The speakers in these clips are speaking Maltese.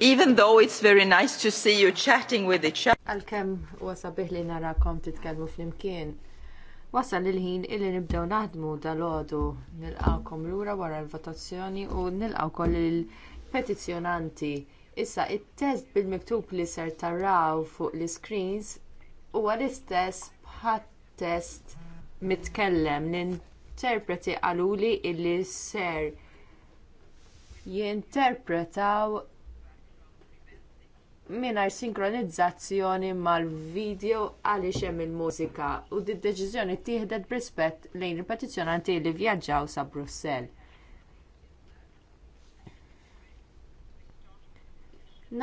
Even though it's very nice to see you chatting with each other. Għal-kem wasabih li narakom titkelmu fl-imkien. Wasal il-ħin illi nibdew naħdmu dal-ħodu kom lura wara l-votazzjoni u nilqawkom l petizjonanti Issa, il test bil-miktub li ser taraw fuq l-screens huwa l-istess bħat test mitkellem l-interpreti qaluli illi ser jinterpretaw mingħajr sinkronizzazzjoni mal-video għaliex hemm il-mużika u di deċiżjoni tieħdet b'rispett lejn il petizjonanti li vjaġġaw sa Brussell.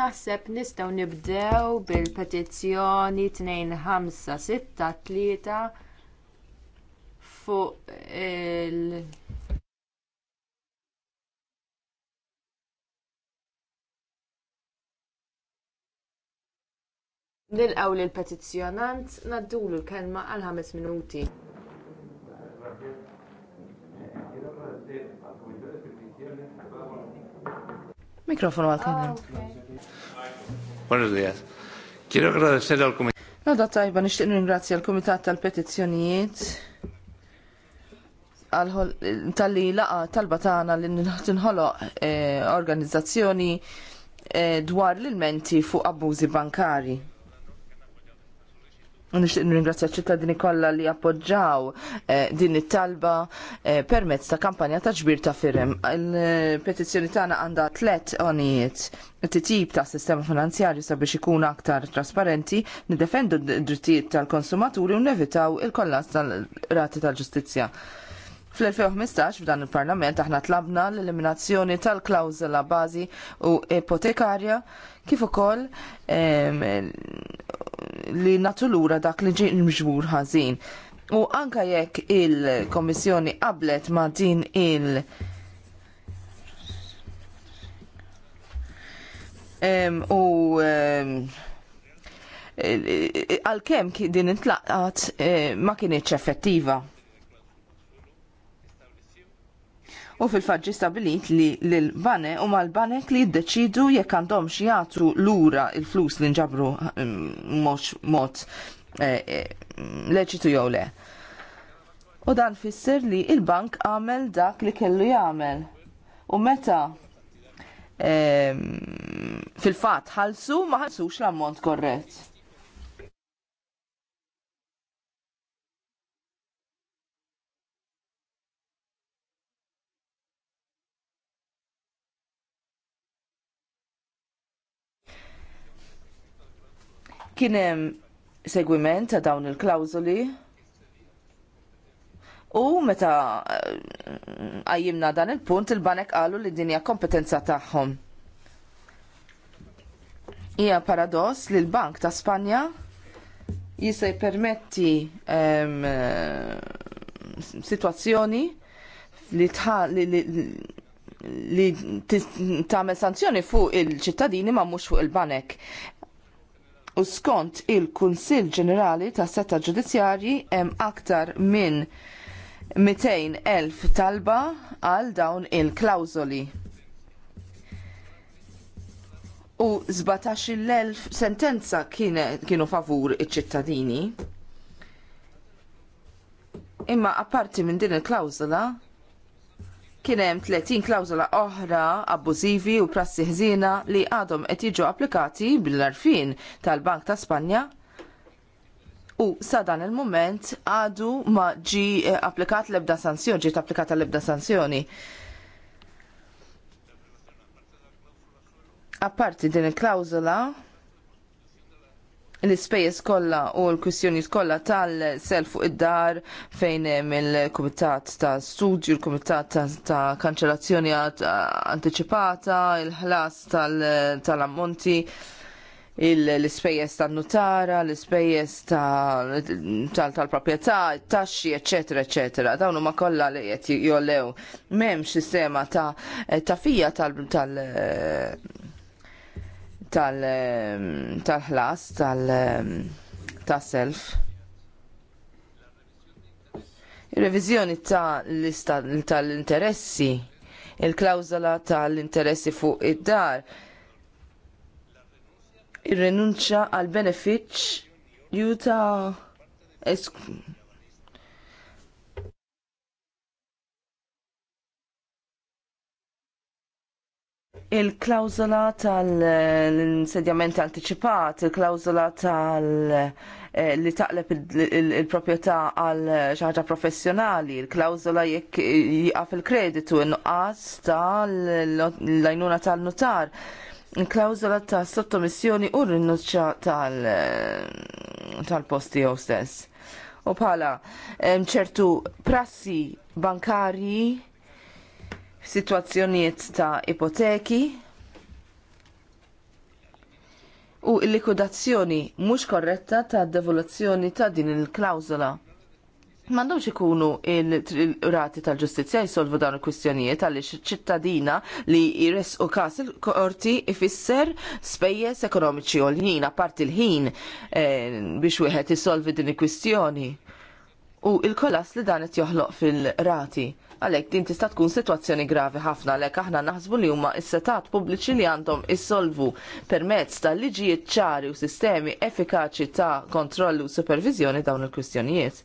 Naħseb nistgħu nibdew bil-petizzjoni 2563 fuq il- Nilqaw lill petizzjonant naddulu l-kelma għal ħames minuti. Mikrofonu għal kelma. Ah, Buenos días. Kiero agradecer al comité. Nada tajba, nishtiq ringrazzja l-Komitat tal-Petizzjonijiet tal-li laqa talba tagħna li tinħoloq eh, organizzazzjoni eh, dwar l-ilmenti fuq abbużi bankari. Nixtieq nirringrazzja ċittadini kollha li appoġġaw eh, din it-talba eh, permezz ta' kampanja ta' ġbir ta' firem. Il-petizzjoni tagħna għandha tliet onijiet titjib ta' sistema finanzjarju sabiex ikun aktar trasparenti, nidefendu d-drittijiet tal-konsumaturi u nevitaw il-kollas tal-rati tal-ġustizzja. tal rati tal ġustizzja Fl-2015 f'dan il-Parlament aħna tlabna l-eliminazzjoni tal-klawżola bażi u ipotekarja kif ukoll li natu lura dak li ġie mġbur ħażin. U anka jekk il-Komissjoni qablet ma' din il- um, u għal-kem din intlaqat uh, ma kienieċ effettiva. u fil-faġġi stabilit li l-bane u mal-banek li jiddeċidu jekk għandhom jagħtu lura il-flus li nġabru mm, mhux mod eh, eh, leċitu jew le. U dan fisser li il-bank għamel dak li kellu jagħmel. U meta eh, fil-fatt ħalsu ma ħalsux l-ammont korrett. Kien hemm segwiment ta' dawn il klawzuli u meta eh, għajjimna dan il-punt il-banek qalu li dinja kompetenza tagħhom. Hija paradoss li l-Bank ta' Spanja jista' jippermetti um, situazzjoni li li, li, li tagħmel sanzjoni fuq il-ċittadini ma mhux fuq il-banek. U skont il-Kunsill Ġenerali tas setta Ġudizzjarji hemm aktar minn 200.000 talba għal dawn il-klawżoli. U 17.000 sentenza kienu favur iċ-ċittadini. Imma apparti minn din il-klawżola, kien hemm 30 klawżola oħra abbużivi u prassi ħżina li għadhom qed jiġu applikati bil-arfin tal-Bank ta' Spanja U sa dan il-moment għadu ma ġi eh, applikat l-ebda sanzjoni, ġiet applikata l-ebda sanzjoni. Apparti din il-klawzula l-ispejjeż kollha u l-kwistjonijiet kollha tal-self fuq id-dar fejn hemm il-kumitat ta' studju, il-kumitat ta' kanċellazzjoni antiċipata, il-ħlas tal-ammonti l-ispejjeż tan-nutara, l-ispejjeż tal-proprjetà, taxxi, eċetera, eċetera. Dawn huma kollha li qed jollew. M'hemm sistema ta' tafija tal- tal-ħlas, tal tal-self. ta' lista tal-interessi, il-klawzola tal-interessi fuq id-dar, ir renunċja għal benefiċ ta' il-klawzola tal-insedjament anticipat, il-klawzola tal- eh, li taqleb il-propieta għal xaħġa professjonali, il-klawzola jekk jgħaf il-kreditu, il-nuqqas tal-lajnuna tal-notar, il-klawzola ta' sottomissjoni u rinnuċċa tal-posti jew stess. U bħala ċertu prassi bankarji situazzjonijiet ta' ipoteki u l-likudazzjoni mhux korretta ta' devoluzzjoni ta' din il-klawzola. Mandomx ikunu il-rati tal-ġustizja jisolvu dawn il-kwistjonijiet għaliex ċittadina li jires u kas il-korti ifisser spejjeż ekonomiċi u l-ħin, apart il-ħin eh, biex wieħed isolvi din il-kwistjoni. U il-kolas li dan qed joħloq fil-rati għalhekk din tista' tkun sitwazzjoni gravi ħafna għalhekk aħna naħsbu li huma s-setat pubbliċi li għandhom issolvu permezz ta' liġijiet ċari u sistemi effikaċi ta' kontroll u supervizjoni dawn il-kwistjonijiet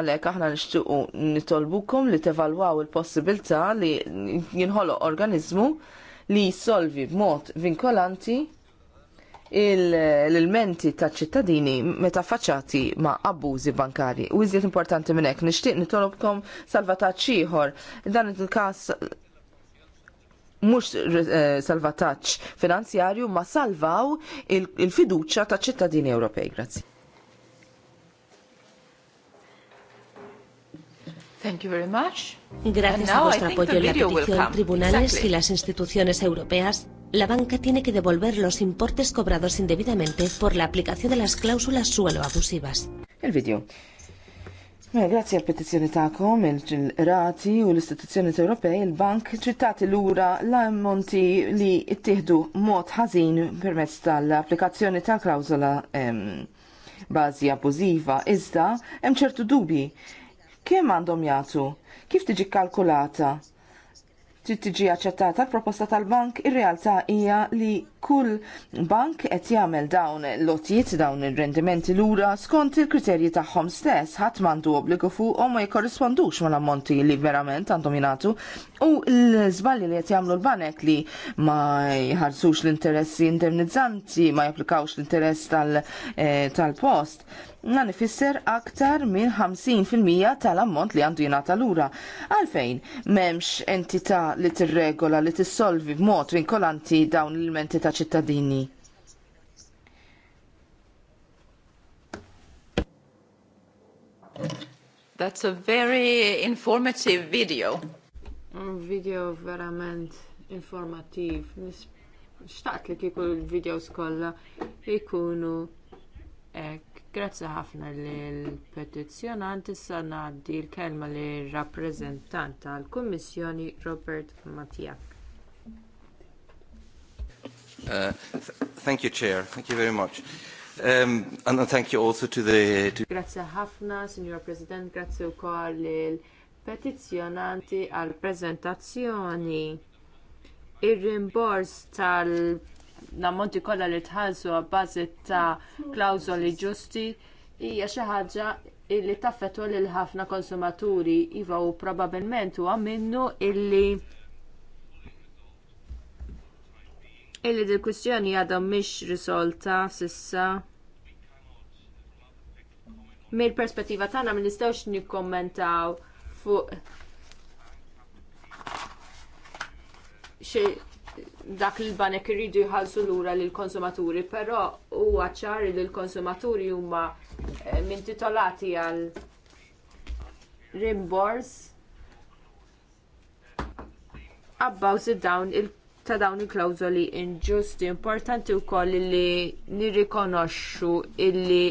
għalek aħna nixtiequ nitolbukom li tevalwaw il-possibilità li jinħoloq organizmu li jissolvi b'mod vinkolanti l-elementi ta' ċittadini meta faċċati ma' abbużi bankari. U iżjed importanti minn hekk nixtieq nitolobkom salvataġġ ieħor. Dan il-każ mhux eh, salvataġġ finanzjarju ma salvaw il-fiduċa ta' ċittadini Ewropej. Grazzi. Thank you very much. Gracias a vuestra apoyo la petición tribunales y las instituciones europeas la banca tiene que devolver los importes cobrados indebidamente por la aplicación de las cláusulas suelo abusivas. El vídeo. Mela, eh, grazzi għal petizzjoni ta'kom, il-rati u l-istituzzjoni Ewropej, il-bank ċittati l-ura l-ammonti li ittieħdu mod ħażin permezz tal-applikazzjoni ta' klawzola bazi abuziva. Iżda, hemm ċertu dubi. Kemm għandhom jagħtu? Kif tiġi kalkulata? trid tiġi aċċettata l-proposta tal-bank, ir-realtà hija li kull bank qed jagħmel dawn lotijiet dawn ir-rendimenti lura skont il-kriterji tagħhom stess, ħadd m'għandu obbligu fuqhom ma jkorrispondux mal-ammonti li verament għandhom jingħatu u l-żbalji li qed jagħmlu l-banek li ma jħarsux l-interessi indemnizzanti, ma japplikawx l-interess eh, tal-post. tal post dan ifisser aktar minn 50% tal-ammont li għandu jingħata lura. Għalfejn m'hemmx entità li tirregola li tissolvi b'mod vinkolanti dawn l menti ta' ċittadini. That's a very informative video. Un video verament informativ. Xtaqt li kiku l-videos kolla ikunu ek Grazzi ħafna lill-petizzjonant issa ngħaddi l-kelma li rappreżentant tal-Kummissjoni Robert Mattiak. Uh, thank you, Chair. Thank you very much. Um, and thank you also to the... To... Grazie ħafna, Signor President, grazie u koll il-petizjonanti għal-prezentazzjoni. Il-rimbors tal l-ammonti kollha li tħalsu għabbażi ta' klawżoli ġusti hija xi ħaġa illi taffetwa lil ħafna konsumaturi iva u probabilment huwa minnu illi illi dil kwistjoni għadha mhix risolta sissa mill-perspettiva tagħna ma nistgħux nikkommentaw fuq xi dak li l-banek irridu jħallsu lura lill konsumaturi però huwa ċar li l-konsumaturi huma eh, minn titolati għal rimbors abbaw dawn il ta' dawn il-klawżoli inġusti importanti wkoll li nirrikonoxxu illi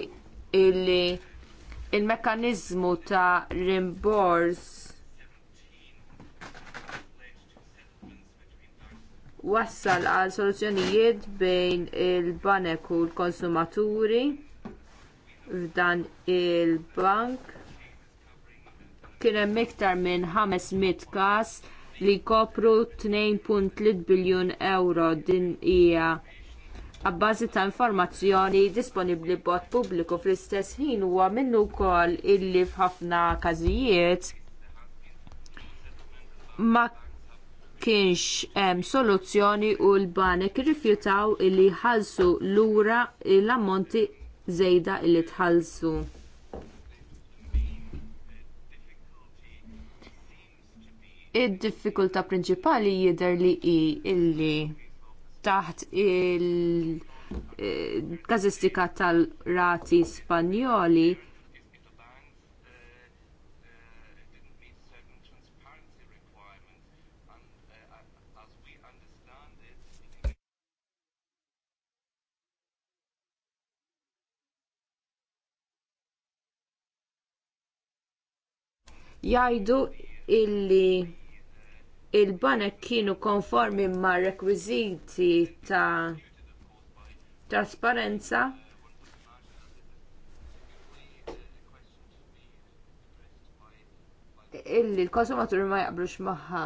il-mekkaniżmu ta' rimbors wassal għal soluzzjonijiet bejn il-banek u l-konsumaturi f'dan il-bank. Kien hemm iktar minn 500 każ li kopru 2.3 biljun euro din hija għabbażi ta' informazzjoni disponibbli b'mod pubbliku fl-istess ħin huwa minnu wkoll illi f'ħafna każijiet ma kienx hemm soluzzjoni u l-banek irrifjutaw li ħalsu lura l-ammonti żejda li tħallsu. Id-diffikultà prinċipali jidher li hi illi taħt il-kazistika eh, tal-rati Spanjoli Jajdu illi il-banek kienu konformi mar rekwiżiti ta' trasparenza illi l-konsumaturi ma jaqbrux magħha.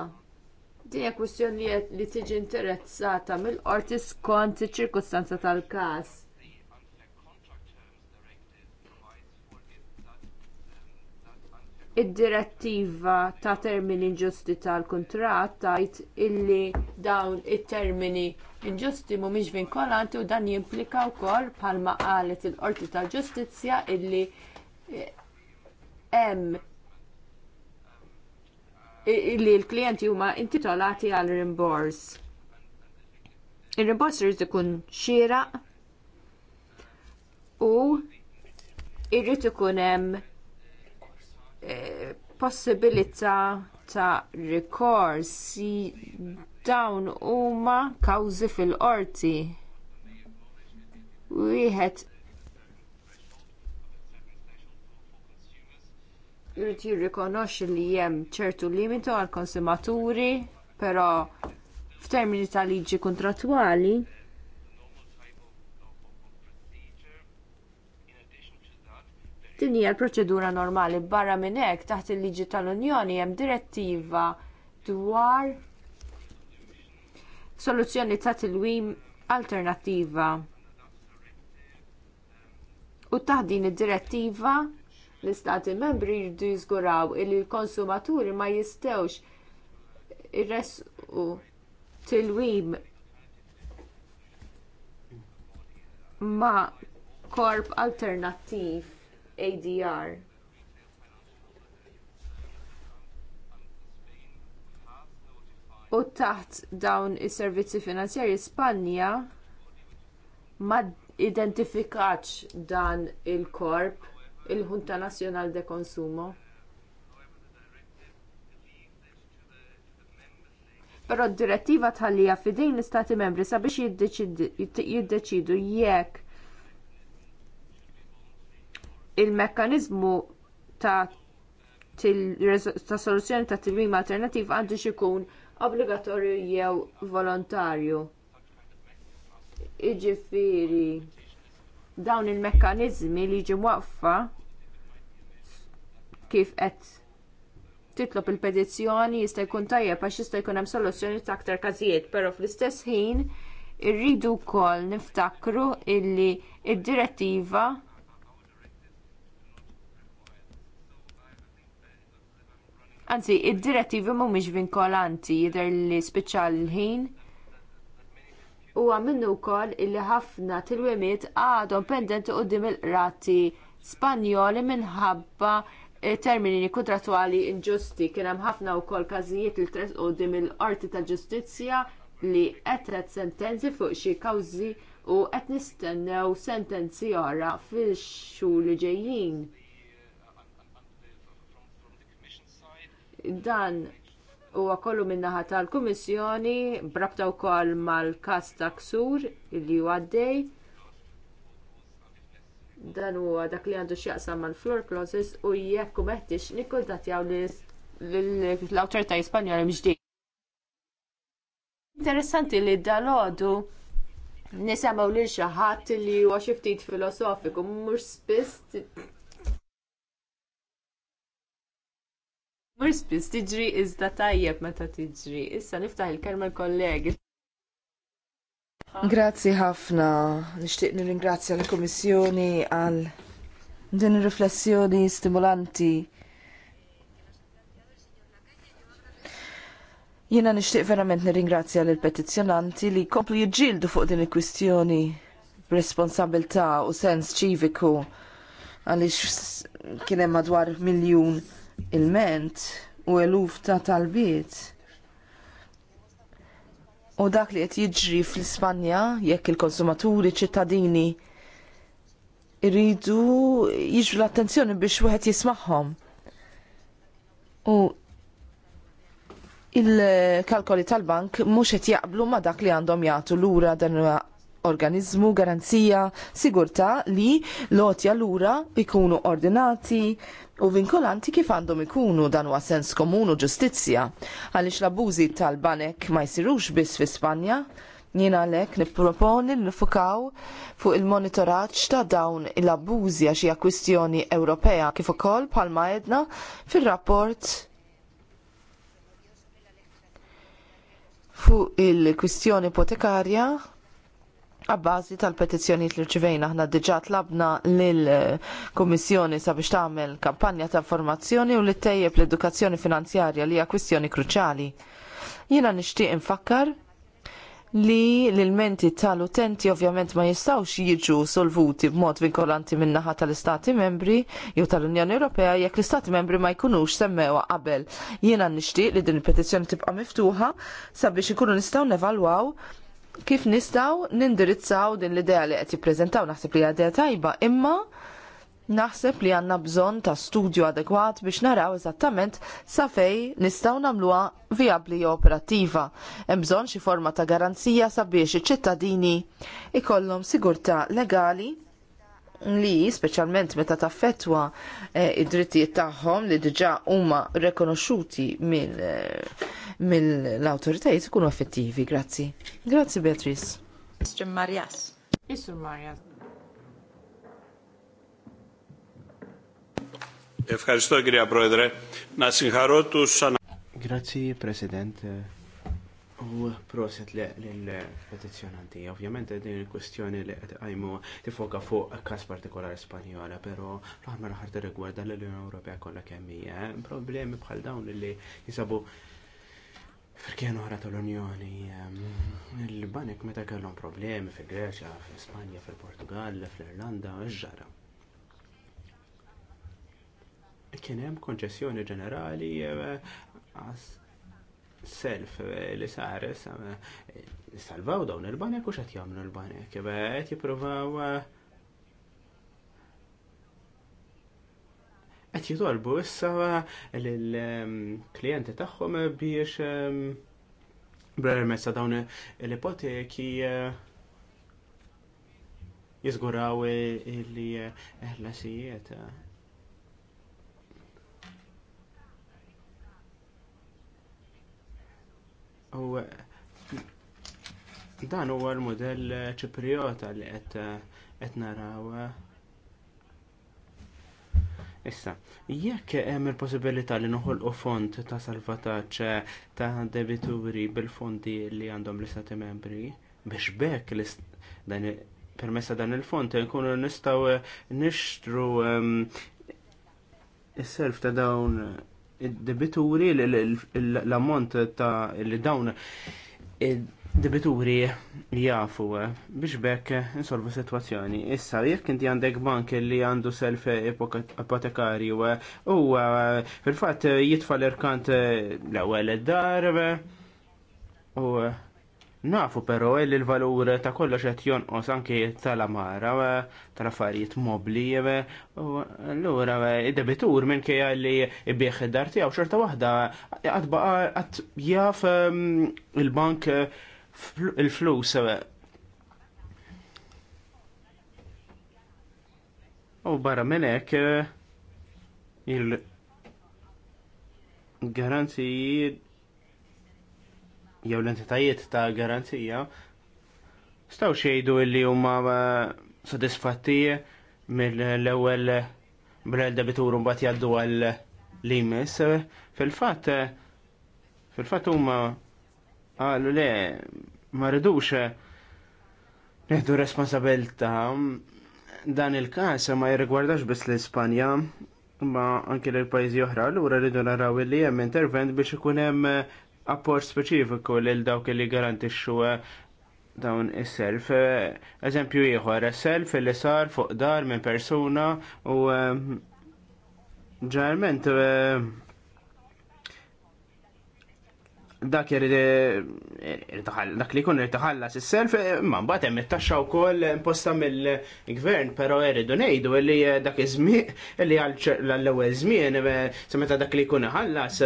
Din hija kwistjoni li tiġi interessata mill-qorti skont iċ-ċirkustanza tal-każ. Id-direttiva ta' termini inġusti tal-kuntratt tajt illi dawn it-termini inġusti mhumiex vinkolanti u dan jimplika wkoll bħalma qalet il-Qorti tal-Ġustizzja illi eh, hemm illi l-klijenti huma intitolati għal rimbors. Ir-rimbors irid ikun xieraq u irrid ikun hemm possibilità ta' rikors dawn huma kawżi fil-qorti. Wieħed jrid jirrikonoxxi li hemm ċertu limitu għall konsumaturi, però f'termini ta' liġi kontrattwali Din hija l-proċedura normali barra minn hekk taħt il-liġi tal-Unjoni hemm direttiva dwar soluzzjoni ta' tilwim alternattiva. U taħt din id-direttiva l-istati membri jridu jiżguraw li l-konsumaturi ma jistewx irresqu tilwim ma' korp alternattiv ADR. U taħt dawn is-servizzi finanzjarji Spanja ma identifikax dan il-korp il ħunta Nazzjonal de Konsumo. Però d-direttiva tħallija fidejn l-Istati membri sabiex jiddeċidu jekk il-mekkanizmu ta' ta' soluzzjoni ta' tilwim alternativ għandu xikun obbligatorju jew volontarju. Iġifiri, dawn il-mekkanizmi li ġi waqfa kif qed titlob il-petizzjoni jista' jkun tajjeb għax jista' jkun hemm soluzzjoni ta' aktar każijiet, però fl-istess ħin irridu wkoll niftakru illi id-direttiva il Anzi, id-direttivi mhumiex vinkolanti jidher li spiċċa l-ħin. U għamminnu wkoll illi ħafna til tilwemiet għadhom pendenti quddiem il-qrati Spanjoli minħabba eh, termini kontratwali inġusti kien hemm ħafna wkoll każijiet il tres dim il-Qorti tal-Ġustizzja li qed sentenzi fuq xi kawżi u qed nistennew sentenzi oħra fil xhur li ġejjin. Dan huwa kollu min-naħa tal-Kummissjoni brabta wkoll mal kas ta' ksur li għaddej. Dan huwa dak li għandu x'jaqsam mal-floor clauses u jekk meħtiex nikkuntattjaw l-awtorità Spanjola mġdi. Interessanti li dal-ħodu nisamaw lil xi ħadd li huwa xi ftit filosofiku mhux spiss Mur spiss tiġri iżda tajjeb meta tiġri. Issa niftaħ il-kelma l-kollegi. Grazzi ħafna. Nixtieq nirringrazzja għal kummissjoni għal din ir-riflessjoni stimulanti. Jiena nixtieq verament nirringrazzja lill petizzjonanti li jkomplu jiġġieldu fuq din il-kwistjoni b'responsabilità u sens ċiviku għaliex kien hemm madwar miljun il-ment u eluf ta' talbiet. U dak li qed jiġri fl-Ispanja jekk il-konsumaturi ċittadini irridu jiġu l-attenzjoni biex wieħed jismagħhom. U il-kalkoli tal-bank mhux qed jaqblu ma dak li għandhom jagħtu lura dan organizmu garanzija sigurtà li lotja lura ikunu ordinati, u vinkolanti kif għandhom ikunu dan huwa sens komunu ġustizzja għaliex l-abbużi tal-banek ma jsirux biss fi Spanja jien għalhekk nipproponi nifukaw fuq il-monitoraġġ ta' dawn l-abbużi għax hija kwistjoni Ewropea kif ukoll bħalma għedna fir-rapport fuq il-kwistjoni ipotekarja Għabbażi tal petizjoni li rċivejna ħna diġa tlabna lill-Kummissjoni sabiex tagħmel kampanja ta' formazzjoni u li tejjeb l-edukazzjoni finanzjarja li hija kwistjoni kruċjali. Jiena nixtieq infakkar li l-ilmenti tal-utenti ovvjament ma jistawx jiġu solvuti b'mod vinkolanti min-naħa tal-Istati membri jew tal-Unjoni Ewropea jekk l-Istati membri ma jkunux semmewa qabel. Jiena nixtieq li din il-petizzjoni tibqa' miftuħa sabiex ikunu nistgħu nevalwaw kif nistaw nindirizzaw din l-idea li qed jippreżentaw naħseb li għadja tajba, imma naħseb li għanna bżon ta' studju adekwat biex naraw eżattament sa' fej nistaw namluha viabli jew operattiva. Hemm bżonn xi forma ta' garanzija sabiex iċ-ċittadini ikollhom sigurtà legali li speċjalment meta taffettwa eh, id-drittijiet tagħhom li diġà huma rekonoxxuti minn eh, mill-autoritajiet ikunu effettivi. Grazzi. Grazzi, Beatrice. Mr. Marias. Mr. Marias. Ευχαριστώ κυρία Πρόεδρε. Να συγχαρώ τους ανα... Grazie Presidente. U proset l-petizjonanti. Ovvjament din il-kwestjoni li qed qajmu tifoka fuq każ partikolari Spanjola, pero l-aħmar ħarta rigward l-Unjoni Ewropea kollha kemm hija. Problemi bħal dawn li jisabu Firkien oħra tal-Unjoni, ehm, il-banek meta kellhom problemi fil greċja fl-Ispanja, fil-Portugal, fl-Irlanda, ġara. Kien hemm konċessjoni ġenerali għas eh, self eh, li sares eh, salvaw dawn il-banek u x'qed jagħmlu l-banek, qed jippruvaw qed jitolbu issa lill-klijenti tagħhom biex ehm, permezz ta' dawn l-ipoteki eh, jiżguraw li eh, l eh. U dan huwa l-modell ċipriota li qed naraw Issa, jekk hemm il-possibilità li noħolqu fond ta' salvataġġ ta' debituri bil-fondi li għandhom l-istati membri, biex bekk dan permessa dan il-fond nkunu nistgħu nixtru is-self ta' dawn id-debituri l-ammont ta' li dawn debituri jafu eh, biex bekk eh, insolvu situazzjoni. Issa, jekk inti għandek bank li għandu self ipotekarju eh, u fil-fat jitfa l-irkant l-ewel id-dar u nafu però li l-valur ta' kollox qed jonqos anki tal-amara tal-affarijiet mobli u allura id-debitur minn kejja li bieħ id-dar tiegħu xorta waħda għad jaf ehm, il-bank il-flus eh. U barra minn hekk eh, il-garanziji jew l-entitajiet ta' garanzija staw xejdu li huma eh, sodisfatti mill-ewwel bl debitur mbagħad jgħaddu għal limes fil-fatt fil-fatt huma Għallu le, ma riduxe eh, neħdu responsabilta dan il-kas ma jirrigwardax biss l-Ispanja ma anke l-pajzi oħra l-ura rridu naraw li hemm intervent biex ikun hemm eh, apport speċifiku lil dawk li garantixxu eh, dawn is-self. Eżempju ieħor, is-self li sar fuq dar minn persuna u ġarment dak eh, dak li kun irtaħallas is-self imma eh, mbagħad hemm it-taxxa wkoll imposta mill-gvern però eridu ngħidu li eh, dak iż-żmien li l ewwel żmien se meta dak li jkun iħallas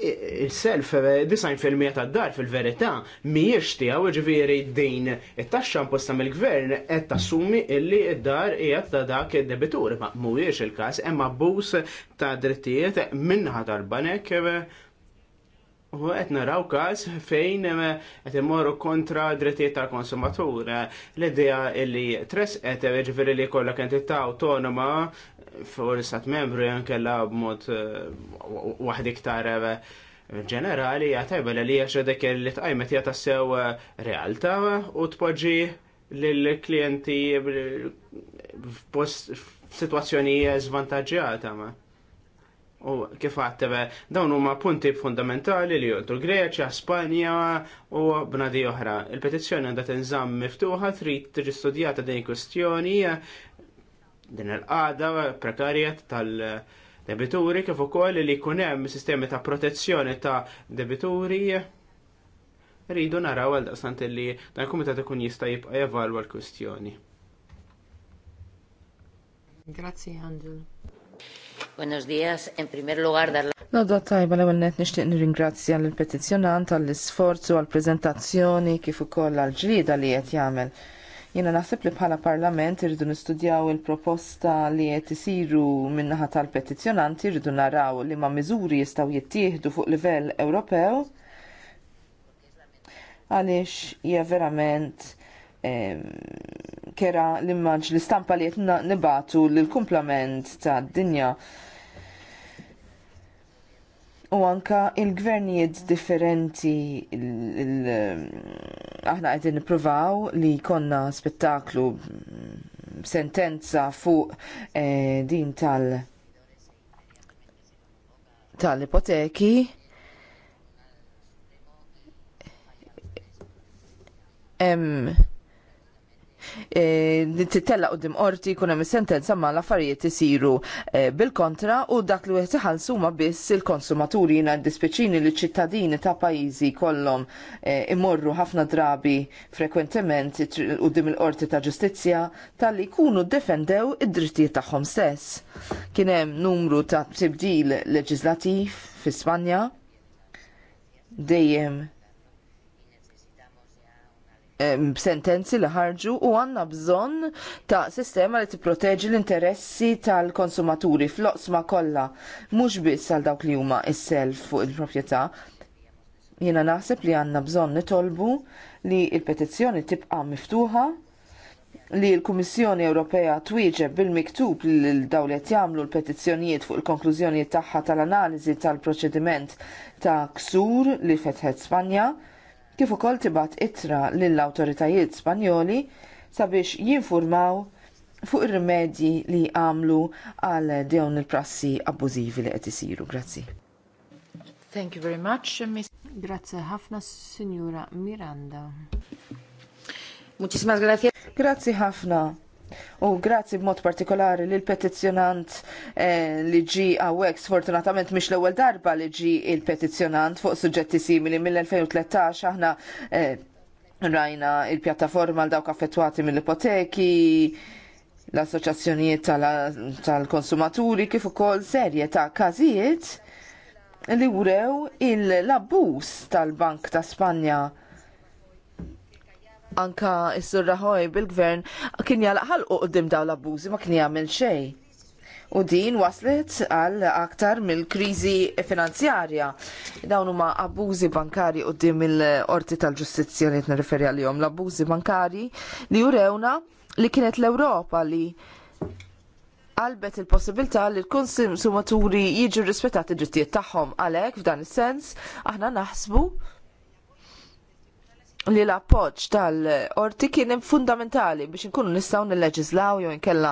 il-self 90% tad-dar fil-verità mhijiex tiegħu ġifieri din it-taxxa imposta mill-gvern qed tassumi illi d-dar qiegħed ta' dak id-debitur ma mhuwiex il-każ hemm abbuż ta' drittijiet minnaħa tal-banek U qed naraw każ fejn eh, qed imorru kontra drittijiet tal-konsumatur. L-idea eh, li tres qed jiġifieri li jkollok entità awtonoma fuq l-istat membru jankella b'mod eh, wahdi iktar ġenerali għatajba tajba li għaxa dek li tqajmet hija tassew realtà u tpoġġi lill-klijenti f'post f'sitwazzjoni żvantaġġjata ma' U kif għattebe, dawn huma punti fundamentali li jgħoddu l-Greċja, Spanja u bnadi oħra. Il-petizzjoni għandha tinżamm miftuħa, trid tiġi studjata dejn kwestjoni din il-qada prekarjet tal- debituri kif ukoll li jkun hemm sistemi ta' protezzjoni ta' debituri rridu naraw għal daqsant li dan kumitat ikun jista' jibqa' jevalwa l-kwistjoni. Grazzi Angelo. Buenos días. En primer lugar, dar la... Nodda tajba l għennet nishtiq nir-ingrazzja l-petizjonant għall-sforzu għall-prezentazzjoni kif ukoll għall-ġrida li qed jagħmel. Jiena naħseb li bħala parlament irridu nistudjaw il-proposta li qed isiru minnaħa tal-petizjonanti irridu naraw li ma' miżuri jistgħu jittieħdu fuq livell Ewropew għaliex hija verament kera l-immaġ l-istampa li jtna nibatu l-kumplament ta' dinja u anka il-gvernijiet differenti aħna għedin niprovaw li konna spettaklu mm, sentenza fuq eh, din tal tal-ipoteki em E, titella u dimqorti kuna mis-sentenza ma l-affarijiet isiru e, bil-kontra u dak li għet ħalsuma biss il-konsumaturi jina dispeċini li ċittadini ta' pajizi kollom e, imorru ħafna drabi frekwentement u dim il-qorti ta' ġustizzja tal-li kunu defendew id-drittijiet tagħhom stess. Kien hemm numru ta' tibdil leġislativ fi Spanja dejjem sentenzi li ħarġu u għanna bżonn ta' sistema li tipproteġi l-interessi tal-konsumaturi fl-oqsma kollha, mhux biss għal dawk li huma s-self fuq il-proprjetà. Jiena naħseb li għandna bżonn nitolbu li l-petizzjoni tibqa' miftuħa li l-Kummissjoni Ewropea twieġeb bil-miktub li l-dawlet jagħmlu l-petizzjonijiet fuq il-konklużjonijiet tagħha tal-analiżi tal-proċediment ta' ksur li fetħet Spanja kif ukoll tibgħat ittra lill-awtoritajiet Spanjoli sabiex jinformaw fuq ir-rimedji li għamlu għal dawn il-prassi abbużivi li qed isiru. Grazzi. Thank you very much, uh, Miss. Grazie ħafna, Signora Miranda. Muchísimas gracias. Grazie ħafna. U grazzi b'mod partikolari lil petizzjonant eh, li ġi għawek sfortunatament mish l-ewwel darba li ġi il-petizzjonant fuq suġġetti simili mill-2013 aħna eh, rajna il-pjattaforma l dawk affettwati mill-ipoteki l-assoċjazzjonijiet tal-konsumaturi kif ukoll serje ta' każijiet li wrew il-abbuż tal-Bank ta' Spanja anka s surra Rajoy bil-gvern kien jalaqħal u qoddim daw l-abbużi ma kien jagħmel xejn. U din waslet għal aktar mill-kriżi finanzjarja. Dawn huma abbużi bankari qoddim il-Qorti tal-Ġustizzja li nirreferi għalihom l-abbużi bankari li jurewna li kienet l europa li qalbet il-possibilità li l-konsumaturi jiġu rispettati d-drittijiet tagħhom għalhekk f'dan is-sens aħna naħsbu li l-appoġġ tal-orti kien fundamentali biex inkunu nistgħu nilleġislaw jew inkella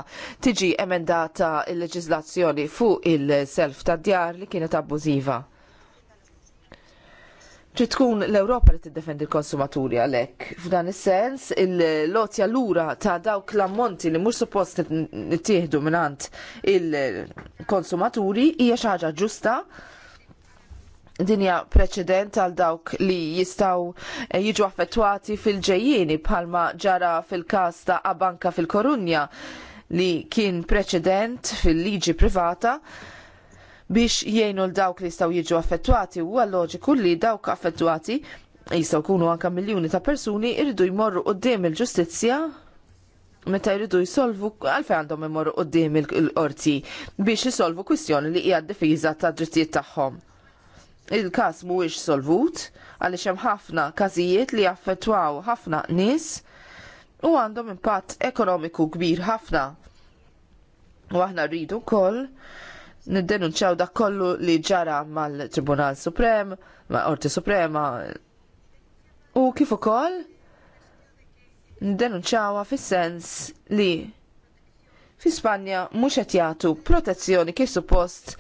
tiġi emendata l-leġiżlazzjoni fuq il-self tad-djar li kienet abbużiva. Ġi tkun l-Ewropa li tiddefendi l-konsumaturi għalhekk. F'dan is-sens il-lotja lura ta' dawk l-ammonti li mhux suppost nittieħdu mingħand il-konsumaturi hija xi ħaġa ġusta dinja preċedent għal dawk li jistaw eh, jiġu affettwati fil-ġejjini bħalma ġara fil-kas ta' Abanka fil-Korunja li kien preċedent fil-liġi privata biex jgħinu l-dawk li jistaw jiġu affettwati u loġiku li dawk affettwati jistaw kunu anka miljoni ta' persuni irridu jmorru qoddim il-ġustizja meta jridu jisolvu għalfej għandhom imorru qoddim il-qorti biex jisolvu kwistjoni li hija d-difiża ta' drittijiet tagħhom il-każ mhuwiex solvut għaliex hemm ħafna każijiet li affettwaw ħafna nies u għandhom impatt ekonomiku kbir ħafna. U aħna rridu wkoll niddenunċaw dak kollu li ġara mal-Tribunal Suprem, ma' Orti Suprema. U kif ukoll niddenunċawha fis-sens li fi Spanja mhux qed jagħtu protezzjoni kif suppost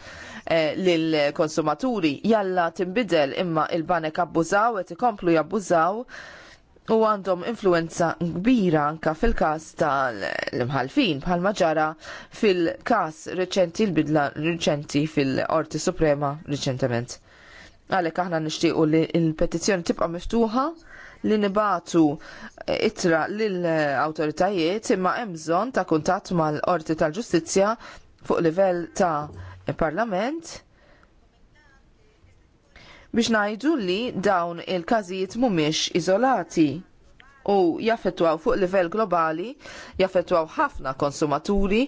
Eh, lill-konsumaturi. Jalla timbidel imma il-banek abbużaw et ikomplu jabbużaw u għandhom influenza kbira anka fil-kas tal-imħalfin bħalma ġara fil-kas reċenti l-bidla reċenti fil-Qorti Suprema reċentement. Għalek aħna nishtiqu li l-petizjoni tibqa' miftuħa li nibatu itra lill-autoritajiet imma hemm bżonn ta' kuntatt mal-Qorti tal-Ġustizzja fuq livell ta' il-Parlament biex ngħidu li dawn il-każijiet mhumiex iżolati u jaffettwaw fuq livell globali, jaffettwaw ħafna konsumaturi,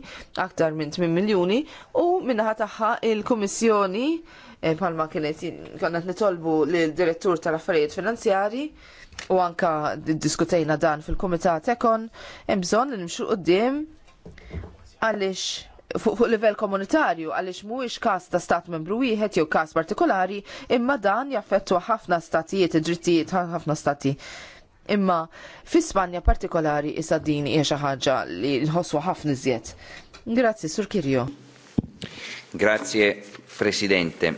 aktar minn 8 miljuni, u minnaħa tagħha il-Kummissjoni eh, palma kienet konnet nitolbu l-direttur tal-affarijiet finanzjari u anka diskutejna dan fil-Kumitat Ekon, hemm bżonn li nimxu qudiem għaliex fuq fu livell komunitarju għaliex mhuwiex każ ta' stat membru wieħed jew każ partikolari, imma dan jaffettwa ħafna statijiet, drittijiet ħafna stati. Imma fi Spanja partikolari issa din hija xi ħaġa li nħosswa ħafna iżjed. Grazzi, Sur Kirjo. Grazie, Presidente.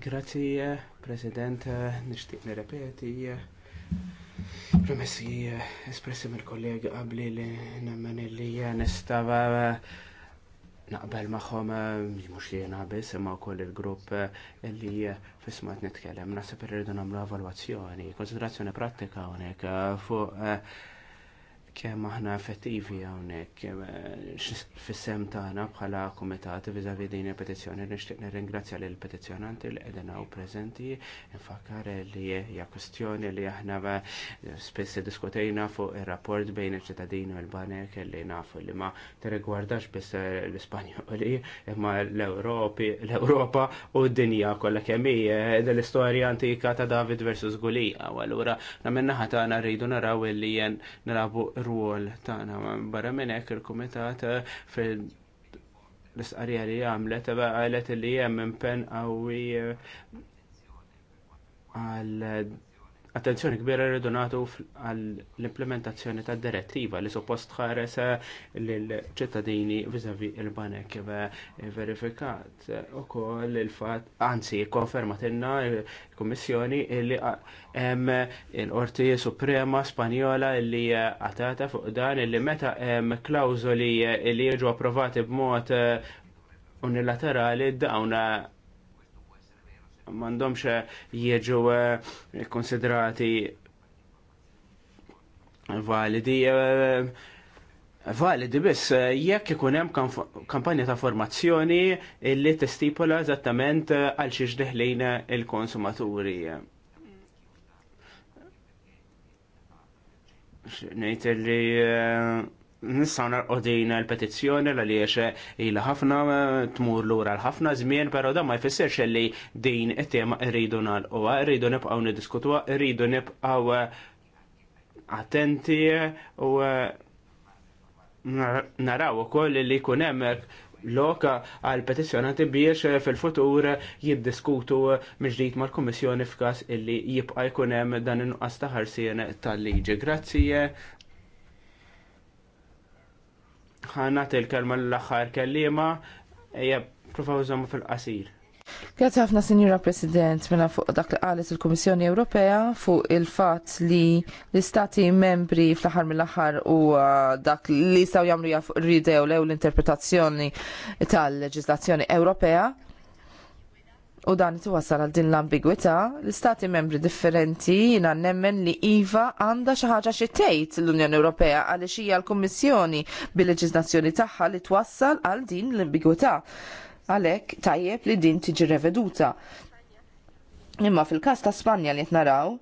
Grazie, President, nishtiq nirrepeti. Eh, premessi eh, espressi mill kollega qabli li nemmen li eh, nistava naqbel maħħom eh, mux li jena bis imma u koll il-grupp eh, li eh, fismat nitkellem nasib irridu namlu evalwazzjoni, konsiderazzjoni pratika unek fuq kemm aħna effettivi hawnhekk eh, fis-sem tagħna bħala kumitat viżavi din il-petizzjoni nixtieq nirringrazzja lill petizzjonanti li qegħdin hawn preżenti infakkar li hija kwestjoni li aħna eh, spiss diskutejna fuq ir-rapport bejn iċ-ċittadini u l-banek li nafu li ma tirrigwardax biss l-Ispanjoli imma l-Ewropi l-Ewropa u d-dinja kollha kemm hija eh, l-istorja antika ta' David versus Gulija allura nagħmel naħa tagħna rridu naraw li narabu ir-rwol tagħna barra minn hekk il-kumitat eh, fil l-isqarija li għamlet eh, għalet li hemm impenn qawwi eh, għal attenzjoni kbira rridu nagħtu għall-implementazzjoni tad direttiva li suppost tħares eh, lill-ċittadini viżavi il-banek eh, verifikat eh, ukoll il-fatt, anzi konfermat inna il-Kummissjoni li hemm il-Qorti Suprema Spanjola li għatata fuq dan illi meta hemm klawżoli li jiġu approvati b'mod unilaterali dawn mandomx eh, jieġu eh, konsiderati validi eh, validi biss jekk ikun hemm kampanja ta' formazzjoni li tistipula eżattament għal xi ġdeħlejn il-konsumaturi. Ngħid li Nistaw narqodin l-petizzjoni l għaliex il ħafna tmur lura l-ħafna żmien, pero da ma jfissirx li din it-tema rridu nalqwa, rridu nibqgħu niddiskutuha, rridu nibqgħu attenti u naraw ukoll li jkun hemm loka għal petizjonati biex fil-futur jiddiskutu mġdijt mal-Komissjoni f'kas illi jibqa jkun hemm dan in-nuqqas ta' ħarsien tal-liġi. Grazzi, ħanat il-kelma l-axar kellima, eja, profaw fil-qasir. Grazie ħafna, Sinjura President, minna mela fuq dak li qalet il-Komissjoni Ewropea fuq il-fat li l-Istati membri fl-aħħar mill-aħħar u dak li jistgħu jagħmlu ridew lew l-interpretazzjoni tal-leġislazzjoni Ewropea U dan it għal din l-ambigwità, l-istati membri differenti jina nemmen li IVA għanda xaħġa xittejt l-Unjoni Ewropea għalix hija l-Kommissjoni bil-leġislazzjoni tagħha li twassal għal din l-ambigwità. Għalek tajjeb li din tiġi reveduta. Imma fil-kas ta' Spanja li naraw,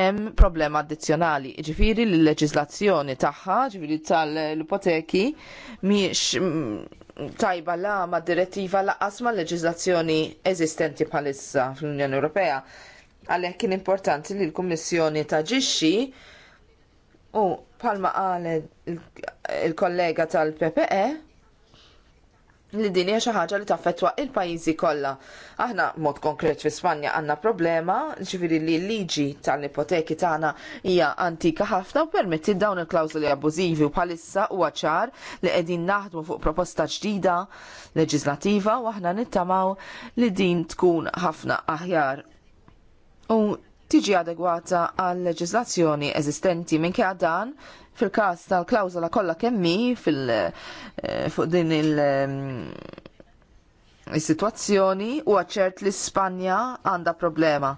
hemm problema addizzjonali, ġifiri l-leġislazzjoni tagħha, ġifiri tal-ipoteki, miex tajba la ma direttiva la asma leġiżlazzjoni eżistenti bħalissa fl-Unjoni Ewropea. Għalhekk kien importanti li l-Kummissjoni taġixxi u palma qal il-kollega tal-PPE li din hija xi ħaġa li taffettwa il-pajjiżi kollha. Aħna mod konkret fi Spanja għandna problema, ġifieri li l-liġi tal-ipoteki tagħna hija antika ħafna u permetti dawn il-klawżoli abbużivi u bħalissa huwa ċar li qegħdin naħdmu fuq proposta ġdida leġislativa u aħna nittamaw li din tkun ħafna aħjar. U tiġi adegwata għal leġislazzjoni eżistenti minn dan Fil-każ tal-klawżola kollha kemmi fil eh, fuq din il- ehm, is-sitwazzjoni huwa ċert li Spanja għandha problema.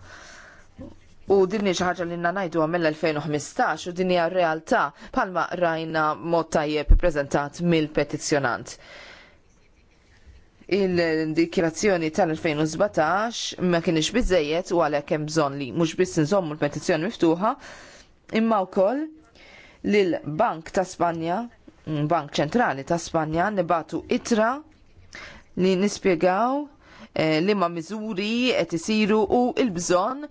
U din xi ħaġa li ngħidu mill-2015 u din hija realtà bħalma rajna mod tajjeb ippreżentat mill-petizzjonant. Il-dikjerazzjoni tal-2017 ma kienx biżejjed u għalhekk hemm bżonn li mhux biss nżommu l-petizzjoni miftuħa imma wkoll lil Bank ta' Spanja, mm, Bank Ċentrali ta' Spanja, nibatu itra li nispjegaw eh, li ma' miżuri qed isiru u l-bżonn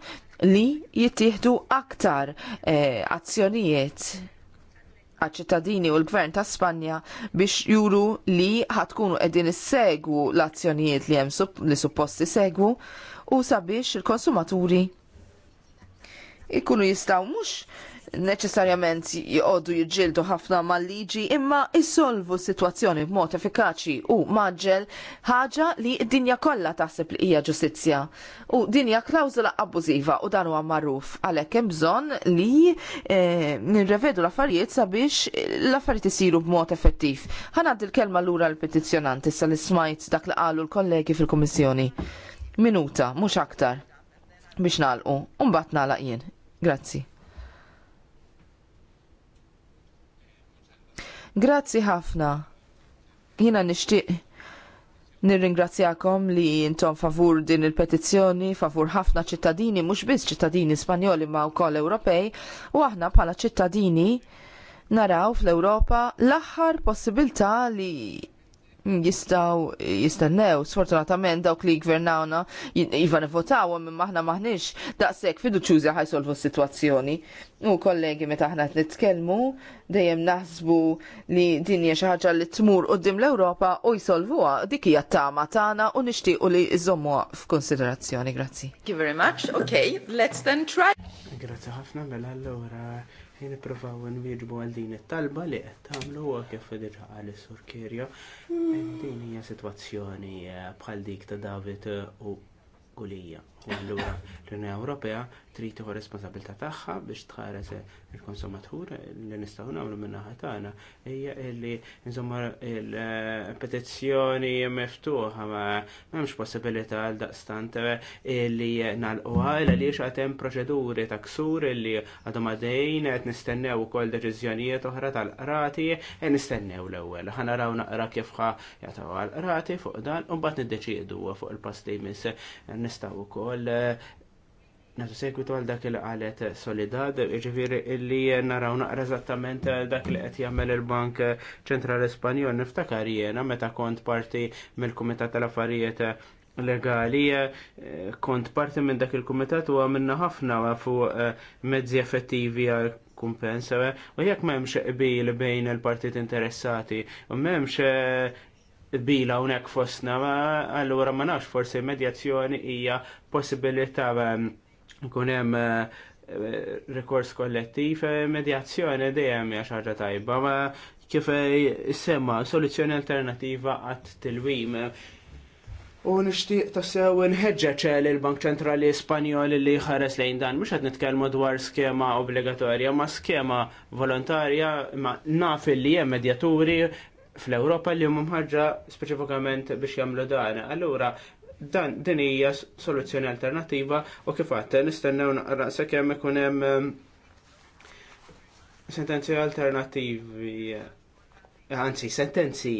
li jittieħdu aktar eh, azzjonijiet għal-ċittadini u l-gvern ta' Spanja biex juru li ħatkunu edin segwu l-azzjonijiet li hemm li supposti segwu u sabiex il-konsumaturi ikunu jistaw mux neċessarjament jgħodu jġildu ħafna mal-liġi imma jissolvu situazzjoni b'mod effikaċi u maġġel ħaġa li d-dinja kollha taħseb li hija ġustizzja. U dinja klawżola abbużiva u dan huwa magħruf għalhekk hemm bżonn li eh, nirrevedu l-affarijiet sabiex l-affarijiet isiru b'mod effettiv. Ħanad il-kelma lura l-petizzjonant issa li smajt dak li qalu l-kollegi fil-Kummissjoni. Minuta, mhux aktar biex nagħlqu u mbagħad nagħlaq jien. Grazzi. Grazzi ħafna. Jina nixtieq Nirringrazzjakom li intom favur din il-petizzjoni, favur ħafna ċittadini, mhux biss ċittadini Spanjoli ma wkoll Ewropej, u aħna bħala ċittadini naraw fl-Ewropa l-aħħar possibilità li jistaw jistennew sfortunatament dawk li gvernawna jivan votaw, minn maħna maħniex daqshekk fiduċjużi ħajsolvu s-sitwazzjoni. U kollegi meta aħna nitkellmu dejjem naħsbu li din hija xi ħaġa li tmur qudiem l-Ewropa u jsolvuha dik hija tama tagħna u nixtiequ li jżommuha f'konsiderazzjoni. Grazzi. Thank you very much. Okay, let's then try. Grazzi ħafna mela allura Jien ippruvaw nwieġbu għal din it-talba li qed tagħmlu huwa kif diġà għal sur Kirja. Ehm, din hija sitwazzjoni eh, bħal dik ta' David eh, u Gulija. U allura l-Unjoni Ewropea trid tieħu responsabilità tagħha biex tħares il-konsumatur li nistgħu nagħmlu min-naħa tagħna illi nżomma il-petizzjoni miftuħa ma m'hemmx possibilità għal daqstant illi nagħlquha illa li xaħtem proċeduri ta' ksur illi għadhom għadejn qed nistennew ukoll deċiżjonijiet oħra tal-qrati e nistennew l-ewwel. Ħa naraw naqra kifħa ħa għal għall-qrati fuq dan u mbagħad niddeċiedu fuq il-pass li jmiss nistgħu wkoll Natu sekwitu għal dak il għalet solidad, ġifiri illi naraw naqra eżattament dak li qed jagħmel il-Bank Ċentrali Spanjol niftakar jena meta kont parti mill-Kumitat tal-Affarijiet legali kont parti minn dak il-kumitat u għamilna ħafna fuq eh, mezzi effettivi għal kumpensa u jekk m'hemmx qbil bejn il-partit interessati u m'hemmx eh, bila unek fosna allura ma nafx forsi medjazzjoni hija possibilità Nkun hemm eh, rekors kollettiv, eh, medjazzjoni dejjem hija xaġa tajba, ma kif eh, semma soluzzjoni alternativa għat tilwim. U nixtieq tassew nħeġġeġ il bank Ċentrali Spanjol li ħares lejn dan, mhux qed nitkellmu dwar skema obbligatorja, ma skema volontarja, ma naf li hemm medjaturi fl-Ewropa li huma ħarġa speċifikament biex jagħmlu dan. Allura dan din hija soluzzjoni alternattiva u kif għatte nistennew naqra sakemm ikun hemm ehm, sentenzi alternattivi anzi sentenzi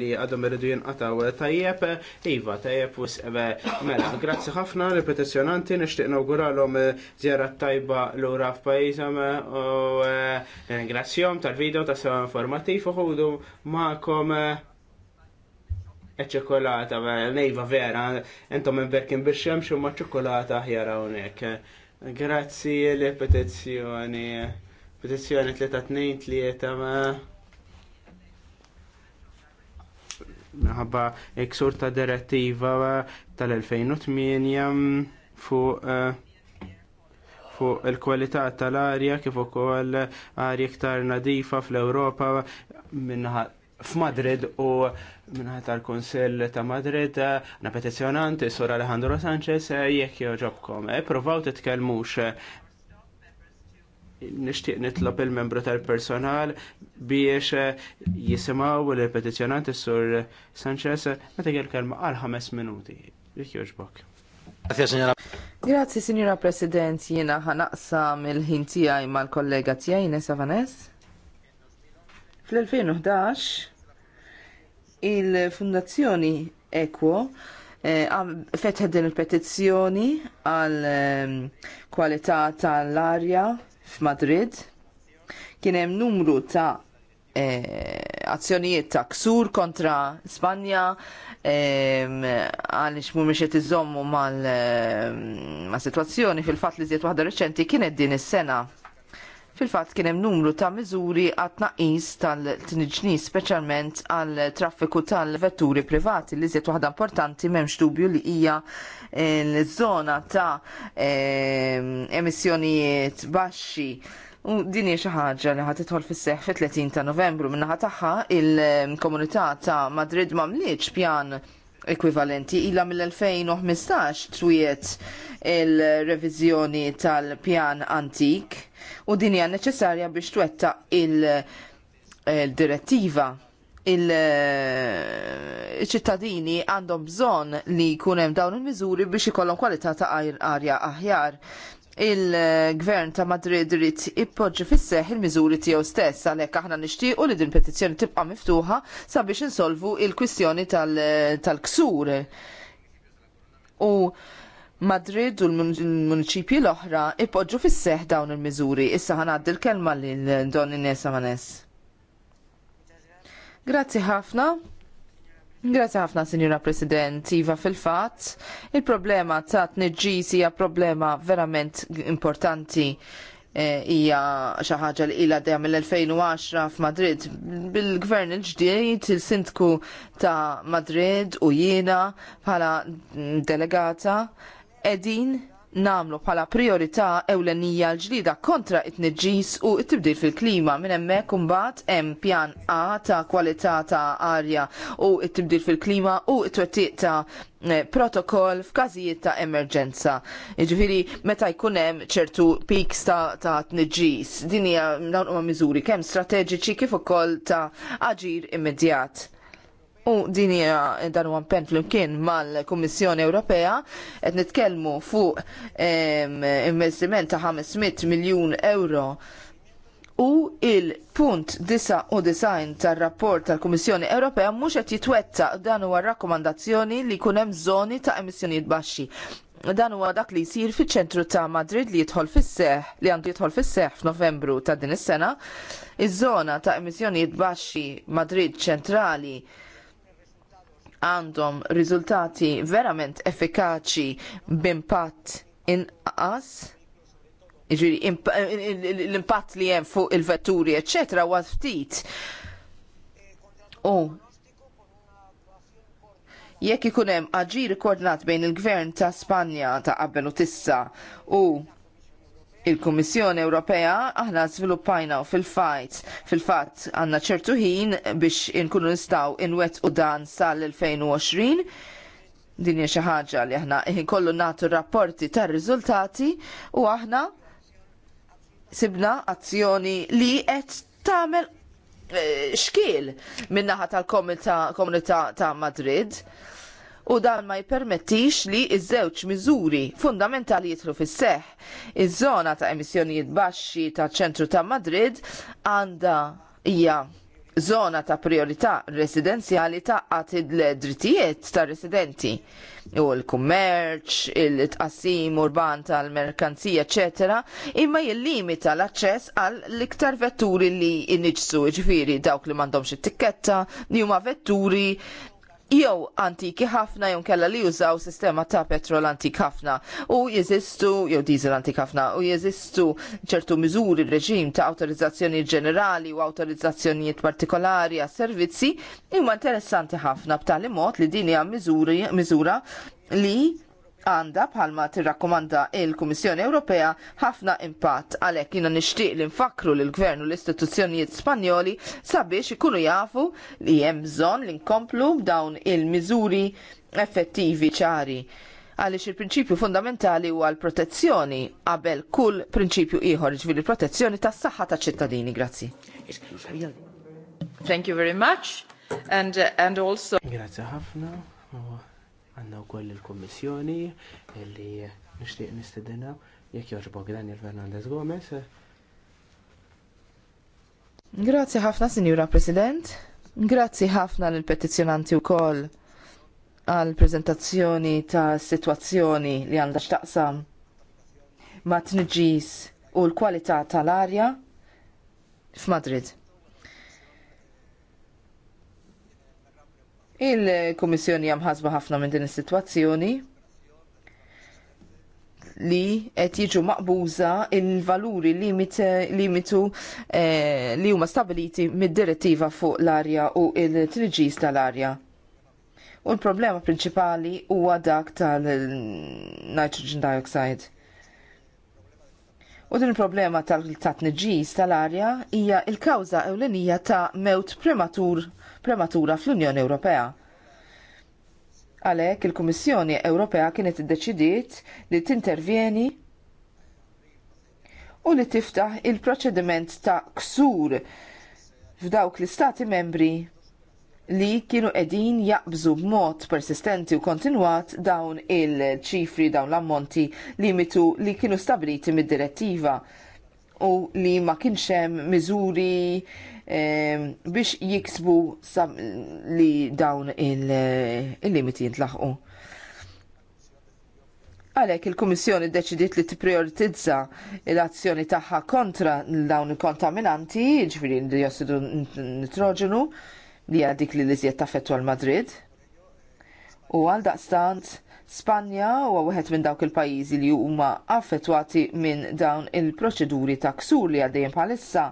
li għadhom irridu jinqataw tajjeb, iva tajjeb wis mela, grazzi ħafna li petizjonanti nixtieq nawguralhom eh, zjara tajba lura f'pajjiżhom eh, u eh, ringrazzjom tal-video tas-sew informattiv u ħudu ma'kom E ċokolata, nejva vera, entom imberkin biex jemxu ma ċokolata ħjara unek. Grazzi li petizjoni, petizjoni 323 ma. Ħabba eksurta direttiva tal-2008 fuq eh, fuq il-kwalità tal-arja kif ukoll arja iktar nadifa fl-Ewropa minnaħat f'Madrid u minnaħat tal-Konsil ta' Madrid na petizjonant, sur Alejandro Sanchez jekk joġobkom. Eh, provaw titkellmux nishtiq nitlob il-membru tal-personal biex eh, jisimaw l-petizjonanti sur Sanchez meta kelma għal ħames minuti. Jekk joġbok. Grazie, signora President, jena ħanaqsam il-ħin tijaj mal-kollega tijaj, Nessa Vanes. Fl-2011, il-Fundazzjoni Equo eh, fetħed din il-petizzjoni għal ehm, kwalità tal-arja f'Madrid. Kien hemm numru ta' eh, azzjonijiet ta' ksur kontra Spanja ehm, għaliex mhumiex qed iżommu mal-sitwazzjoni ehm, fil-fatt li żiet waħda reċenti kienet din is-sena Fil-fatt kien hemm numru ta' miżuri għat tnaqqis tal-tniġni speċjalment għal traffiku tal-vetturi privati li żiet waħda importanti m'hemmx dubju li hija eh, l-żona ta' eh, emissjonijiet baxxi U din hija xi ħaġa li ħadd idħol fis-seħħ fit-30 ta' Novembru min-naħa tagħha il-komunità ta' Madrid m'għamlietx pjan ekwivalenti ilha mill-2015 twiet il-reviżjoni tal-pjan antik u din hija neċessarja biex twettaq il-direttiva. Il eh, direttiva il eh, ċittadini għandhom bżon li hemm dawn il-miżuri biex ikollhom kwalità ta' arja aħjar. Il-gvern ta' Madrid irid ippoġġi fis il-miżuri tiegħu stess għalhekk aħna nixtiequ li din petizzjoni tibqa' miftuħa sabiex insolvu il-kwistjoni tal-ksur. Tal u Madrid u l-municipji l-oħra ipoġġu fis seħħ dawn il-miżuri. Issa ħanaddi l-kelma lil Don Ines Amanes. Grazzi ħafna. Grazie ħafna, Signora President. Iva fil-fatt, il-problema ta' tneġġis hija problema verament importanti eh, hija xi ħaġa li ilha dejjem mill-2010 f'Madrid. Bil-gvern il-ġdid il-sindku ta' Madrid u jiena bħala delegata edin namlu bħala priorita ewlenija l-ġlida kontra it-nġis u it-tibdil fil-klima minn hemmhekk imbagħad hemm pjan A ta' kwalità ta' arja u it-tibdil fil-klima u it-twettiq ta' eh, protokoll f'każijiet ta' emerġenza. Jiġifieri meta jkun hemm ċertu piks ta', ta tniġġis, din hija dawn huma miżuri kemm strateġiċi kif ukoll ta' aġir immedjat. U din hija dan huwa pen flimkien mal-Kummissjoni Ewropea qed nitkellmu fuq investiment ta' 500 miljun euro u il-punt 99 tar-rapport tal-Kummissjoni Ewropea mhux qed jitwettaq dan huwa rakkomandazzjoni li jkun hemm żoni ta' emissjonijiet baxxi. Dan huwa dak li jsir fiċ-ċentru ta' Madrid li jidħol fis-seħ li għandu jidħol fis-seħ f'Novembru ta' din is-sena. Iż-żona ta' emissjonijiet baxxi Madrid ċentrali għandhom riżultati verament effikaċi b'impatt inqas eh, l-impatt li hemm fuq il-vetturi, eċetera, huwa ftit. U jekk ikun hemm aġir koordinat bejn il-Gvern ta' Spanja ta' qabel u tissa u il-Kummissjoni Ewropea aħna żviluppajna fil-fajt fil-fatt għandna ċertu ħin biex inkunu nistgħu inwet u dan sal-2020 din hija xi ħaġa li aħna kollu nagħtu rapporti tar-riżultati u aħna sibna azzjoni li qed tagħmel eh, xkiel min-naħa tal-komunità ta' Madrid u dan ma jipermettix li iż-żewġ miżuri fundamentali jitlu fis seħħ Iż-żona ta' emissjonijiet baxxi ta' ċentru ta' Madrid għandha hija żona ta' priorità residenzjali għatid l drittijiet ta' residenti u l-kummerċ, il-tqassim urban tal-merkanzija, eċetera, imma jillimita l-aċċess għal l-iktar vetturi li inniġsu ġifiri dawk li m'għandhomx it-tikketta li huma vetturi jew antiki ħafna jew kella li jużaw sistema ta' petrol antik ħafna u jeżistu jew diesel antik ħafna u jeżistu ċertu miżuri reġim ta' autorizzazzjoni ġenerali u autorizzazzjonijiet partikolari għas servizzi imma interessanti ħafna b'tali mod li din hija miżura li għanda bħalma tirrakkomanda il-Kummissjoni Ewropea ħafna impatt għalhekk jiena nixtieq li nfakru lil gvern u l-istituzzjonijiet Spanjoli sabiex ikunu jafu li hemm bżonn li nkomplu dawn il-miżuri effettivi ċari għaliex il-prinċipju fundamentali huwa l-protezzjoni qabel kull prinċipju ieħor, ġifieri protezzjoni tas-saħħa ta' ċittadini Grazzi. Thank you very much and uh, and also Grazzi ħafna. Għanna u koll il-Kommissjoni illi nishtiq nistedina jekk joġbok Daniel Fernandez Gomez. Grazzi ħafna, Sinjura President. Grazzi ħafna l-petizjonanti u koll għal prezentazzjoni ta' situazzjoni li għandha xtaqsam ma' t u l-kwalità tal-arja f'Madrid. Il-Kummissjoni jamħasba ħafna minn din is-sitwazzjoni li qed jiġu maqbuża il-valuri limitu eh, li huma stabiliti mid-direttiva fuq l-arja u il-triġis tal-arja. U l-problema prinċipali huwa dak tal-nitrogen dioxide. U din il-problema tal-tatniġis tal-arja hija il-kawża ewlenija ta' mewt prematur prematura fl-Unjoni Ewropea. Għalhekk il-Kummissjoni Ewropea kienet iddeċidiet li t-intervjeni u li tiftaħ il-proċediment ta' ksur f'dawk l-istati membri li kienu edin jaqbżu b'mod persistenti u kontinwat dawn il-ċifri dawn l-ammonti mitu li kienu stabiliti mid-direttiva u li ma kienx hemm miżuri biex jiksbu li dawn eh, il-limiti jintlaħqu. Għalek il-Kummissjoni deċidiet li t-prioritizza l-azzjoni tagħha kontra dawn il-kontaminanti, n diossidu nitroġenu, li hija dik li liżjed taffettu għal Madrid. U għal daqstant Spanja huwa wieħed minn dawk il-pajjiżi li huma affettwati minn dawn il-proċeduri ta' ksur li għaddejjem bħalissa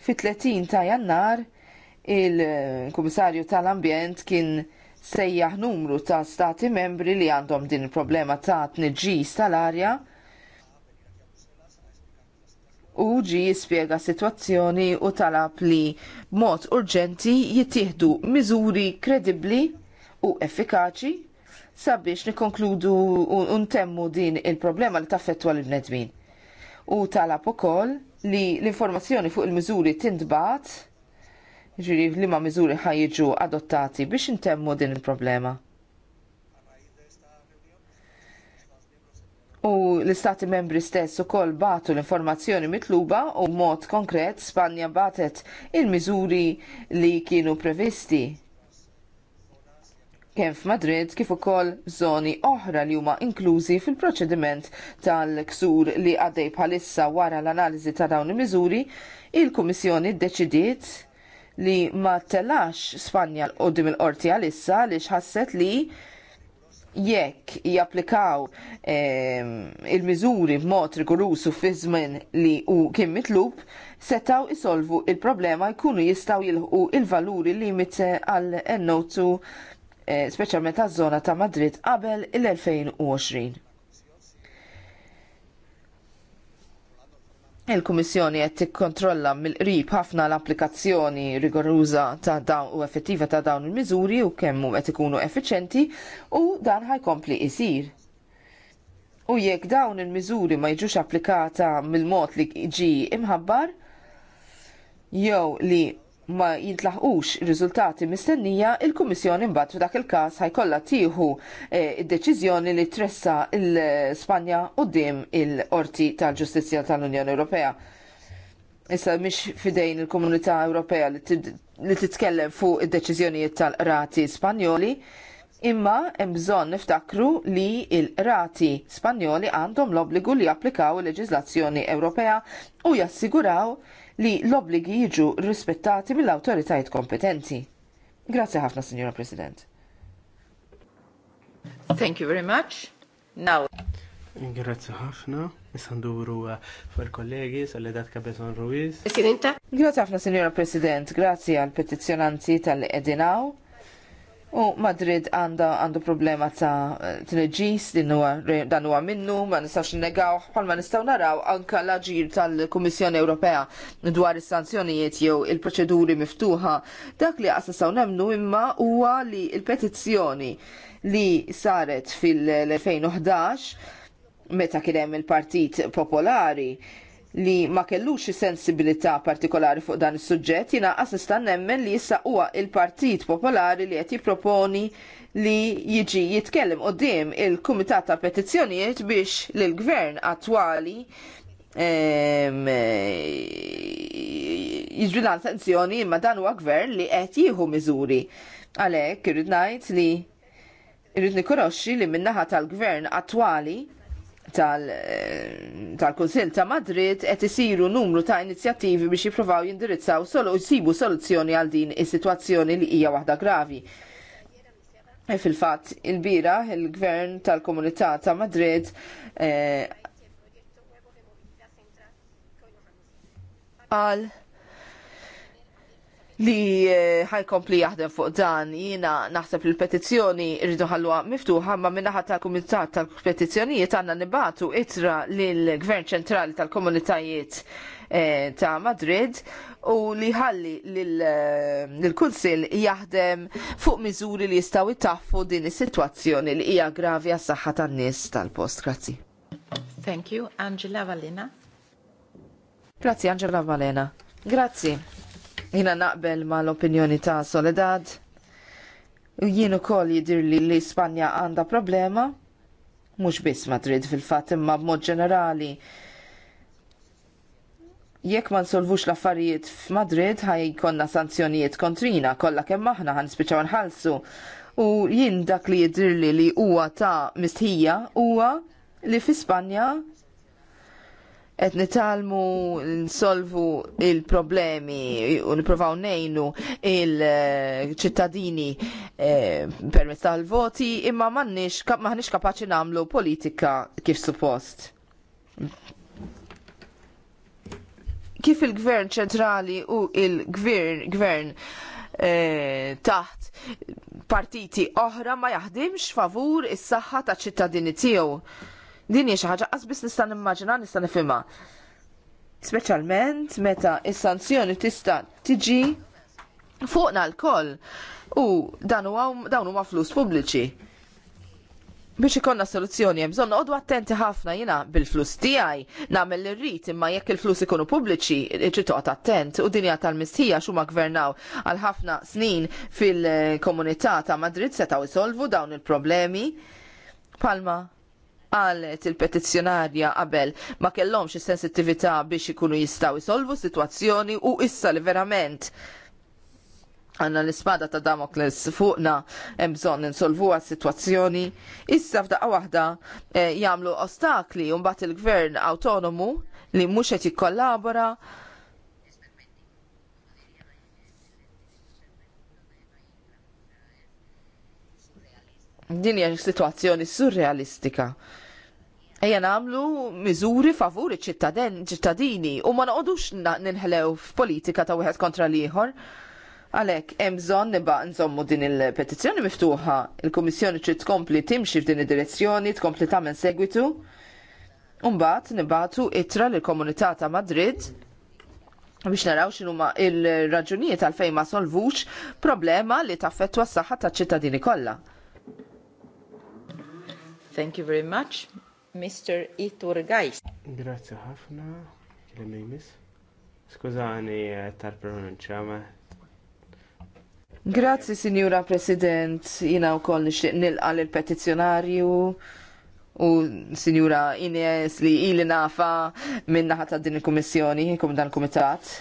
Fit-30 ta' jannar il-Kummissarju tal-Ambjent kien sejjaħ numru ta' stati membri li għandhom din il-problema ta' tniġġis tal-arja u ġi jispiega situazzjoni u talab li b'mod urġenti jittieħdu miżuri kredibbli u effikaċi sabiex nikonkludu un-temmu din il-problema li taffettwa l-bnedmin u talab ukoll li l-informazzjoni fuq il-miżuri tintbat ġiri li ma miżuri ħajġu adottati biex intemmu din il-problema. U l-istati membri stess u kol batu l-informazzjoni mitluba u mod konkret Spanja batet il-miżuri li kienu previsti kemm f'Madrid kif ukoll żoni oħra li huma inklużi fil-proċediment tal-ksur li għaddej bħalissa wara l-analiżi ta' dawn il-miżuri, il-Kummissjoni ddeċidiet li ma telax Spanja l-qoddim il-qorti għalissa li xħasset li jekk japplikaw ehm, il-miżuri b'mod rigorus fi żmien li hu kien mitlub, setaw isolvu il-problema jkunu jistgħu jilħqu il-valuri li mitte għal ennotu Eh, speċjalment taż-żona ta' Madrid qabel il-2020. Il-Kummissjoni qed tikkontrolla mill-qrib ħafna l-applikazzjoni rigoruża ta' dawn u effettiva ta' dawn il-miżuri u kemm qed ikunu effiċenti u dan ħajkompli isir. U jekk dawn il-miżuri ma jiġux applikata mill-mod li ġi imħabbar, jew li ma jintlaħqux riżultati mistennija, il-Kummissjoni mbagħad f'dak il-każ ħajkollha tieħu eh, id-deċiżjoni li tressa l-Spanja quddiem il-Qorti tal-Ġustizzja tal-Unjoni Ewropea. Issa mhix fidejn il-Komunità Ewropea li titkellem fuq id-deċiżjonijiet tal rati Spanjoli, imma hemm bżonn niftakru li l-rati Spanjoli għandhom l-obbligu li japplikaw il-leġiżlazzjoni Ewropea u jassiguraw li l-obbligi jiġu rispettati mill-awtoritajiet kompetenti. Grazzi ħafna, Signora President. Thank you very much. Now. Grazie ħafna. Nisanduru uh, fil-kollegi, Soledad Cabezon Ruiz. Presidenta. Grazzi ħafna, Signora President. Grazzi għal petizjonanti tal-edinaw. U Madrid għanda għandu problema ta' tneġis dan huwa minnu, ma nistax negaw, ma nistaw naraw anka l-aġir tal-Kummissjoni Ewropea dwar is-sanzjonijiet jew il-proċeduri miftuħa. Dak li għasasaw nemnu imma huwa li il-petizzjoni li saret fil-2011 meta kien hemm il-Partit Popolari li ma kellux sensibilità partikolari fuq dan is-suġġett jina assista nemmen li issa huwa il-Partit Popolari li qed jipproponi li jiġi jitkellem qudiem il-Kumitat ta' Petizzjonijiet biex lill gvern attwali jiġri dan sanzjoni imma dan huwa gvern li qed jieħu miżuri. Għalhekk irrid ngħid li irrid nikkonoxxi li min-naħa tal-gvern attwali Eh, tal-Kunsil ta' Madrid qed isiru numru ta' inizjattivi biex jippruvaw jindirizzaw solo jsibu soluzzjoni għal din is-sitwazzjoni li hija waħda gravi. E fil-fatt il-bira il-Gvern tal-Komunità ta' Madrid eh, għal li eh, ħajkompli jaħdem fuq dan jina naħseb li l-petizzjoni rridu ħalluha miftuħa ma minnaħat tal-Kumitat tal-Petizzjonijiet għandna nibatu itra lill-Gvern ċentrali tal-Komunitajiet eh, ta' Madrid u li ħalli eh, lill-Kunsil jaħdem fuq miżuri li jistgħu jtaffu din is-sitwazzjoni li hija gravi għas-saħħa tan-nies tal-post. Grazzi. Thank you, Angela Valena. Grazzi Angela Valena. Grazzi, Jina naqbel ma l-opinjoni ta' Soledad. Jien kol jidirli li Spanja għandha problema, mhux biss Madrid fil-fatt imma b'mod ġenerali. Jekk ma nsolvux l-affarijiet f'Madrid ħaj konna sanzjonijiet kontrina, kollha kemm aħna ħanspiċċaw nħallsu. U jien dak li jidirli li huwa ta' mistħija huwa li fi Spanja qed nitalmu nsolvu il-problemi u niprofaw nejnu il-ċittadini eh, permezz tal-voti imma m'aħniex kapaċi nagħmlu politika kif suppost. Kif il-gvern ċentrali u il-gvern gvern, eh, taħt partiti oħra ma jaħdimx favur is-saħħa taċ ċittadini tiegħu Din hija xi ħaġa qasbis nista' nimmaġina nista' nifhimha. Speċjalment meta is-sanzjoni tista' tiġi fuqna l-koll u dan huwa dawn huma flus pubbliċi biex ikonna soluzzjoni hemm bżonn noqogħdu attenti ħafna jiena bil-flus tiegħi nagħmel irrid imma jekk il-flus ikunu pubbliċi irid toqgħod attent u dinja tal-mistija x'huma gvernaw għal ħafna snin fil-komunità ta' Madrid setgħu jsolvu dawn il-problemi. Palma qalet il-petizzjonarja qabel ma kellhomx is-sensittività biex ikunu jistgħu jsolvu sitwazzjoni u issa li verament għanna l-ispada ta' Damokles fuqna hemm bżonn insolvu għas-sitwazzjoni. Issa f'daqqa waħda jamlu eh, jagħmlu ostakli un mbagħad il-gvern awtonomu li mhux qed jikkollabora Din hija situazzjoni surrealistika. Ejja nagħmlu miżuri favur iċ-ċittadini u ma noqogħdux ninħlew f'politika ta' wieħed kontra l-ieħor. Għalek, bżonn nibaq nżommu din il petizzjoni miftuħa. il kummissjoni trid tkompli timxi f'din id-direzzjoni, tkompli tagħmel segwitu. Umbagħad nibatu ittra l komunità ta' Madrid biex naraw x'inhu il-raġunijiet għalfejn ma solvux problema li taffettwa s-saħħa taċ-ċittadini kollha. Thank you very much, Mr. Itur Iturgais. Grazie ħafna, l-mimis. Skużani eh, tar pronunċa ma Grazzi, Signora President, jina u koll nishtiq nilqa l-petizjonarju u signora Ines li ili nafa minnaħa ta' din il-Kummissjoni, kum dan il komitat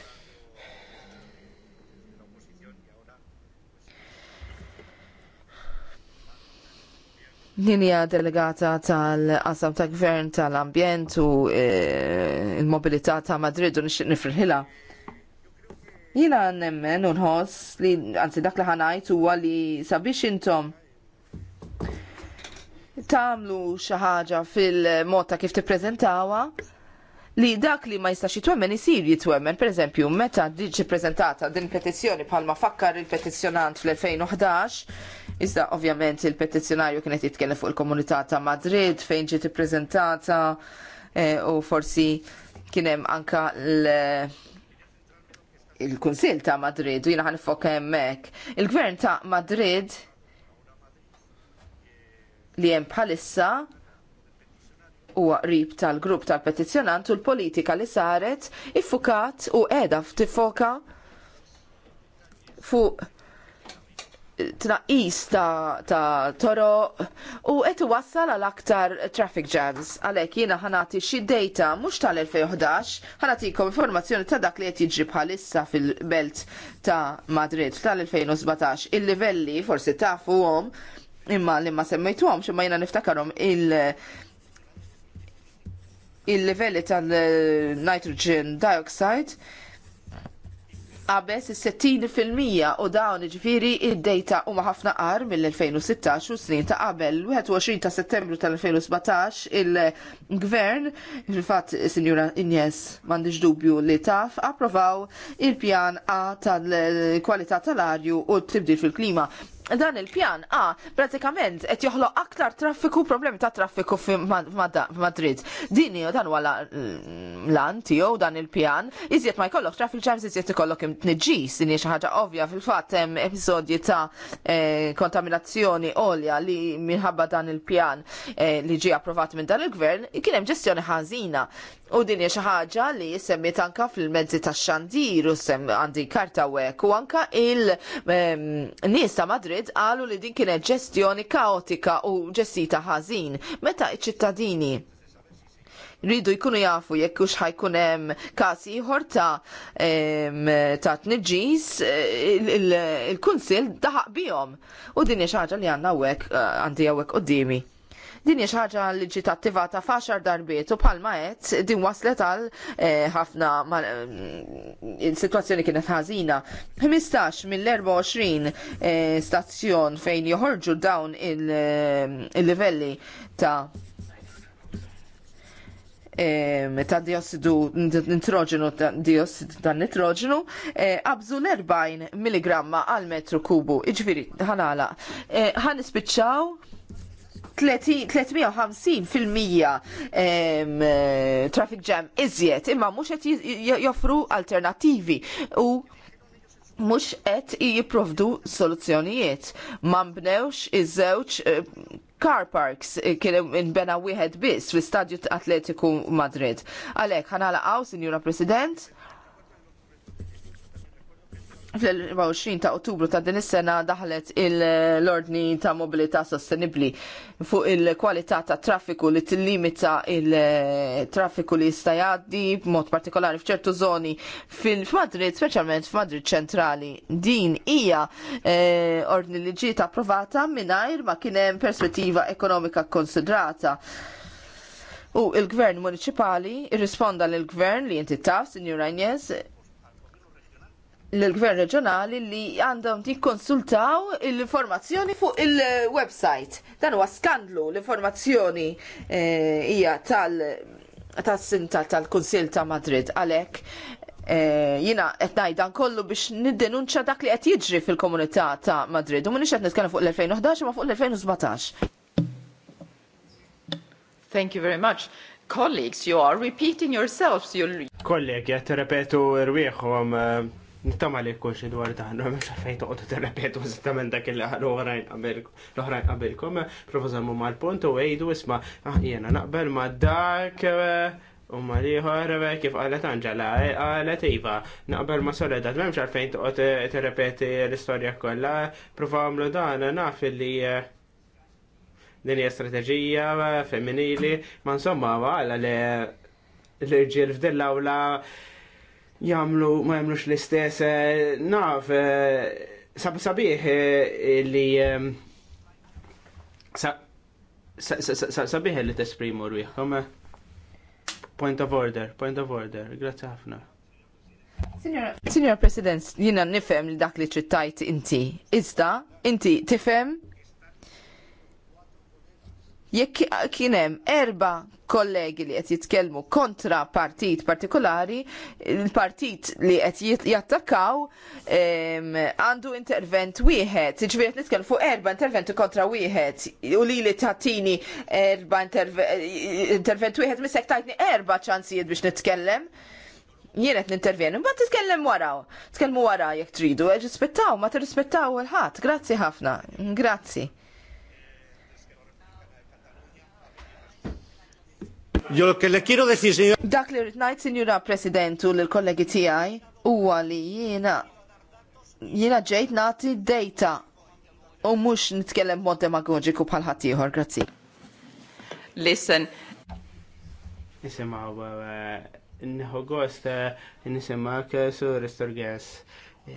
Ninja delegata tal-qasam ta' gvern tal-ambjent u e, il-mobilità ta' Madrid u nixtieq nifrilħila. Jina nemmen u nħoss li għanzi dak li ħanajt huwa li sabiex intom tagħmlu xi ħaġa fil-mod ta' kif tippreżentawha li dak li ma jistax jitwemmen jisir jitwemmen, per eżempju, meta diġi prezentata din petizzjoni bħalma fakkar il-petizzjonant fl-2011, iżda ovvjament il-petizzjonarju kienet jitkellem fuq il-komunità ta' Madrid fejn ġiet ippreżentata eh, u forsi kienem anka l- il-Kunsil ta' Madrid u jina ħanifok hemmhekk. Il-Gvern ta' Madrid li hemm bħalissa huwa qrib tal-grupp tal-petizzjonant u l-politika li saret iffukat u edha tifoka fuq tnaqqis ta', ta toro u qed iwassal għal aktar traffic jams. Għalhekk jiena ħanati xi data mhux tal-2011, ħanatikom informazzjoni ta' dak li qed jiġri bħalissa fil-belt ta' Madrid tal-2017. Il-livelli forsi tafuhom imma li ma semmejtuhom xi ma jiena niftakarhom il- il-livelli tal-nitrogen eh, dioxide qabes is-60% u dawn ġifiri id-dejta huma ħafna qar mill-2016 u snin ta' qabel. 21 ta' settembru tal-2017 il-gvern, fil-fatt sinjura Injes m'għandix dubju li taf, approvaw il-pjan A tal-kwalità eh, tal-arju u t-tibdil fil-klima dan il-pjan A ah, pratikament qed joħloq aktar traffiku problemi ta' traffiku f'Madrid. Din jew dan wala lan tiegħu dan il-pjan, iżjed ma jkollok traffic jams iżjed ikollok imtniġġis din hija ħaġa ovvja fil-fatt hemm episodji ta' eh, kontaminazzjoni olja li minħabba dan il-pjan eh, li ġie approvat minn dan il-gvern kien hemm ġestjoni ħażina U din hija xi ħaġa li semmiet anka fil-mezzi tax-xandir u sem għandi karta hekk u anka il-nies ehm, ta' Madrid qalu li din kienet ġestjoni kaotika u ġestita ħażin meta ċ-ċittadini rridu jkunu jafu jekk hux ħajkun hemm każ ieħor ta' ehm, ta' tniġġis e, il-kunsill daħaq bihom. U din xi ħaġa li għandna hawnhekk eh, għandi hawnhekk qudiemi. Din hija ħaġa li ġiet attivata faċar darbiet u bħalma qed din waslet għal eh, ħafna mm, situazzjoni sitwazzjoni kienet ħażina. 15 mill-24 eh, stazzjon fejn joħorġu dawn eh, il-livelli ta' ta' diossidu, nitrogenu, ta' diossidu ta' nitrogenu, qabżu l-40 mg għal metru kubu, iġviri, ħanala. Ħan ispiċċaw 350% eh, traffic jam iżjed imma mhux qed joffru alternattivi u mhux qed jipprovdu soluzzjonijiet. Ma mbnewx iż-żewġ eh, car parks eh, kien bena wieħed biss fl-Stadju Atletiku Madrid. Għalhekk għaw, Sinjura President, fl-24 ta' ottubru ta' din is-sena daħlet il-ordni ta' mobilità sostenibbli fuq il-kwalità ta' traffiku li tillimita il-traffiku li jista' jgħaddi b'mod partikolari f'ċertu zoni fil-Madrid, speċjalment f'Madrid ċentrali. Din hija eh, ordni li ġiet approvata mingħajr ma kien hemm perspettiva ekonomika konsidrata. U il-gvern municipali irrisponda lill gvern li inti taf, Sinjur Agnes, l-gvern reġjonali li għandhom tikkonsultaw l-informazzjoni fuq il-website. Dan huwa skandlu l-informazzjoni eh, hija tal tas-sinta tal-Kunsil ta' Madrid għalhekk eh, jina qed ngħidan kollu biex niddenunċa dak li qed jiġri fil-komunità ta' Madrid u mhux qed nitkellem fuq l-2011 ma fuq l-2017. Thank you very much colleagues, you are repeating yourselves. Kollegi, qed repetu rwieħhom. Eh, Nittama li kull xie dwar dan, mux għalfejn toqtu t-repetu zittamen dak il l-oħrajn qabilkom, eh, professor ma l-punt u għejdu isma, ah, jena naqbel ma dak eh, u ma liħor eh, kif għalet Anġela, għalet Iva, naqbel ma soledad, memx għalfejn toqtu t-repeti l-istoria kolla, profa għamlu dan, naf li din hija strateġija femminili, ma insomma għala li l-irġiel f'din l-awla jamlu ma jamlux l-istess eh, naf eh, sab sabiħ eh, li sabiħ li t-esprimu rwieħkom. Point of order, point of order, grazzi ħafna. Signor President, jina nifem li dak li trittajt inti. Iżda, inti tifem jekk kien hemm erba' kollegi li qed jitkellmu kontra partit partikolari, il-partit li qed jattakkaw għandu intervent wieħed, jiġifieri qed nitkellmu fuq erba' interventi kontra wieħed u li li tagħtini erba' intervent wieħed missek tajtni erba' ċansijiet biex nitkellem. Jien qed nintervjeni, ma titkellem waraw. Tkellmu wara jekk tridu, e rispettaw, ma tirrispettaw il-ħadd. Grazzi ħafna. Grazzi. Jo le quiero decir, signor... Dak li rritnajt, signora Presidentu, l-kollegi tijaj, u li jina jina ġejt nati data u mux nitkellem mod demagogiku bħal ħaddieħor, grazzi. Listen. Nisema, Nisimaw, nħu eh, gost eh, nisimak eh, su Restor Gas.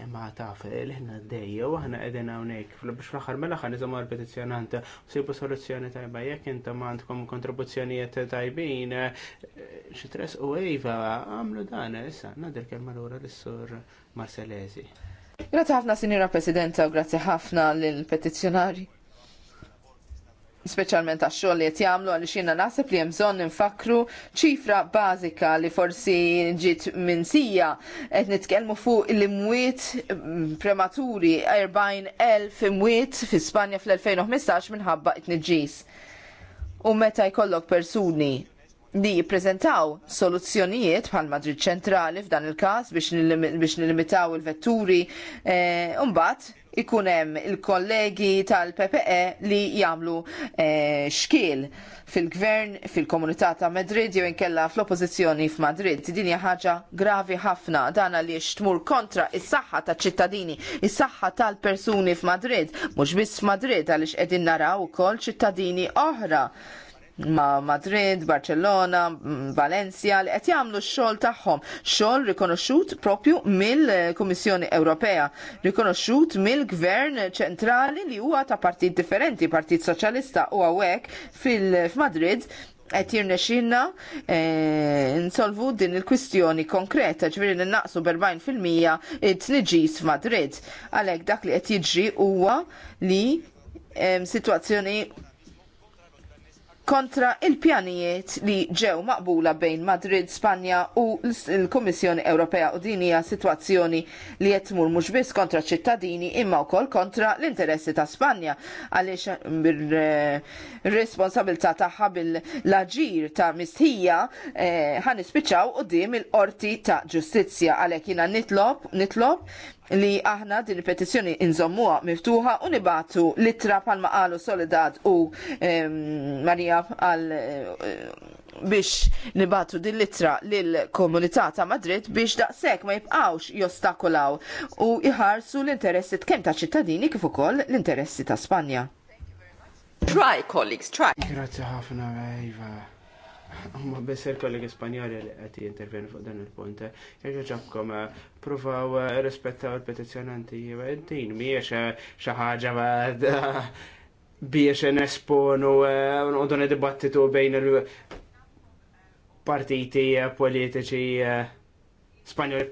Eh, ma taf, eh, l-ħna d-dejja, u ħna edin għonek, biex fl-axar mela ħan iżom għal-petizjonanta, u sibu soluzzjoni tajba, jek intom għandkom kontribuzzjonijiet tajbin, eh, xitres u Eva, għamlu dan, issa, nadir kemm l-ura l-sur Marcellesi. Grazie ħafna, Sinjora Presidenta, u grazie ħafna l-petizjonari speċjalment għax xogħol li qed jagħmlu għaliex jiena naħseb li hemm bżonn infakru ċifra bażika li forsi ġiet sija qed nitkellmu fuq l-imwiet prematuri 40,000 imwiet fi Spanja fl-2015 minħabba it-nġis. U meta jkollok persuni li jippreżentaw soluzzjonijiet bħal Madrid ċentrali f'dan il-każ biex nilimitaw il-vetturi, eh, u mbagħad ikun hemm il-kollegi tal-PPE li jagħmlu eh, xkiel fil-gvern, fil-komunità ta' Madrid jew inkella fl-oppożizzjoni f'Madrid. dinja ħaġa gravi ħafna dan għaliex tmur kontra is-saħħa taċ-ċittadini, is-saħħa tal-persuni f'Madrid, mhux biss f'Madrid għaliex qegħdin naraw ukoll ċittadini oħra ma' Madrid, Barcellona, mm, Valencia li qed jagħmlu x-xogħol tagħhom, xogħol rikonoxxut propju mill-Kummissjoni Ewropea, rikonoxxut mill-Gvern ċentrali li huwa ta' partit differenti, Partit Soċjalista u hawnhekk fil-Madrid qed jirnexxinna eh, nsolvu din il-kwistjoni konkreta ġifieri ninnaqsu b'40% it-tniġis f'Madrid. Għalhekk dak li qed jiġri huwa li situazzjoni kontra il-pjanijiet li ġew maqbula bejn Madrid, Spanja u l-Kummissjoni Ewropea u din hija sitwazzjoni li qed tmur mhux biss kontra ċittadini imma wkoll kontra l-interessi ta' Spanja għaliex bir-responsabilità tagħha bil-aġir ta' mistħija eh, ħanispiċċaw eh, qudiem il-qorti ta' ġustizzja għalhekk jiena nitlob nitlob li aħna din il-petizzjoni inżommuha miftuħa u nibatu litra palma qalu Soledad u Marija għal biex nibatu din litra lil komunità ta' Madrid biex daqshekk ma jibqawx jostakolaw u jħarsu l-interessi kemm ta' ċittadini kif ukoll l-interessi ta' Spanja. Try, colleagues, try. Grazie ħafna, Eva. Ma besser il-kollegi Spanjoli li għati jintervjeni fuq dan il-punt. Jekk ġabkom eh, provaw eh, rispettaw il-petizzjonanti, iva, din mhijiex eh, xaħġa ħaġa biex nesponu un nqogħdu dibattitu bejn il-partiti politiċi Spanjoli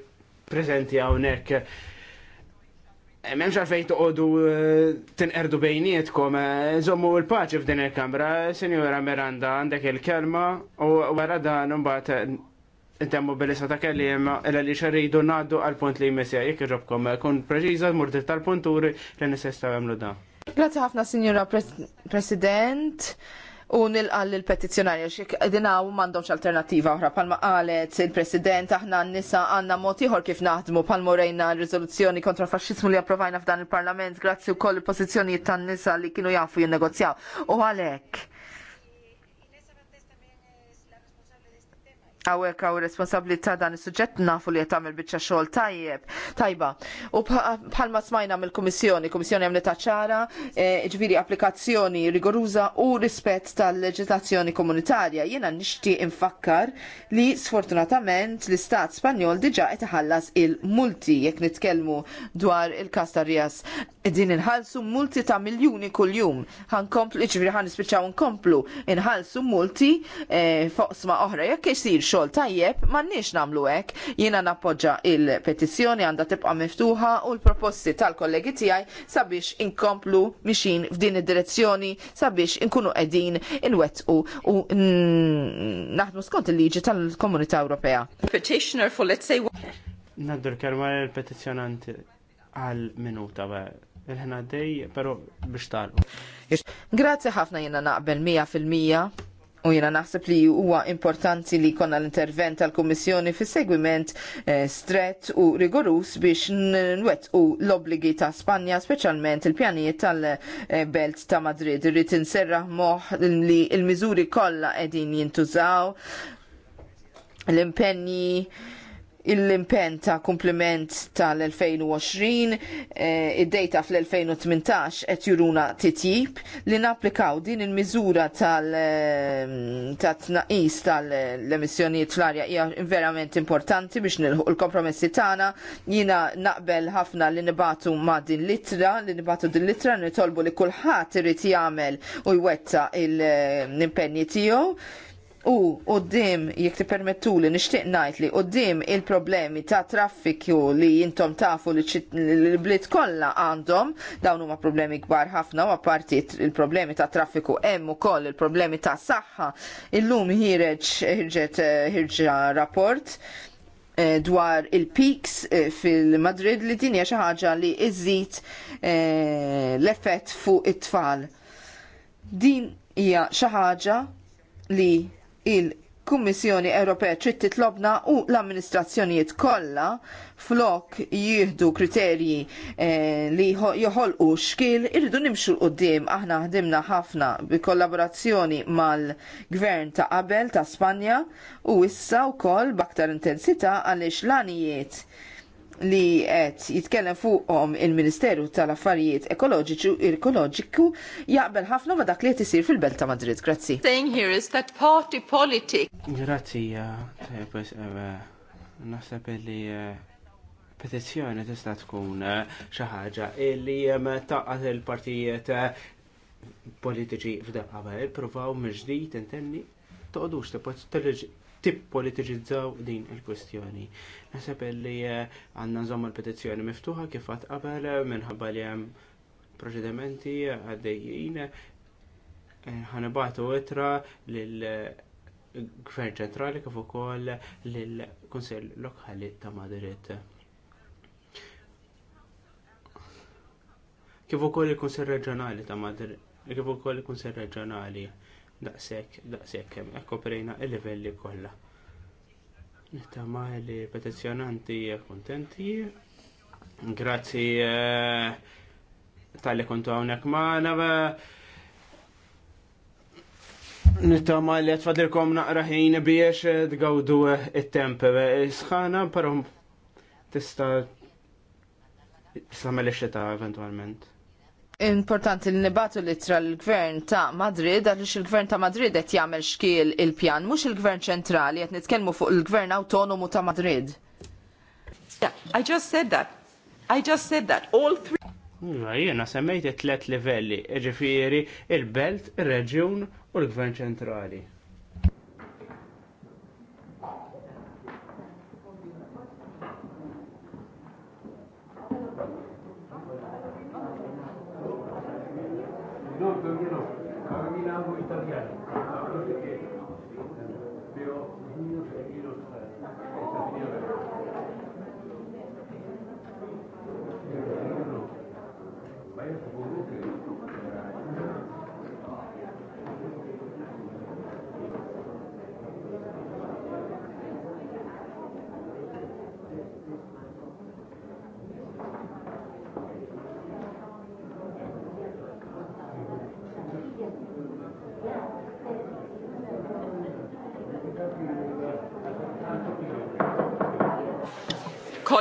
preżenti hawnhekk Eh, Memx għalfejn toqodu eh, tinqerdu bejnietkom, eh, zommu l-paċi f'din il-kamra, Signora Miranda għandek il-kelma u wara dan mbagħad intemmu bil lisa ta' kelli jemma li xarridu naddu għal-punt li jmissja, jek iġobkom, kun preġiza, murdit tal-punturi li nisestaw għamlu da. Grazie ħafna, Signora President u nilqal l-petizjonarja xik dinaw mandomx alternativa oħra palma qalet il-president aħna n-nisa għanna motiħor kif naħdmu palma rejna rizoluzzjoni kontra fasċismu li approvajna f'dan il-parlament grazzi u koll il-pozizjoni tan-nisa li kienu jafu negozjaw. u għalek għawek għaw responsabilità dan il-sujġett nafu li jtamil bieċa xol tajjeb, tajba. U bħalma smajna mill komissjoni komissjoni għamlet ċara, e, ġviri applikazzjoni rigoruza u rispett tal-leġislazzjoni komunitarja. Jena nishti infakkar li sfortunatament l-istat spanjol diġa ħallas il-multi, jek nitkelmu dwar il-kas ta' Din inħalsu multi ta' miljoni kull-jum. komplu, ġviri ħan nispiċaw nkomplu, inħalsu multi e, fosma oħra, jek jisir xogħol tajjeb m'għandniex nagħmlu hekk. Jiena nappoġġa il-petizzjoni għandha tibqa' miftuħa u l-proposti tal-kollegi tiegħi sabiex inkomplu mixin f'din id-direzzjoni sabiex inkunu qegħdin inwettqu u naħdmu skont il-liġi tal-Komunità Ewropea. Petitioner for let's say Naddur kelma l-petizjonanti għal minuta il-ħna dej, pero biex tal. Grazie ħafna jena naqbel 100% U jena naħseb li huwa importanti li konna l-intervent tal-Kommissjoni fis segwiment eh, stret u rigorus biex nwet u l-obligi ta' Spanja, specialment il-pjanijiet tal-Belt eh, ta' Madrid. Rrit inserra moħ li il-miżuri kollha qegħdin jintużaw l-impenni l-impen ta' kumpliment tal-2020, eh, id-dejta fl-2018 qed juruna titjib li napplikaw din il-miżura tal-tnaqis eh, tal-emissjonijiet fl-arja hija verament importanti biex nilħu l-kompromessi tagħna. Jiena naqbel ħafna li nibatu ma' din litra, li nibatu din litra nitolbu li kulħadd irid jagħmel u jwetta l-impenji tiegħu U qoddim jekk permettu li nixtieq najt li qoddim il-problemi ta' traffiku li jintom tafu li l blit kolla għandhom dawn huma problemi kbar ħafna u apparti il-problemi ta' traffiku hemm ukoll il-problemi ta' saħħa. Illum ħireġ hirġet eh, ħirġa rapport eh, dwar il-peaks eh, fil-Madrid li dinja xi ħaġa li iżid l-effett fuq it-tfal. Din hija xi ħaġa li il-Kummissjoni Ewropea trid titlobna u l-amministrazzjonijiet kollha flok jieħdu kriterji eh, li joħolqu xkil irridu nimxu l-qoddim aħna ħdimna ħafna bi kollaborazzjoni mal-gvern ta' qabel ta' Spanja u issa wkoll b'aktar intensità għaliex l li għet jitkellem fuqhom il-Ministeru tal-Affarijiet Ekoloġiċu Ekoloġiku jaqbel ħafna ma dak li qed isir fil-Belt ta' Madrid. Grazzi. Saying here is that party politics. Grazzi, eh, eh, eh, naħseb li petizzjoni tista' tkun xi ħaġa li taqgħet il-partijiet politiċi f'daqqa provaw mill-ġdid intenni toqgħodux tippolitiġizzaw din il-kwestjoni. Naħseb li eh, għandna nżomm l petizzjoni miftuħa kif qatt qabel eh, minħabba li hemm proċedimenti għaddejjin eh, ħanibatu itra l gvern ċentrali kif ukoll l kunsill lokali ta' Madrid. Kif ukoll il-Kunsill Reġjonali ta' Madrid, kif ukoll il-Kunsill Reġjonali daqshekk daqshekk kemm ekkoprejna il-livelli kollha. Nittama li petizzjonanti kuntenti. Grazzi eh, tal-li kontu hawnhekk magħna eh. Nittama li għatfadilkom naqra ħin biex tgawdu eh, il temp Sħana, però tista' tista' mele xita eventualment importanti li nibatu tra l-gvern ta' Madrid, għaliex il-gvern ta' Madrid qed jagħmel xkiel il-pjan, mhux il-gvern ċentrali qed nitkellmu fuq il-gvern autonomu ta' Madrid. Yeah, I just said that. I just said that. All three. Iva, jena semmejt tlet livelli, ġifiri il-belt, il-reġjun u l-gvern ċentrali.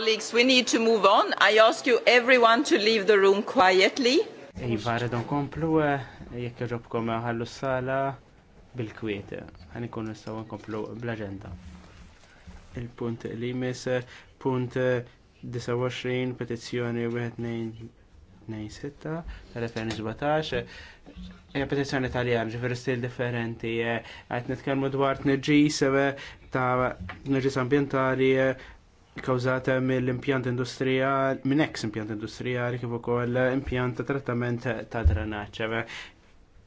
colleagues, we need to move on. I ask you everyone to leave the room quietly. Iva, redon komplu, eh, jekk irrobkom eh, ħallu s-sala bil-kwiet, għan ikun nistaw nkomplu bl-agenda. Il-punt li jmiss, eh, punt 29, petizzjoni 1296 tal-2017, hija petizzjoni Taljan, ġifieri stil differenti, qed nitkellmu dwar tniġġis ta' tniġġis ambjentali kawżata mill-impjant industrijali, minn ex impjant industrijali kif ukoll impjant ta' trattament ta' drenaġġ.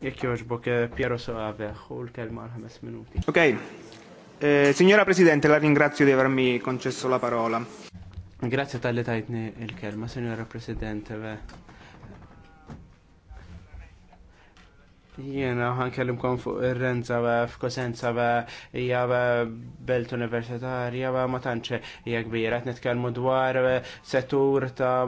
Jekk joġbok eh, Piero Soave, u l-kelma għal ħames minuti. Ok, eh, signora Presidente, la ringrazio di avermi concesso la parola. Grazie tal-li tajtni il-kelma, signora Presidente. Jena kon fuq il renza f'kosenza hija belt universitarja ma matanċe, hija kbira għetnet nitkellmu dwar settur ta'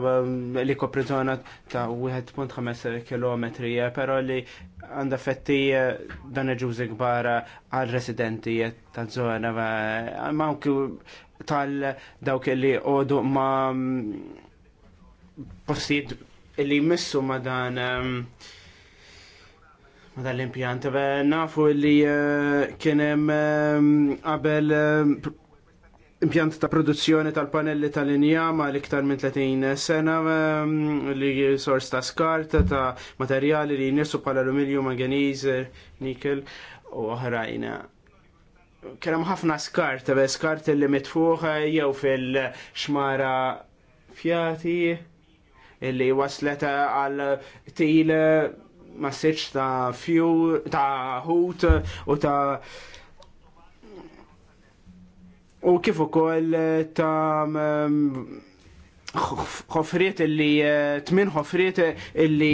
li kopri zona ta' 1.5 km però li għanda fetti eh, dan iġużi kbar għal residenti ta' zona ma' tal dawk li għodu ma' postijiet li missu ma' dan eh, Ma l impjant nafu li eh, kienem ehm, qabel ehm, impjant ta' produzzjoni tal-panelli tal-injam għal iktar minn 30 sena ehm, li sors ta' skart ta' materjali li jnissu pal alluminju manganiz, nikel u oħrajn. Kerem ħafna skart, be skart li mitfuħa jew fil-xmara fjati illi waslet għal til massiċ ta' fju ta' hut u ta' u kif ukoll ta' mm, ħofriet illi tmin ħofriet illi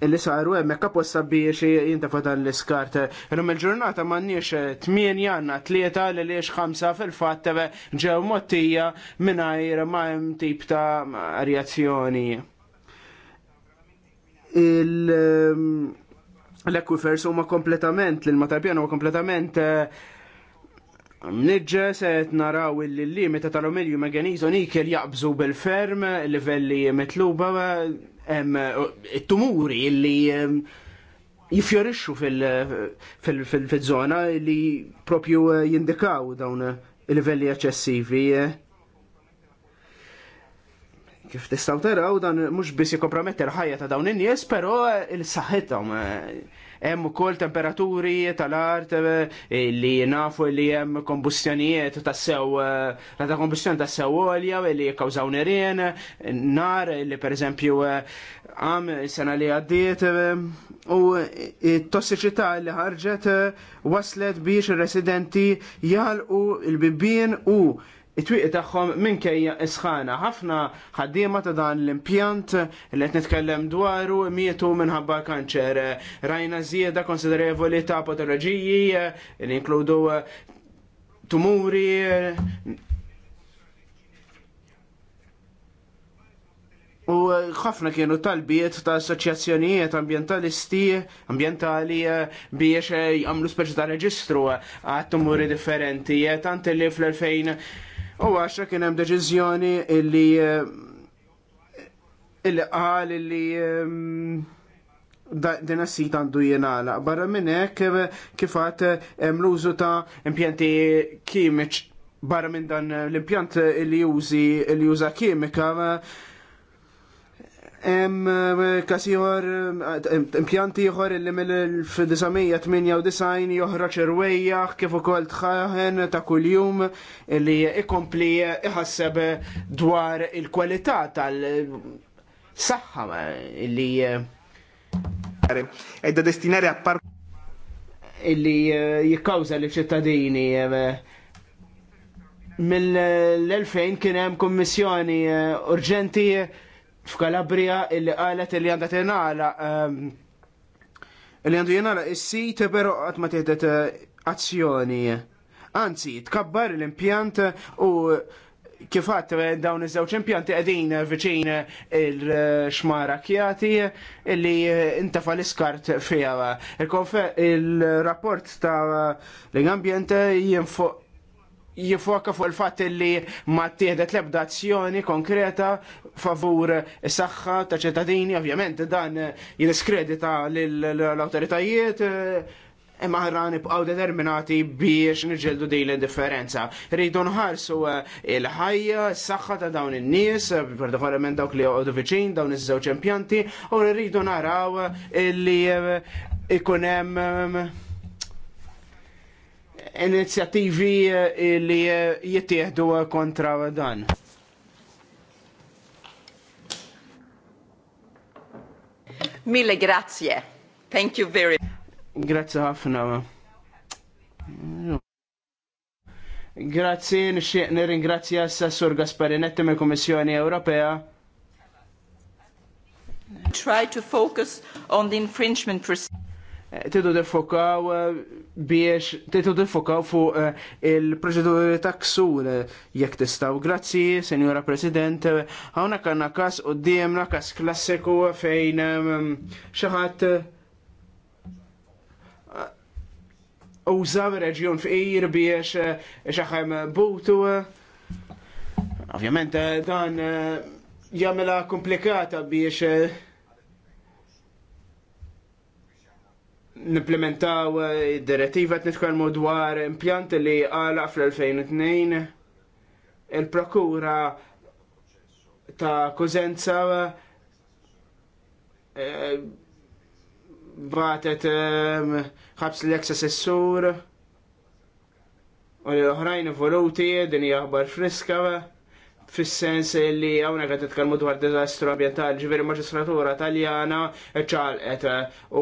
illi saru hemmhekk apposta biex jinta dan l-iskart. Illum il-ġurnata m'għandniex tmien janna tlieta li liex ħamsa fil-fatt ġew mottija mingħajr ma' hemm tip ta' reazzjoni il l equifers huma kompletament, l-matarpjan huma kompletament Nidġe se naraw il-li meta tal-omilju meganizo nikel jaqbżu bil-ferm, livelli metluba, it-tumuri illi jifjorixxu fil-zona li propju jindikaw dawn il-livelli eccessivi. Kif tistaw taraw dan mhux biss jikompromettir ħajja ta' dawn in-nies, però eh, il-saħħithom eh, hemm ukoll temperaturi tal-art eh, li nafu li hemm kombustjonijiet ta' sew ta' kombustjoni ta' sew olja li jikkawżaw nirien, nar li pereżempju għam sena li għaddiet u t-tossiċità li ħarġet waslet biex ir-residenti jalqu il-bibien u it-twieqi tagħhom minkejja isħana. Ħafna ħaddiema ta' dan l-impjant li qed nitkellem dwaru mietu minħabba kanċer. Rajna żieda konsiderevoli ta' patoloġiji li inkludu tumuri U ħafna kienu talbiet ta' assoċjazzjonijiet ambientalisti, ambientali biex jagħmlu speċi ta' reġistru għat tumuri differenti. Tant li fl-2000 U għaxa kien hemm deċiżjoni illi eh, illi qal illi ehm, din is-sit għandu jenala. Barra minn hekk kifat hemm l-użu ta' impjanti kimiċ barra minn dan l-impjant li jużi li juża kimika Em eh, Kasijor, eh, impjanti ieħor illi mill-1998 joħroġ irwejjaħ kif ukoll tħaħen ta' kuljum li ikompli iħasseb dwar il-kwalità tal-saħħa li. Eh, Edda destinari appar illi jikkawza li ċittadini mill-2000 kien hemm kummissjoni urġenti f'Kalabria illi qalet illi għandha tingħala ehm, illi għandu jingħala is-sit però qatt ma tieħdet eh, azzjoni. Anzi, tkabbar l-impjant u kifat eh, dawn iż-żewġ impjanti qegħdin viċin il-xmara kjati illi inta l-iskart fiha. Il-rapport ta' l-ambjent jinfoq jifoka fuq il-fatt li ma tieħdet l-ebda azzjoni konkreta favur is-saħħa ta' ċittadini, ovvjament dan jidiskredita l-awtoritajiet eh, imma ħarra nibqaw determinati biex niġeldu din l-indifferenza. Rridu nħarsu eh, il-ħajja, s-saxħa ta' dawn in-nies, partikolarment dawk li għodu viċin, dawn iż-żewġ impjanti, u rridu naraw eh, li ikunem inizjattivi eh, li eh, jittieħdu eh, kontra dan. Mille grazie. Thank you very much. Grazie ħafna. Grazie, nixtieq nirringrazzja s-Sassur Gasparinetti mill kummissjoni Ewropea. Try to focus on the infringement procedure tidu defokaw eh, biex tidu defokaw fuq eh, il-proċeduri ta' ksur eh, jekk tistaw. Grazzi, Senjora President. Għawna kanna kas u d-diemna kas klassiku fejn ehm, xaħat użaw reġjon fqir biex xaħem butu. Ovvjament dan jamela komplikata biex nimplementaw eh, id direttiva t dwar impjant li għala fl-2002 il-prokura ta' Kozenza eh, batet eh, ħabs l-eks assessur u l-oħrajn voluti din hija friska fis-sens li hawnhekk qed titkellmu dwar diżastru ambjentali ġifieri maġistratura Taljana ċalqet u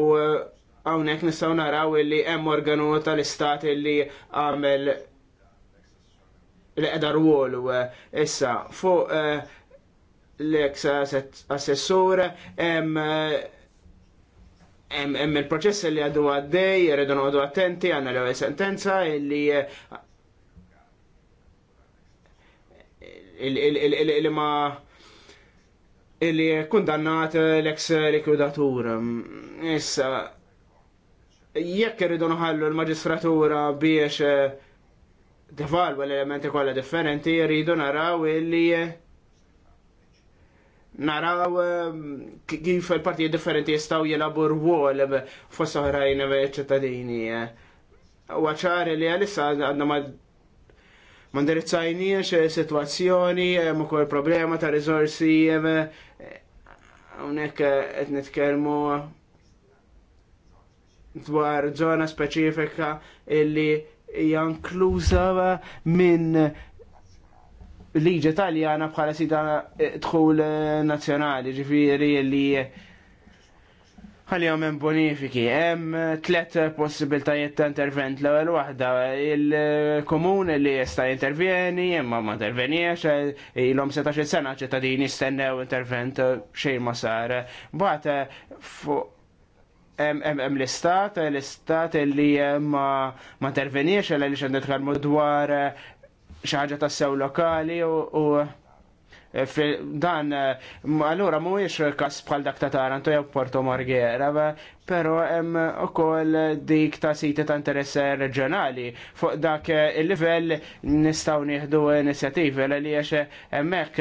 hawnhekk nistgħu naraw illi hemm organu tal-istat illi għamel l-qedar wolu issa fuq eh, l ex assessur hemm hemm il-proċess li għadu għaddej, jridu għadu attenti, għanna l-ewwel sentenza illi li ma illi kundannat l ex likwidatur. Issa, jekk irridu nħallu l-maġistratura biex eh, devalwa l-elementi kollha differenti, jridu naraw illi eh, naraw eh, kif il-partijiet differenti jistaw jilabu rwol fost oħrajn ċittadini. Waċar li għalissa għandna ma mandirizzajniex situazzjoni, ma kol problema ta' rizorsi, unek qed nitkellmu dwar zona speċifika illi hija inkluża minn liġi taljana bħala sita tħul nazzjonali, ġifiri li għalja hemm bonifiki. Hemm tliet possibiltajiet ta' intervent l-ewwel waħda il-komun li jista' intervjeni, imma ma intervenix, ilhom setax-il sena ċittadini stennew intervent xejn ma sar. Mbagħad fuq hemm l-istat, l-istat li eh, ma intervenix għal li xandet dwar eh, xi ħaġa tas-sew lokali u Eh, dan eh, allura mhuwiex kas bħal dak ta' Taranto jew Porto Marghera, però hemm ukoll dik ta' siti ta' interess reġjonali fuq dak eh, il-livell nistgħu nieħdu inizjattivi l li għax hemmhekk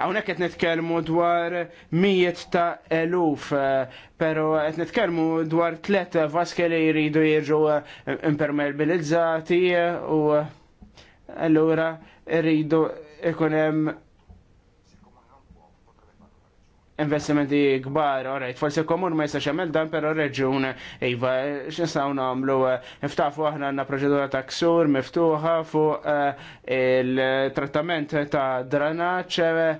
hawnhekk qed nitkellmu dwar mijiet ta' eluf, però qed nitkellmu dwar tliet vaske li jridu jiġu impermeabilizzati u allura rridu ikun hemm investimenti kbar, orajt, forse komun ma jistax jamel dan però reġun iva xnistaw nagħmlu niftafu aħna għandna proġedura ta' ksur miftuħa fuq eh, il-trattament ta' dranaċ eh,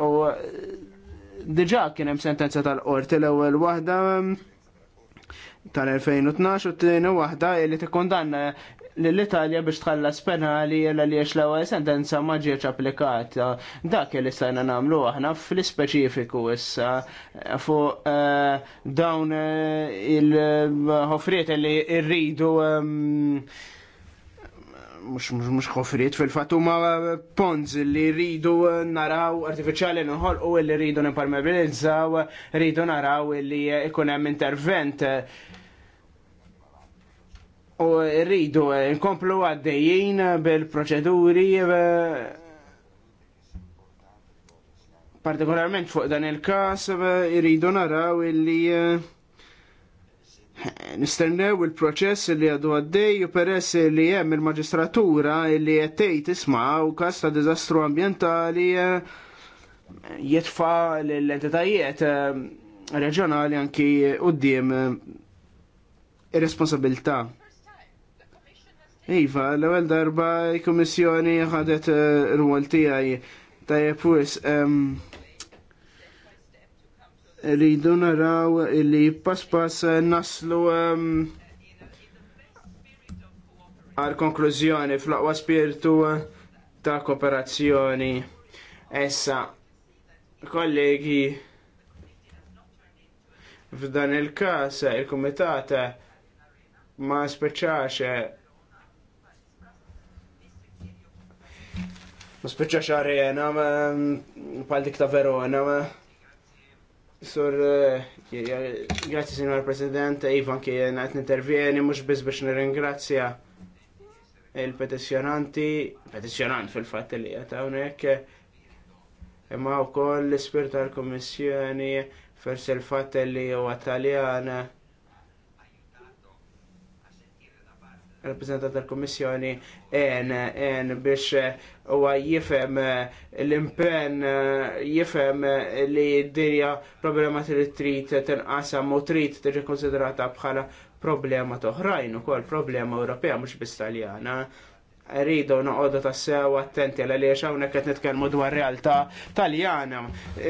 u diġà kien hemm sentenza tal-qorti l-ewwel waħda eh, tal-2012 u t-tieni waħda li tikkondanna l-Italja biex tħallas penali jella li l-ewwel sentenza ma ġietx applikata. Dak li stajna nagħmlu aħna fl-ispeċifiku issa fu eh, dawn eh, il-ħofriet li rridu ehm, mux mux mux ħofriet fil-fat ma ponz li rridu naraw artifiċjali nħolqu li rridu nimpermeabilizzaw, rridu naraw li ikun hemm intervent u rridu eh, nkomplu għaddejjin bil-proċeduri eh, partikolarment fuq dan il-kas irridu eh, naraw illi nistennew il-proċess li għadu għaddej u peress li hemm il-maġistratura li jettejt isma u kas ta' dizastru ambientali jitfa l-entitajiet reġjonali anki u d-diem ir-responsabilta' Iva, l-ewel darba il kummissjoni ħadet r-rwol eh, tijaj tajab wis. Rridu naraw li pas-pas naslu għal konklużjoni fl-aqwa spiritu eh, ta' kooperazzjoni. Essa, kollegi, f'dan il-kas il-Komitat ma speċaċe eh, Ma spiċċa xarena, pal dik ta' Verona, Sur, eh, grazzi signor President, Ivan jena għet intervjeni, mux biz biex nir-ingrazzja il-petizjonanti, petizjonant fil-fat li għet għonek, imma u koll l spirta l komissjoni fers il-fat li u għataljan, rappresentant tal-Kommissjoni en, en biex eh, u jifhem eh, l-impenn eh, jifhem li d-dinja problema trid trid tenqasam u trid tiġi konsiderata bħala problema toħrajn ukoll problema Ewropea mhux biss Taljana. Rridu noqogħdu tassew attenti għal għaliex hawnhekk qed nitkellmu dwar realtà Taljana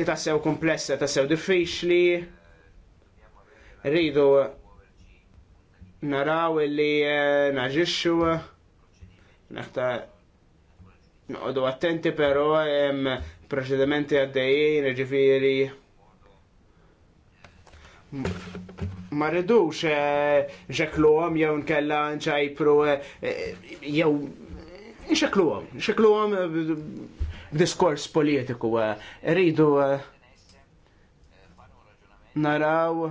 tassew komplessa, tassew diffiċli. Rridu naraw illi eh, naġiċu naħta noqogħdu attenti pero jem proċedimenti għaddejjien, ġifieri ma rridux għom eh, jew nkella nċajpru eh, jew nċeklu għom, nċeklu għom diskors politiku. Rridu naraw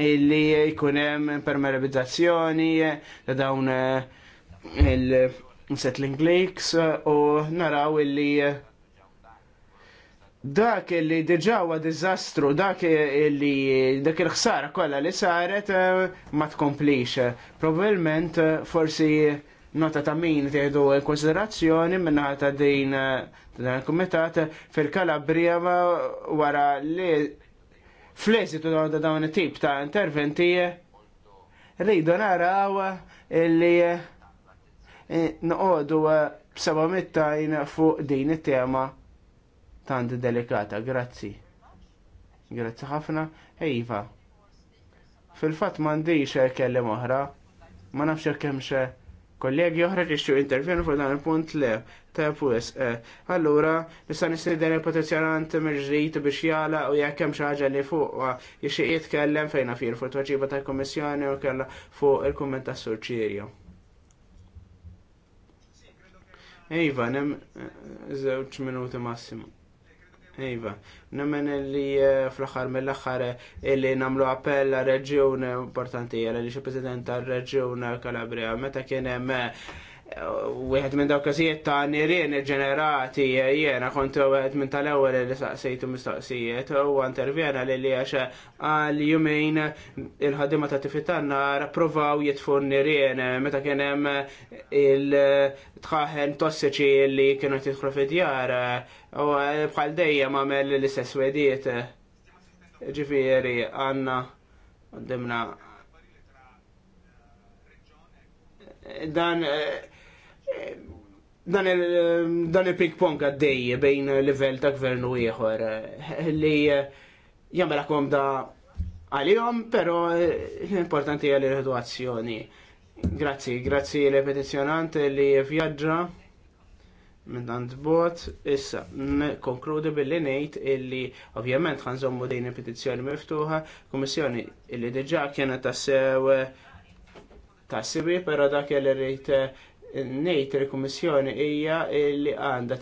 li jkun hemm permeabilizzazzjoni ta' dawn eh, il-settling leaks eh, u naraw illi eh, dak illi diġa huwa diżastru, dak li dak il-ħsara kollha li saret ma tkomplix. Probabilment forsi nota ta' min in konsiderazzjoni minna ta' din dan il-kumitat fil-Kalabria wara li fl tu da dawn it-tip ta' interventi rridu naraw illi eh, noqogħdu eh, b'seba' mittajn fuq din it-tema tant delikata. Grazzi. Grazzi ħafna. Eh, iva. Fil-fatt m'għandix kelli moħra, Ma nafx hekk kollegi oħra ġiċu intervjenu fuq dan il-punt le, ta' wisq. Eh. Allura, nista' nisniden il-petizjonant mirġrit biex jala u jekk hemm xi ħaġa li fuq eh, jixtieq jitkellem fejn fir fuq tweġiba tal-Kummissjoni u kellha fuq il-kumment tas Sur Iva, nem żewġ eh, minuti massimo. Iva, nemmen li eh, fl-axar mill-axar eh, li namlu appell għal reġjun importanti għal li xie prezident għal reġjun Kalabria, meta kien hemm eh, Wieħed minn dawk każijiet ta' nirien ġenerati jiena kont wieħed minn tal-ewwel li saqsejtu mistoqsijiet u intervjena li li għax għal jumejn il-ħaddiema ta' tifitanna rapprovaw jitfu nirien meta kien hemm il-tħaħen tossiċi li kienu jidħlu fid-djar u bħal dejjem għamel l-istess wediet Ġifieri għandna għaddimna dan dan il-ping pong għaddej bejn livell ta' gvern u ieħor eh, li eh, jagħmel komda għalihom, pero l-importanti eh, għal il-edukazzjoni. Grazzi, grazzi l petizjonant li vjaġġa minn għand bot, issa konkludi billi ngħid illi ovvjament ħanżommu din il-petizzjoni miftuħa, kommissjoni illi diġà kienet tassew tassibi, pero dak li rrit ngħid il-Kummissjoni hija li għandha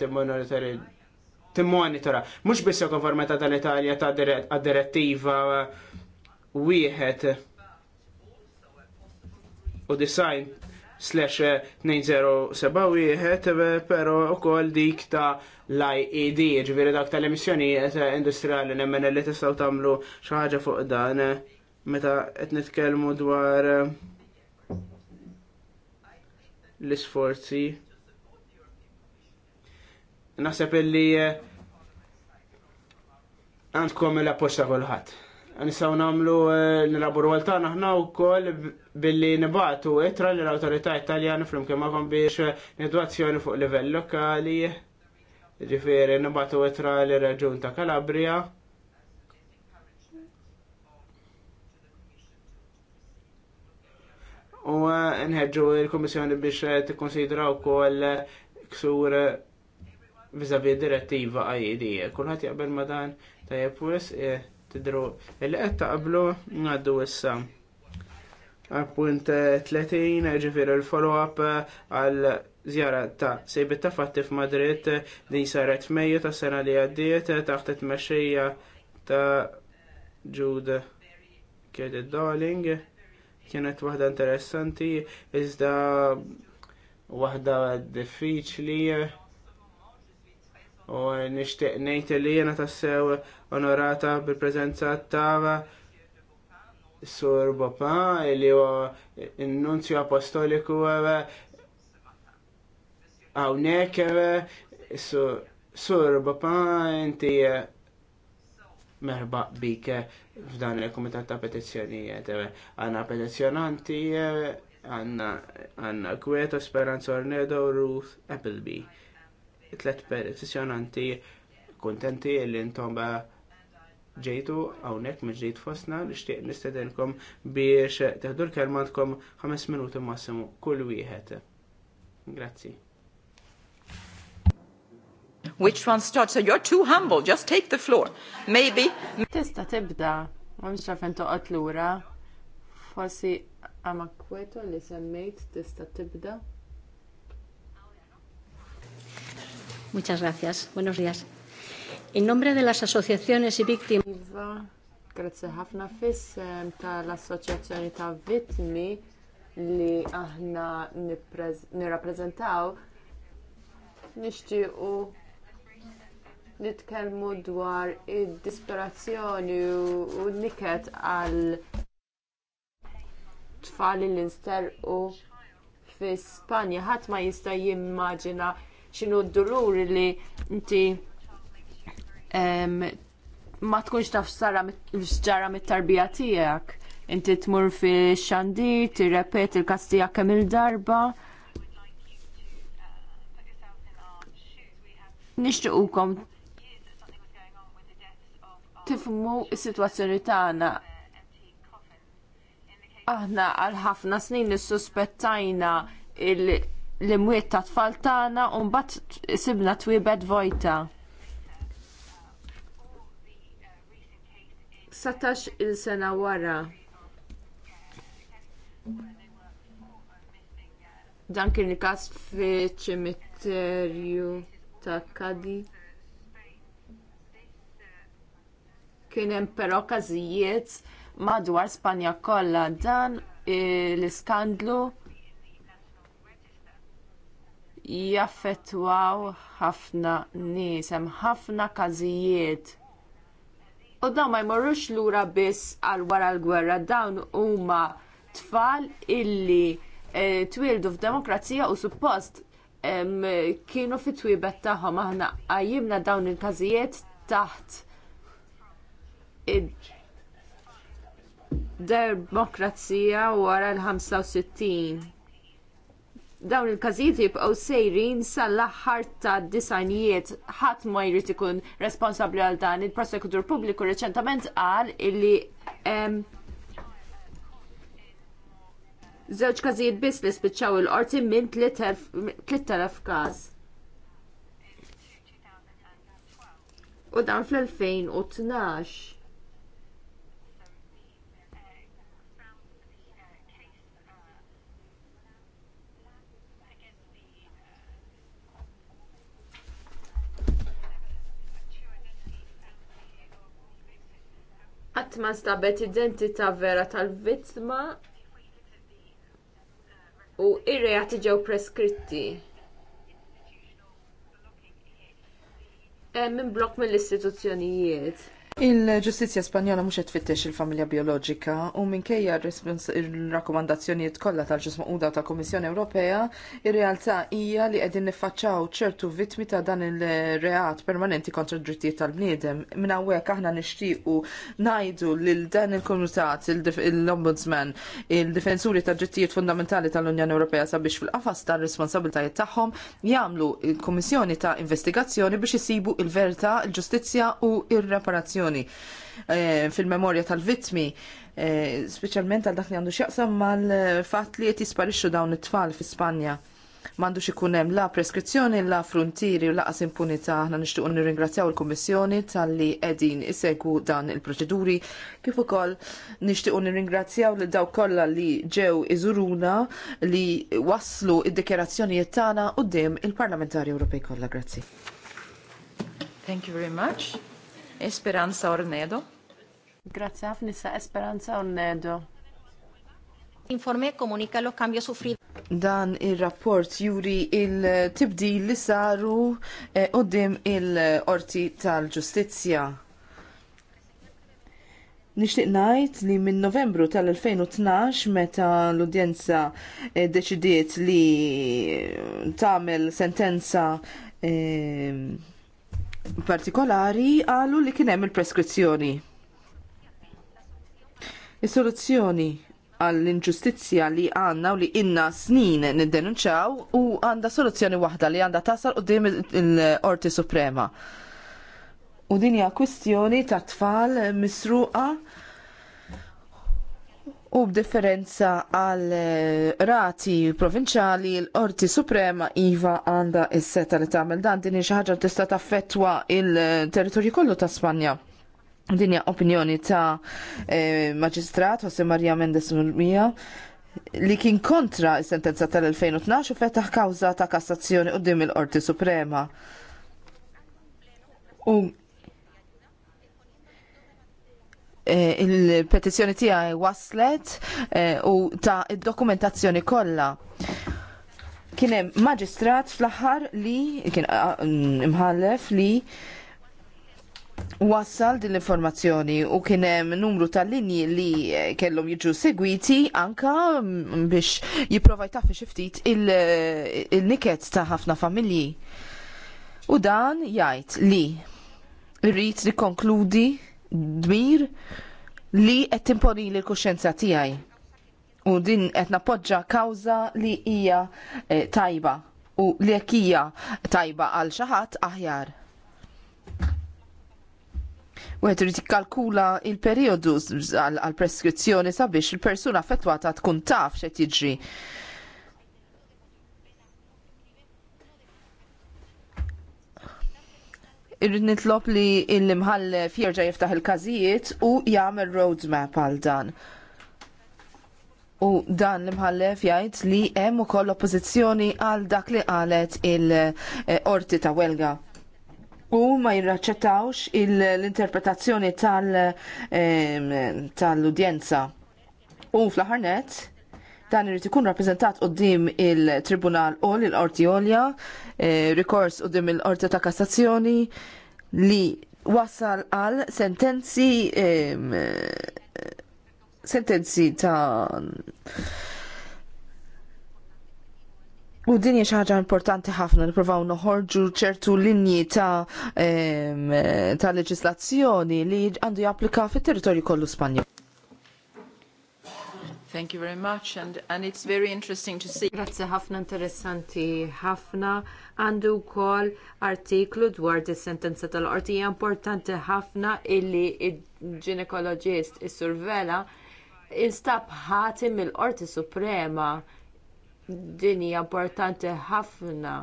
timmonitora mhux biss konformità tal-Italja ta' direttiva wieħed u design slash 2071 pero u koll dik ta' l-IED ġviri dak tal-emissjonijiet industriali nemmen li tistaw tamlu xaħġa fuq dan meta qed nitkellmu dwar l-isforzi. Naħseb li eh, għandkom la posta kolħat. Nisaw namlu eh, nilaburu għaltan aħna u kol billi nibatu itra l autorita italjana fl-imkien ma' biex eh, nidwazzjoni fuq livell lokali. Ġifiri nibatu itra l-reġun ta' Kalabria. u eh, nħedġu il-Komissjoni biex eh, tikkonsidra wkoll ksur vizavi direttiva IED. Kulħadd jaqbel ma dan tajjeb wis eh, tidru Il qed taqblu ngħaddu issa appunt 30 ġifir il-follow-up għal zjara ta' sejbit ta' fatti f'Madrid din saret f'Mejju ta' sena li għaddiet taħt it-mexxejja ta' Jude Kelly Darling kienet waħda interessanti, iżda waħda diffiċli. U nixtieq ngħid li jiena tassew onorata bil-preżenza ta' Sur Bopa li huwa nunzju apostoliku hawnhekk Sur Bopa inti merba bik f'dan il-Komitat ta' Petizzjonijiet. Għanna petizzjonanti, għanna Kweto, Speranza Ornedo, Ruth, Appleby. Tlet petizzjonanti kontenti li ntomba ġejtu għawnek mġejt fosna li xtieq nistedinkom biex teħdur kelmatkom 5 minuti massimu kull wieħed. Grazzi. Which one starts? So you're too humble, just take the floor. Maybe. Tista tibda, mhux rafen toqgħod lura. Forsi kweto li semmejt tista tibda. Muchas gracias. Buenos días. In nombre de las asociaciones y víctimas. Iva, grazie ħafna fissem tal-Assoċjazzjoni ta' Vittmi li aħna nirrappreżentaw nixtiequ nitkellmu dwar id-disperazzjoni u n-niket għal tfal li nsterqu fi Spanja. Ħadd ma jista' jimmaġina x'inhu d dururi li inti ma tkunx taf x'ġara mit-tarbija tiegħek. Inti tmur fi xandir, tirrepet il-kastija kemm il-darba. nixtiequkom tifmu s-sitwazzjoni tagħna. Aħna għal ħafna snin nissuspettajna l-imwiet ta' tfal tagħna u mbagħad sibna twiebed vojta. Satax il sena wara dan kien il każ fi ċimiterju ta' Kadi. Kien hemm però każijiet madwar Spanja kollha dan eh, l-iskandlu jaffettwaw ħafna nies, hemm ħafna każijiet U dawn ma jmorrux lura biss għal wara l-gwerra, dawn huma tfal illi e, twildu f'demokrazija u suppost kienu fit twibet tagħhom aħna qajjimna dawn il-każijiet taħt demokrazija wara l-65. Dawn il-każijiet jibqgħu sejrin sal-aħħar ta' disanijiet ħadd ma jrid ikun responsabbli għal dan. Il-prosekutur pubbliku reċentament qal illi hemm żewġ każijiet biss li spiċċaw il-qorti minn 3000 każ. U dan fl-2012. Qatt ma stabet identità vera tal-vittma u ir-reati ġew preskritti. Hemm minn blok mill-istituzzjonijiet. Il-ġustizja Spanjola mhux qed tfittex il-familja bioloġika u minkejja r-rakkomandazzjonijiet kollha tal-ġusma Uda ta' Kummissjoni Ewropea, ir-realtà hija li qegħdin niffaċċaw ċertu vittmi ta' dan il-reat permanenti kontra d-drittijiet tal-bniedem. Minn hawnhekk aħna nixtiequ ngħidu lil dan il-Kumitat, l-Ombudsman, il-Difensuri tad drittijiet fundamentali tal-Unjoni Ewropea sabiex fil-qafas tar-responsabbiltajiet tagħhom jagħmlu l kummissjoni ta' Investigazzjoni biex isibu il-verità, il-ġustizzja u ir-reparazzjoni informazzjoni eh, fil-memorja tal-vittmi, eh, specialment speċjalment għal dak li għandu x'jaqsam mal-fatt li qed jisparixxu dawn it-tfal fi Spanja mandu hemm la preskrizzjoni, la frontieri u laqas impunità aħna nixtiequ nirringrazzjaw il-Kummissjoni talli qegħdin isegwu dan il-proċeduri kif ukoll nixtiequ nirringrazzjaw lil dawk kollha li ġew iżuruna li waslu id-dikjerazzjonijiet tagħna quddiem il-Parlamentari Ewropej kollha. Grazzi. Thank you very much. Esperanza Ornedo. Grazie a sa Esperanza Ornedo. Informe komunika lo kambju sufri. Dan il-rapport juri il-tibdil li saru eh, qoddim eh, il-orti tal-ġustizzja. Nixtieq ngħid li minn Novembru tal-2012 meta l-udjenza eh, deċidiet li eh, tagħmel sentenza eh, partikolari għalu li kien hemm il-preskrizzjoni. Is-soluzzjoni għall-inġustizzja li għanna u li inna snin niddenunċaw u għanda soluzzjoni waħda li għanda tasal u dim il-Orti Suprema. U din hija kwistjoni ta' tfal misruqa u b'differenza għal eh, rati provinċali l-Qorti Suprema iva għandha is-seta li tagħmel dan din xi ħaġa tista' taffettwa il-territorju kollu ta' Spanja. Dinja opinjoni ta' eh, maġistrat Jose Maria Mendes Murmija li kien kontra s sentenza tal-2012 u fetaħ kawża ta' kassazzjoni qudiem il-Qorti Suprema. U Eh, il-petizzjoni tiegħi waslet eh, u ta' id-dokumentazzjoni kollha. Kien hemm maġistrat fl-aħħar li kien mm, imħallef li wassal din l-informazzjoni u kien hemm numru ta' linji li kellhom jiġu segwiti anka mm, biex jipprova jtaffi xi ftit il-niket ta' ħafna familji. U dan jgħid li rrid nikkonkludi dbir li qed timponi l kuxenza tiegħi. U din qed nappoġġa kawża li hija eh, tajba u li jekk hija tajba għal xi ħadd aħjar. U għed rrit kalkula il-periodu għal-preskrizzjoni sabiex il-persuna affettwata tkun taf xe tiġri. irrid nitlob li l-imħallef jerġa' jiftaħ il-każijiet u jagħmel roadmap għal dan. U dan l-imħallef jgħid li hemm ukoll oppożizzjoni għal dak li qalet il-qorti ta' Welga. U ma jirraċċettawx l-interpretazzjoni eh, tal-udjenza. u fl nett. Dan irid ikun rappreżentat qudiem il-Tribunal Qol il-Qorti Olja, eh, rikors qudiem il-Qorti ta' Kassazzjoni li wasal għal sentenzi eh, sentenzi ta' U din hija ħaġa importanti ħafna nippruvaw noħorġu ċertu linji ta' eh, ta' leġislazzjoni li għandu japplika fit-territorju kollu Spanjol. Thank you very much and, and it's very interesting to see. Grazzi ħafna interessanti ħafna għandu wkoll artiklu dwar is-sentenza tal-qorti hija importanti ħafna illi il ginekologist is-survela instab ħatim mill-Qorti Suprema din hija importanti ħafna.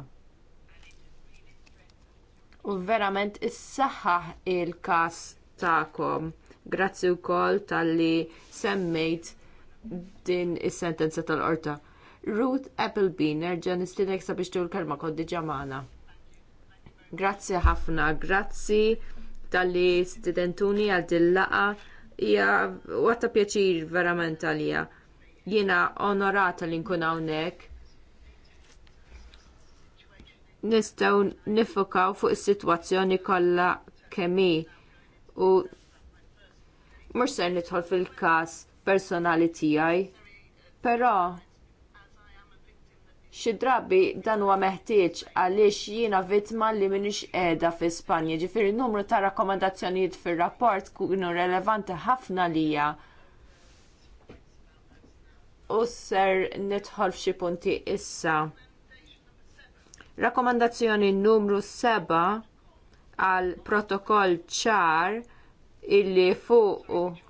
U verament is-saħħa il-każ takom. Grazzi wkoll talli semmejt din is-sentenza tal-qorta. Ruth Appleby, nerġa' nistiedek sabiex tu l-kelma kont diġà magħna. Grazzi ħafna, grazzi tal-li studentuni għal dillaqa. Ija, għatta pjaċir verament għalija. Jiena onorata li nkun hawnhekk. Nistgħu nifokaw fuq is-sitwazzjoni kollha kemm hi. u mhux se nidħol fil-każ personali tiegħi, però xi drabi dan huwa meħtieġ għaliex jiena vittma li m'iniex qiegħda fi Spanja. Ġifieri n-numru ta' rakkomandazzjonijiet fir-rapport kienu relevanti ħafna lija. U ser nidħol f'xi punti issa. Rakkomandazzjoni numru 7 għal protokoll ċar illi fuq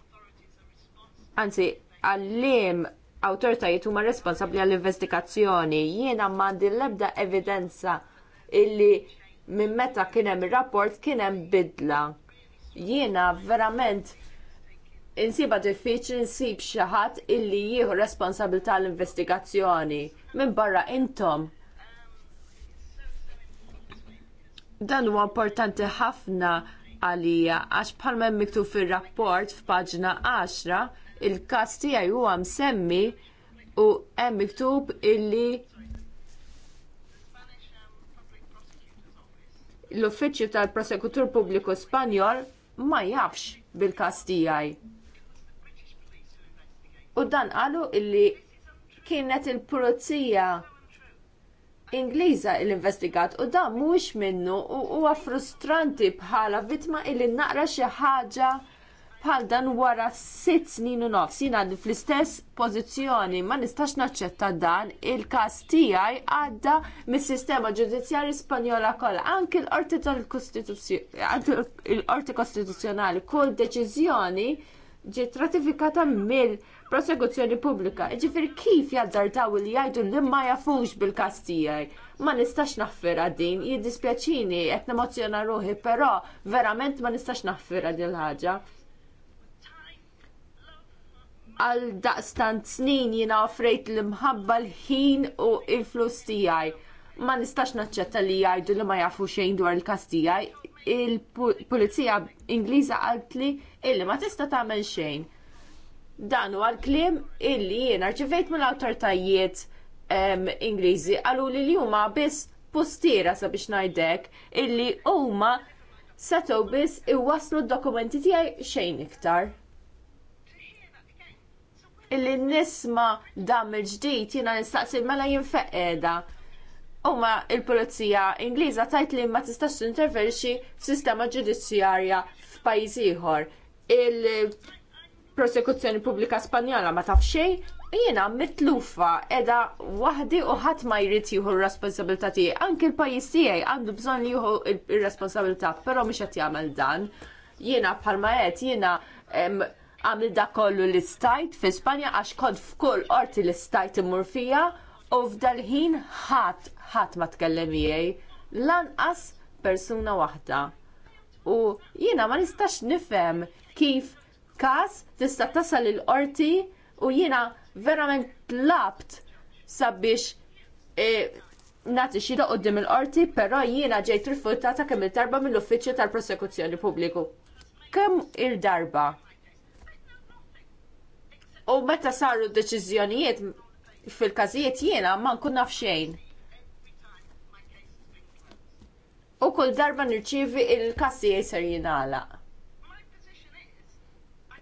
anzi, għallim autoritajiet huma responsabbli għall-investigazzjoni. Jiena m'għandi l-ebda evidenza illi minn meta kien hemm ir-rapport kien hemm bidla. Jiena verament insiba diffiċli nsib xi ħadd illi jieħu responsabbli tal investigazzjoni minn barra intom. Dan huwa importanti ħafna għalija għax bħalma hemm miktub fir-rapport f'paġna 10 il-każ tiegħi huwa msemmi u hemm miktub illi l-uffiċċju tal-Prosekutur Pubbliku Spanjol ma jafx bil-każ tiegħi. U dan qalu illi kienet il-Pulizija Ingliża l-investigat u dan mhuwiex minnu u huwa frustranti bħala vittma illi naqra xi ħaġa bħal dan wara sitt snin u nofs jina fl-istess pożizzjoni ma nistax naċċetta dan il-każ tiegħi għadda mis-sistema ġudizjari Spanjola kollha anki l-Qorti tal-Qorti Kostituzzjonali kull deċiżjoni ġiet ratifikata mill-prosekuzzjoni pubblika. Ġifir kif jazzartaw li jgħidu li ma jafux bil-każ tiegħi. Ma nistax naffir din, jiddispjaċini qed nemozzjona ruħi, però verament ma nistax naħfira din l-ħaġa għal daqstant snin jiena offrejt l-imħabba l-ħin u il-flus tiegħi. Ma nistax naċċetta li jgħidu li ma jafu xejn dwar il-kas tiegħi. Il-Pulizija Ingliża qalt li illi ma tista' tagħmel xejn. Dan huwa l-kliem illi jiena rċivejt mill-awtoritajiet ehm, Ingliżi qalu li li huma biss postiera sabiex ngħidlek illi huma setgħu biss iwasslu d-dokumenti tiegħi xejn iktar illi nisma dam il-ġdid jiena nistaqsi mela jinfeqeda. Uma il-Polizija Ingliża tajt li ma tistax interferixi f'sistema ġudizzjarja f'pajjiż ieħor. Il-prosekuzzjoni pubblika Spanjola ma taf xejn, jiena mitlufa edha waħdi u ħadd ma jrid jieħu r-responsabilità tiegħi. Anke l-pajjiż tiegħi għandu bżonn li jieħu r-responsabilità, però mhux qed jagħmel dan. Jiena bħalma qed jiena għamil da kollu l-istajt fi Spanja għax kont f'kull orti li stajt imur fija u f'dal-ħin ħadd ħadd ma tkellem miegħi lanqas persuna waħda. U jiena ma nistax nifhem kif każ tista' tasal il-qorti u jiena verament tlabt sabiex e, nati xida qoddim il-qorti, però jiena ġejt rifutata kemm il-darba mill-uffiċċju tal-prosekuzzjoni pubbliku. Kemm il-darba U meta saru d-deċiżjonijiet fil-każijiet jiena ma nkun naf xejn. U kull darba nirċievi il-kassi ser jingħalaq.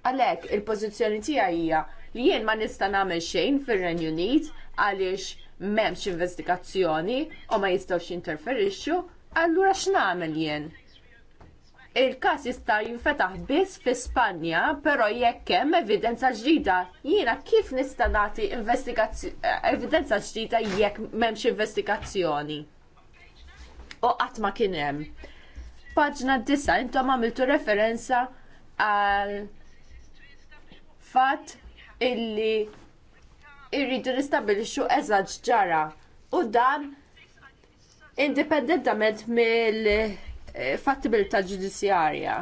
Għalhekk il-pożizzjoni tiegħi hija li jien ma nista' nagħmel xejn fir-Renju Unit għaliex m'hemmx investigazzjoni u ma jistgħux jinterferixxu, allura x'nagħmel jien? il-każ jista' jinfetaħ biss fi Spanja, però jekk hemm evidenza ġdida, jiena kif nista' nagħti eh, evidenza ġdida jekk m'hemmx investigazzjoni. U qatt ma kien hemm. Paġna disa' intom għamiltu referenza għal fatt illi irridu nistabilixxu eżaġ ġara u dan indipendentament mill- Eh, fattibilità ġudizzjarja.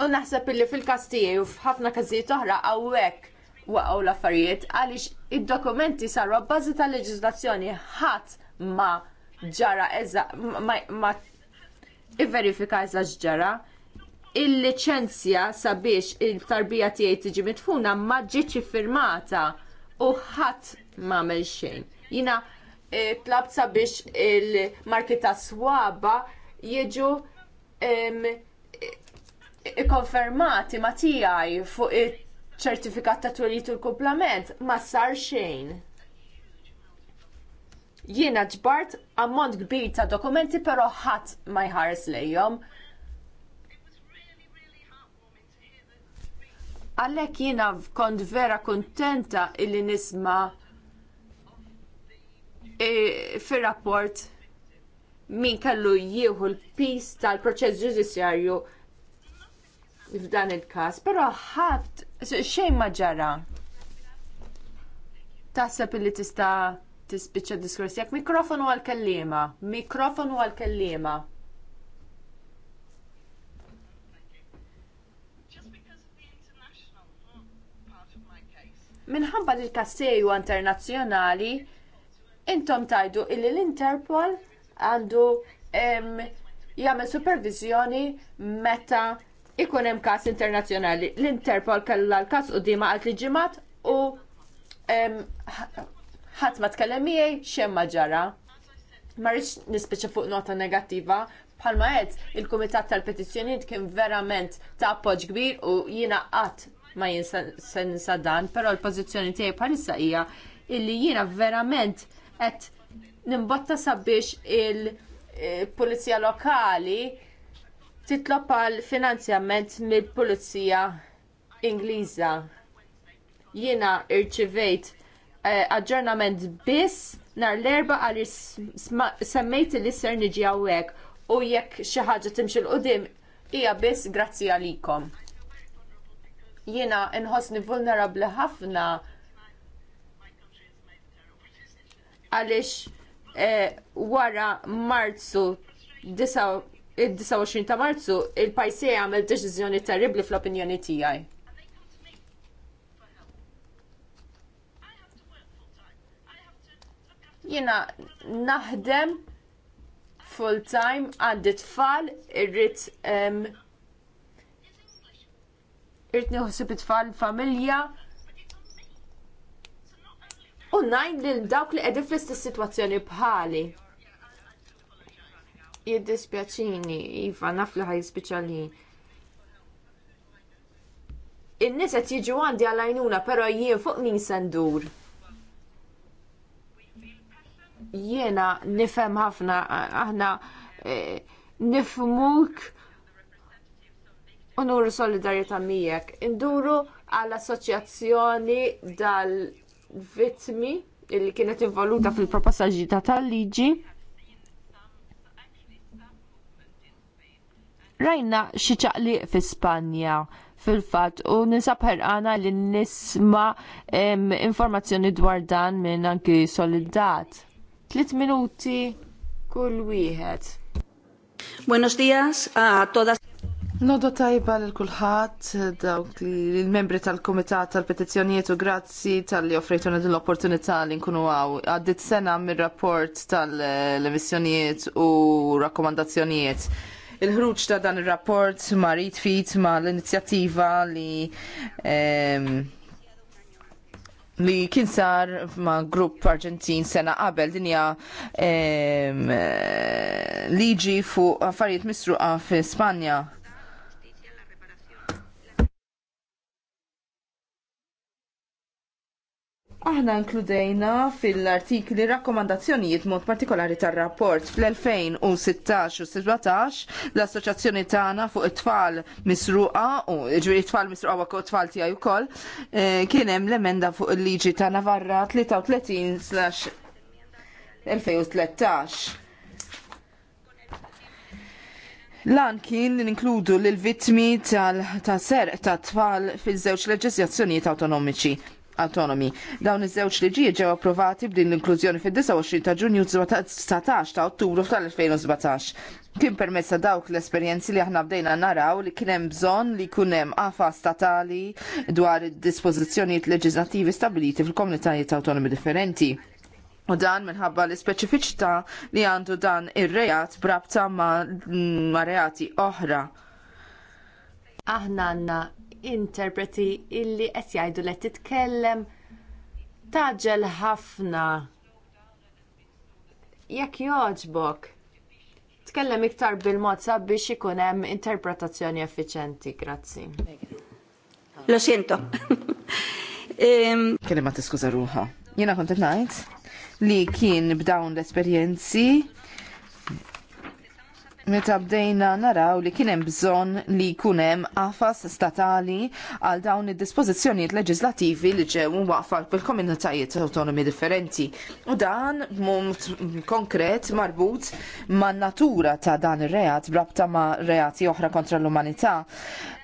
U naħseb illi fil-kastijie u f'ħafna każijiet oħra hawnhekk waqgħu l-affarijiet għaliex id-dokumenti saru bbażi ta' leġiżlazzjoni ħadd ma ġara eża ma, ma iverifika eża ġara il-licenzja sabiex il-tarbija tiegħi tiġi mitfuna ma ġietx iffirmata u ħadd m'għamel xejn. Jina E, tlab sabiex il-marki ta' swaba jiġu ikkonfermati e, ma tiegħi fuq iċ-ċertifikat ta' twelid u l-kumplament ma sar xejn. Jiena ġbart ammont kbir ta' dokumenti però ħadd ma jħares lejhom. Għalhekk jiena kont vera kuntenta illi nisma' E, fir-rapport min kellu jieħu l-pis tal-proċess ġudizzjarju f'dan il-każ, però ħadd xejn ma ġara. Taħseb li tista' tispiċċa diskors jekk mikrofonu għal-kellima, mikrofonu għal-kellima. Minħabba li l-kassejju internazzjonali intom tajdu illi l-Interpol għandu jagħmel supervizjoni meta ikun hemm każ internazzjonali. L-Interpol kellha l-każ qudiema li ġimgħat u ħadd ma tkellem miegħi xemm ġara. Ma rridx nispiċċa fuq nota negattiva, bħalma għed il-Kumitat tal petizzjonijiet kien verament ta' appoġġ kbir u jiena qatt ma jinsa dan, però l-pożizzjoni tiegħi bħalissa hija illi jiena verament et nimbotta sabiex il-Pulizija eh, Lokali titlob għal finanzjament mill-Pulizija Ingliża. Jiena irċivejt eh, aġġornament biss nar l-erba għal semmejt li ser niġi għawek u jekk xi ħaġa timxil qudiem hija biss grazzi għalikom. Jiena inħossni vulnerabbli ħafna għalix eh, wara marzu 29 ta' marzu il-pajsej għamil deċizjoni terribli fl-opinjoni tijaj. Jena naħdem full time għandi tfal irrit irrid nieħu it-tfal familja u najn lil dawk li qegħdin fl-istess sitwazzjoni bħali. Jiddispjaċini, Iva, naf li ħaj speċjali. In-nies qed jiġu għandi għall-għajnuna, però jien fuq min sendur. Jiena nifhem ħafna aħna eh, nifmuk unuru solidarieta solidarjetà miegħek. Induru għall-assoċjazzjoni dal vittmi illi kienet involuta fil-proposta ta' tal-liġi. Rajna xi ċaqliq fi Spanja fil-fat u ninsab ħerqana li nisma informazzjoni dwar dan minn anki solidat. Tliet minuti kull wieħed. Buenos dias a todas. Nodo tajba l kulħadd dawk li l-membri tal-Kumitat tal-Petizzjonijiet u grazzi tal-li offrejtuna din l-opportunità li nkunu għaw. Għaddit sena mir-rapport tal-emissjonijiet u rakkomandazzjonijiet. Il-ħruġ ta' dan ir-rapport ma' ritfit ma' l-inizjattiva li li kien sar ma' grupp Arġentin sena qabel dinja liġi fuq affarijiet misruqa fi Spanja aħna inkludejna fil-artikli rakkomandazzjonijiet mod partikolari tar-rapport fl-2016 u 17 l-assoċjazzjoni tagħna fuq it-tfal misruqa u ġviri it-tfal misruqa u t-tfal tiegħi wkoll eh, kien hemm l-emenda fuq il-liġi ta' Navarra 33/2013. Lan kien li ninkludu l-vittmi tal-serq ta' tfal fil-żewġ leġiżjazzjonijiet autonomiċi autonomy. Dawn iż-żewġ liġijiet ġew approvati b'din l-inklużjoni fid-29 ta' Ġunju 19 ta' Ottubru tal-2017. Kien permessa dawk l-esperjenzi li aħna bdejna naraw li kien hemm bżonn li jkun hemm afa statali dwar id-dispożizzjonijiet leġislattivi stabiliti fil-komunitajiet autonomi differenti. U dan minħabba l ispeċifiċità li għandu dan ir-reat brabta ma', ma reati oħra. Aħna għanna interpreti illi qed jgħidu li titkellem taġel ħafna. Jekk jogħġbok, tkellem iktar bil-mod sabiex ikun hemm interpretazzjoni effiċenti, grazzi. Lo siento. Ehm, ma tiskuża ruha. Jiena kont ngħid li kien b'dawn l-esperjenzi meta bdejna naraw li kien hemm bżonn li jkun hemm statali għal dawn id-dispożizzjonijiet leġislattivi li ġew waqfal bil-komunitajiet autonomi differenti. U dan b'mod konkret marbut man natura ta' dan ir-reat brabta ma' reati oħra kontra l-umanità.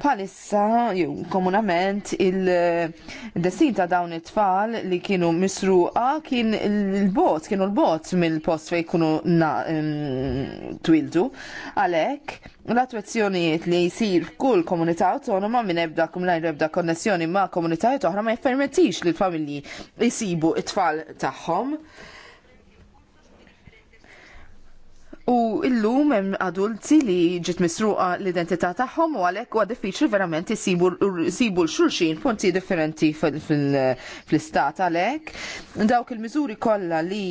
Palissa komunament il-destin ta' dawn it-tfal li kienu misruqa kien il-bot, kienu l-bot mill-post fej kunu twildu Għalhekk, l-attwazzjonijiet li jsir kull komunità autonoma minn ebda kumlajn ebda konnessjoni ma' komunitajiet oħra ma jippermettix li l-familji jsibu it-tfal tagħhom. U illum hemm adulti li ġiet misruqa l-identità tagħhom u għalhekk huwa diffiċli verament isibu l-xulxin punti differenti fl-istat għalhekk dawk il-miżuri kollha li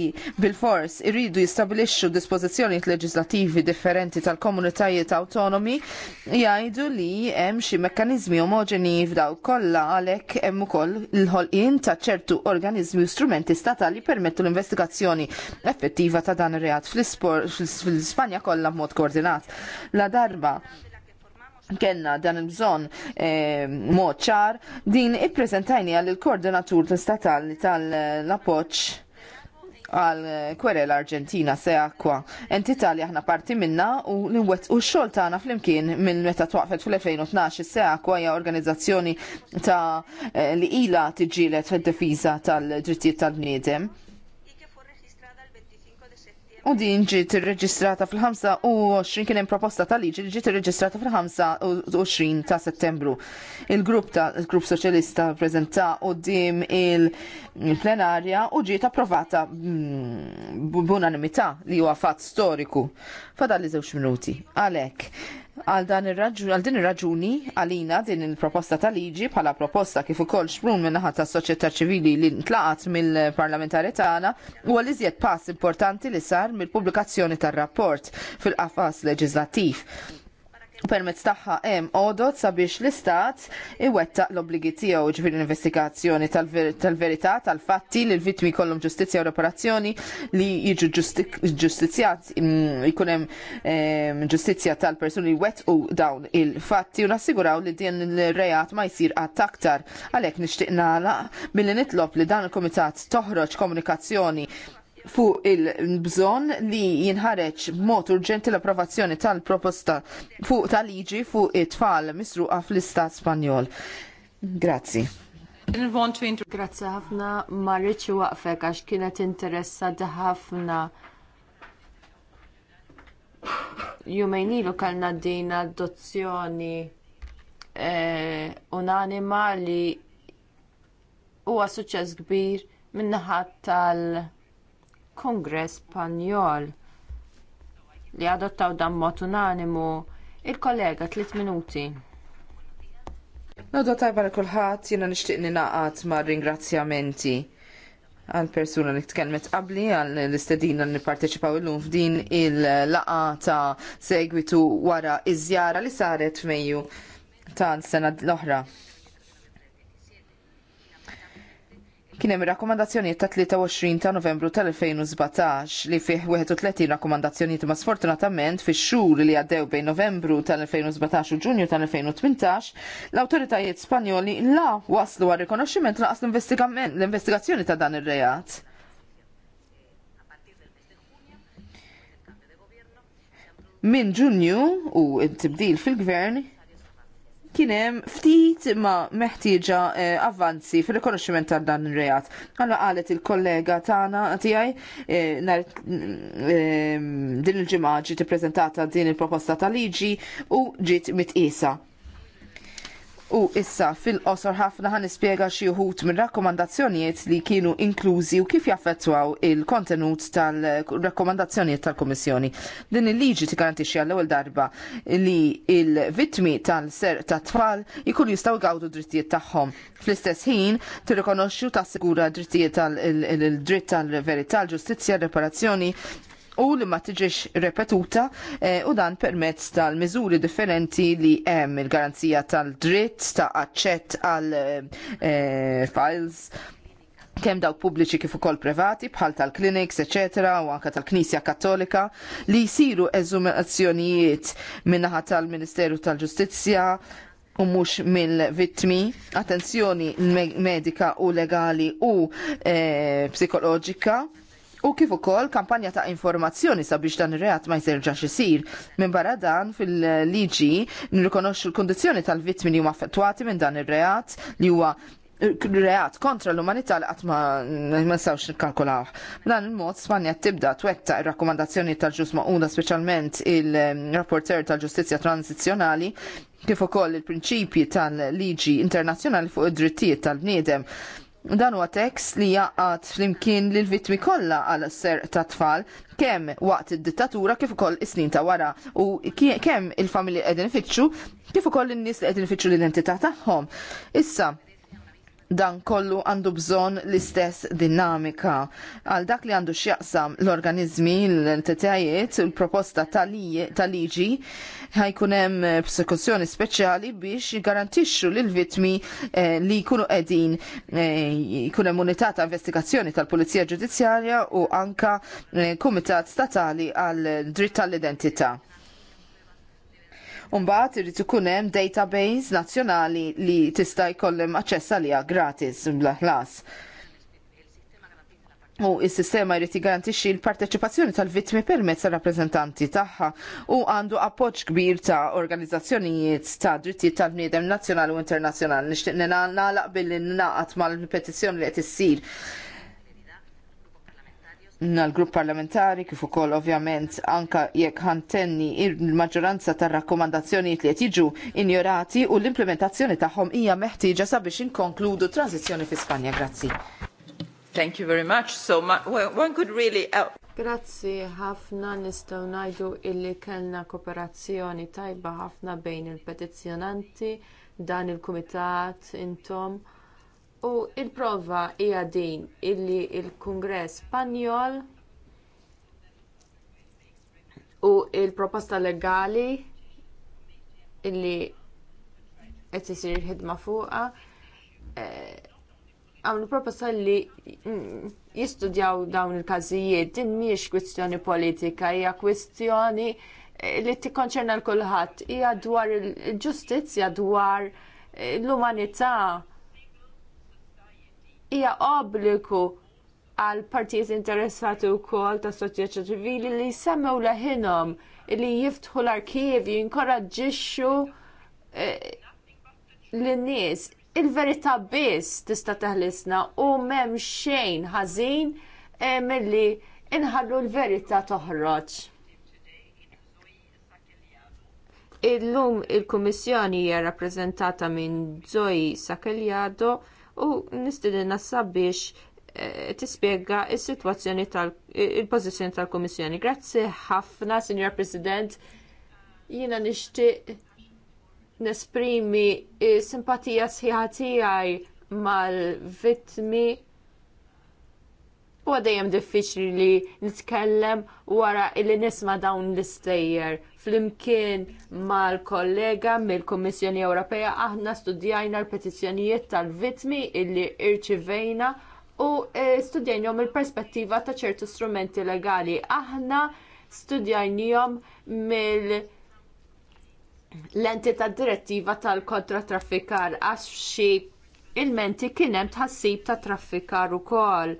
bil-fors iridu jistabilixxu dispożizzjonijiet leġislattivi differenti tal-komunitajiet awtonomi, jgħidu li hemm xi mekkaniżmi omogeni f'dawk kollha għalhekk hemm ukoll il-ħolqien ta' ċertu organizmi u strumenti statali permettu l-investigazzjoni effettiva ta' dan ir-reat fl-isport fil-Spanja kollha b'mod koordinat. La darba kenna dan il-bżon eh, mod ċar, din ippreżentajni għal il-koordinatur statali tal-appoċ għal kwerel Argentina se akwa. Entità li aħna parti minna u li wet u xol tagħna flimkien minn meta twaqfet fl-2012 se akwa hija organizzazzjoni ta' eh, li ila tiġilet fid-difiża tal-drittijiet tal-bniedem. U din ġiet irreġistrata fil-25 kien hemm proposta ta' liġi li ġiet irreġistrata fil-25 ta' Settembru. Il-grupp ta' il-Grupp Soċjalista ppreżenta quddiem il-plenarja u ġiet approvata mm, b'unanimità li huwa fatt storiku. Fadalli żewġ minuti. Għalhekk għal dan ir raġun għal din ir-raġuni għalina din il-proposta ta' liġi bħala proposta kif ukoll xprun minnaħa ta' soċjetà ċivili li ntlaqat mill-parlamentari tagħna huwa li iżjed pass importanti li sar mill-pubblikazzjoni tar-rapport fil-qafas leġislattiv permezz tagħha hemm għodot sabiex l-istat iwettaq l obbligi tiegħu ġifieri investigazzjoni tal-verità tal-fatti li l-vittmi jkollhom ġustizzja u reparazzjoni li jiġu ġustizzjat mm, jkun hemm ehm, ġustizzja tal-persuni li wettqu dawn il-fatti u nassiguraw li din il-rejat ma jsir qatt aktar għalhekk nixtieq nagħlaq billi nitlob li dan il-kumitat toħroġ komunikazzjoni fuq il-bżon li jinħareġ b'mod urġenti l-approvazzjoni tal-proposta fuq tal-liġi fuq it-tfal misruqa fl-Istat Spanjol. Grazzi. Grazzi ħafna ma rridx waqfek għax kienet interessata ħafna Jumejnilu ilu kellna din adozzjoni eh, unanima li huwa suċċess kbir minnaħat naħa tal- Kongress Spanjol li adottaw dan mod unanimu il-kollega tliet minuti. Nodo tajba li kulħadd jiena nixtieq ningħaqad ma' ringrazzjamenti għal persuna li tkellmet qabli għal l-istedina li parteċipaw illum f'din il-laqa ta' segwitu wara iż-żjara li saret f'Mejju ta' sena l-oħra. Kien hemm rakkomandazzjonijiet ta' 23 ta' Novembru tal-2017 li fih 31 rakkomandazzjonijiet ma' sfortunatament fix-xhur li għaddew bejn Novembru tal-2017 u Ġunju tal-2018 l-awtoritajiet Spanjoli la waslu għal rikonoxximent laqas l-investigazzjoni ta' dan ir-reat. Min Ġunju u tibdil fil-gvern kienem ftit ma meħtieġa eh, avvanzi fil-rikonoxximent ta' dan ir-reat. Għalla mela qalet il-kollega tagħna tiegħi eh, nar eh, din il-ġimgħa ġiet ippreżentata din il-proposta ta' liġi u ġiet mitqisa. U issa fil-qosor ħafna ħan nispjega xi wħud minn rakkomandazzjonijiet li kienu inklużi u kif jaffettwaw il-kontenut tal-rakkomandazzjonijiet tal komissjoni Din il-liġi tigarantixxi għall-ewwel darba li il-vittmi tal-ser ta' tfal jkunu jistgħu jgawdu drittijiet tagħhom. Fl-istess ħin tirrikonoxxu tassigura drittijiet tal-dritt tal-verità, l-ġustizzja, reparazzjoni, u li ma tiġix repetuta eh, u dan permezz tal-miżuri differenti li hemm il-garanzija tal-dritt ta' aċċett għal eh, files kemm dawk pubbliċi kif ukoll privati bħal tal-kliniks, eċetera, u anke tal-Knisja Kattolika li jsiru eżumazzjonijiet min-naħa tal-Ministeru tal-Ġustizzja u mhux mill-vittmi, attenzjoni medika u legali u e, psikoloġika u kif ukoll kampanja ta' informazzjoni sabiex dan ir-reat ma jserġax isir. Minn barra dan fil-liġi nirrikonoxxu l-kondizzjoni tal-vittmi li huma affettwati minn dan ir-reat li huwa eh, reat kontra l-umanità li għatma nistawx nikkalkulaw. Dan il-mod Spanja tibda twetta ir rakkomandazzjoni tal-ġus maquna speċjalment il-rapporter tal ġustizzja Transizzjonali, kif ukoll il-prinċipji tal-liġi internazzjonali fuq id-drittijiet tal-bniedem Dan huwa tekst li jaqgħad flimkien lil vittmi kollha għal ser ta' tfal kemm waqt id-dittatura kif ukoll is-snin ta' wara u kemm il-familji qegħdin ifittxu kif ukoll in-nies li qegħdin ifittxu l-identità tagħhom. Issa, dan kollu għandu bżon l-istess dinamika. Għal dak li għandu xjaqsam l-organizmi, l-entitajiet, l-proposta tal-liġi ħajkunem psekuzzjoni speċjali biex garantixxu lil vitmi eh, li jkunu qegħdin eh, jkun hemm unità ta' investigazzjoni tal-Pulizija Ġudizzjarja u anka eh, Kumitat Statali għal dritt tal-identità. Umbat irrit ikun hemm database nazzjonali li tista' jkollhom aċċess għaliha gratis bla ħlas. U s-sistema jrid jgarantixxi l-parteċipazzjoni tal-vittmi permezz tar-rappreżentanti tagħha u għandu appoġġ kbir ta' organizzazzjonijiet ta' drittijiet tal-bniedem nazzjonali u internazzjonali. Nixtieq nagħlaq billi naqat mal-petizzjoni li qed issir l-grupp parlamentari kif ukoll ovvjament anka jekk ħantenni il-maġġoranza tar-rakkomandazzjonijiet li qed jiġu injorati u l-implementazzjoni tagħhom hija meħtieġa sabiex inkonkludu transizzjoni fi Spanja. Grazzi. Thank you very much. So one could really Grazzi ħafna nistgħu ngħidu illi kellna kooperazzjoni tajba ħafna bejn il-petizzjonanti dan il-kumitat intom U il-prova hija din illi l il kungress Spanjol u l proposta legali illi qed isir ħidma fuqha eh, għamlu proposta li mm, jistudjaw dawn il-każijiet din mhijiex kwistjoni politika, hija kwistjoni eh, li tikkonċerna l-kulħadd, hija dwar il-ġustizzja dwar eh, l-umanità hija obbligu għal partijiet interessati u kol ta' soċjeċa ċivili li semmew leħinom li jiftħu l-arkivi, jinkoraġġixxu eh, l-nies. Il-verità biss tista' teħlisna u m'hemm xejn ħażin eh, milli inħallu l-verità toħroġ. Illum il-Kummissjoni hija rappreżentata minn Zoe Sakeljado u nistidilna biex eh, tispjega il sitwazzjoni tal-pożizzjoni tal-Kummissjoni. Grazzi ħafna, Signor President. Jiena nixtieq nesprimi eh, simpatija sħiħa tiegħi mal-vittmi U għadajem diffiċli li nitkellem wara illi nisma dawn l-istejjer flimkien mal-kollega mill-Kommissjoni Ewropea aħna studjajna l-petizzjonijiet tal-vitmi illi irċivejna u eh, studjajnjom il-perspettiva ta' ċertu strumenti legali. Aħna studjajnjom mill- l-entità direttiva tal-kontra traffikar għax xi il-menti kienem tħassib ta' traffikar ukoll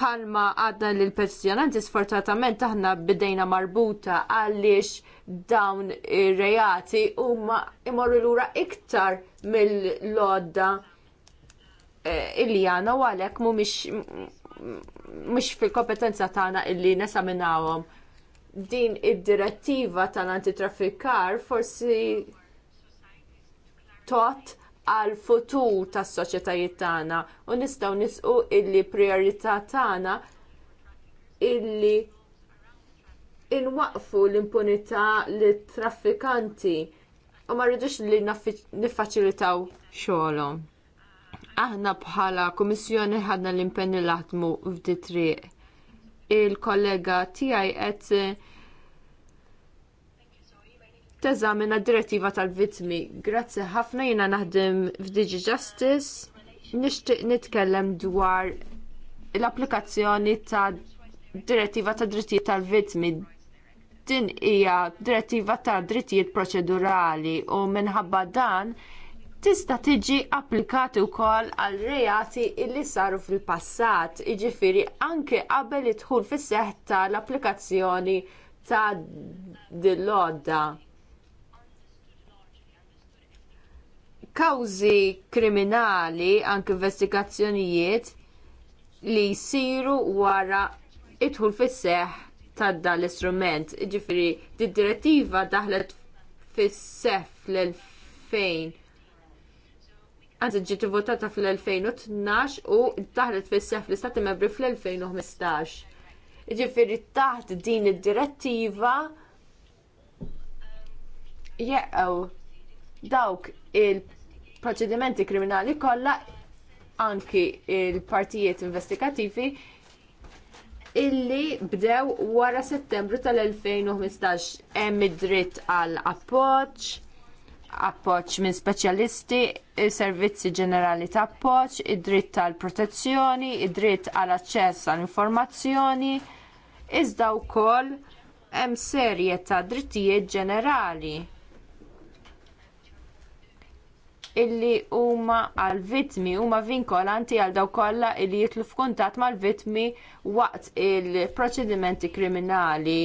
palma għadna li l-petizjonanti sfortunatament aħna bidejna marbuta għaliex dawn ir-rejati huma imorru lura iktar mill-lodda eh, il-jana u għalek mhumiex mux fil-kompetenza tagħna illi nesaminawhom din id-direttiva tal-antitraffikar forsi tot għal futur tas soċjetajiet tagħna u nistgħu nisqu illi priorità tagħna illi inwaqfu l-impunità li traffikanti u ma rridux li niffaċilitaw xogħolhom. Aħna bħala Kummissjoni ħadna l-impenni laħdmu f'di triq. Il-kollega tiegħi qed teżamina d-direttiva tal-vittmi. Grazzi ħafna jiena naħdem f'Digi Justice. Nixtieq nitkellem dwar l-applikazzjoni ta' direttiva ta' drittijiet tal-vittmi. Din hija direttiva ta' drittijiet proċedurali u minħabba dan tista' tiġi applikati wkoll għal reati li saru fil-passat, jiġifieri anke qabel idħul fis seħħ tal-applikazzjoni ta' dil-lodda. kawżi kriminali anke investigazzjonijiet li jsiru wara idħul fis seħħ ta' dan l-istrument. Ġifiri, d-direttiva daħlet fis seħħ fl-2000. Għanzi ġiet votata fl-2012 u daħlet fis seħħ fl-istati membri fl-2015. Ġifiri, taħt din id-direttiva jeqgħu dawk il- proċedimenti kriminali kollha anki il-partijiet investigativi illi bdew wara settembru tal-2015 hemm id-dritt għal appoġġ appoġġ minn speċjalisti, servizzi ġenerali ta' appoġġ, id-dritt tal protezzjoni, id-dritt għal aċċess għall informazzjoni, iżda wkoll hemm serje ta' drittijiet ġenerali illi huma għal vittmi huma vinkolanti għal dawk kollha illi jitlu f'kuntatt mal-vittmi waqt il-proċedimenti kriminali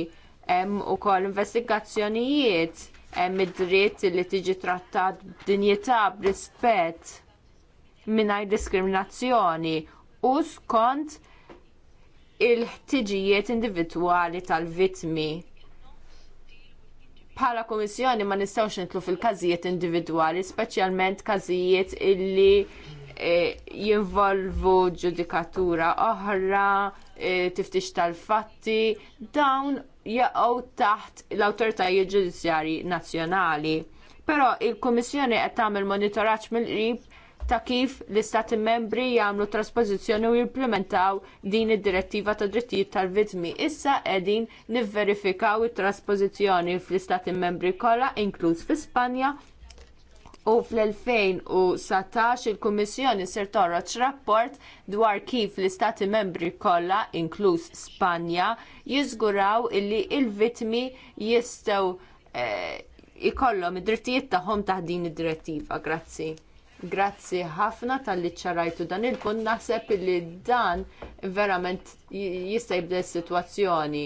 hemm ukoll investigazzjonijiet hemm id-dritt li tiġi trattat b'dinjità b'rispett mingħajr diskriminazzjoni u skont il-ħtiġijiet individwali tal-vittmi bħala komissjoni ma nistgħux nitlu fil-każijiet individwali, speċjalment każijiet illi eh, jinvolvu ġudikatura oħra, eh, tiftix tal-fatti, dawn jaqgħu taħt l-awtoritajiet ġudizzjarji nazzjonali. Però il komissjoni qed tagħmel monitoraġġ mill-qrib ta' kif l-istati membri jagħmlu traspożizzjoni u jimplementaw din id-direttiva ta' drittijiet tal-vittmi. Issa qegħdin nivverifikaw it-traspożizzjoni fl-istati membri kollha inkluż fi Spanja u fl-2017 il-Kummissjoni ser torroġ rapport dwar kif l-Istati membri kollha, inkluż Spanja, jiżguraw illi il vittmi jistgħu jkollhom eh, ikollhom id-drittijiet tagħhom taħt din id-direttiva. Grazzi. Grazzi ħafna tal-li ċarajtu dan il-kun naħseb li dan verament jista' jibdel situazzjoni.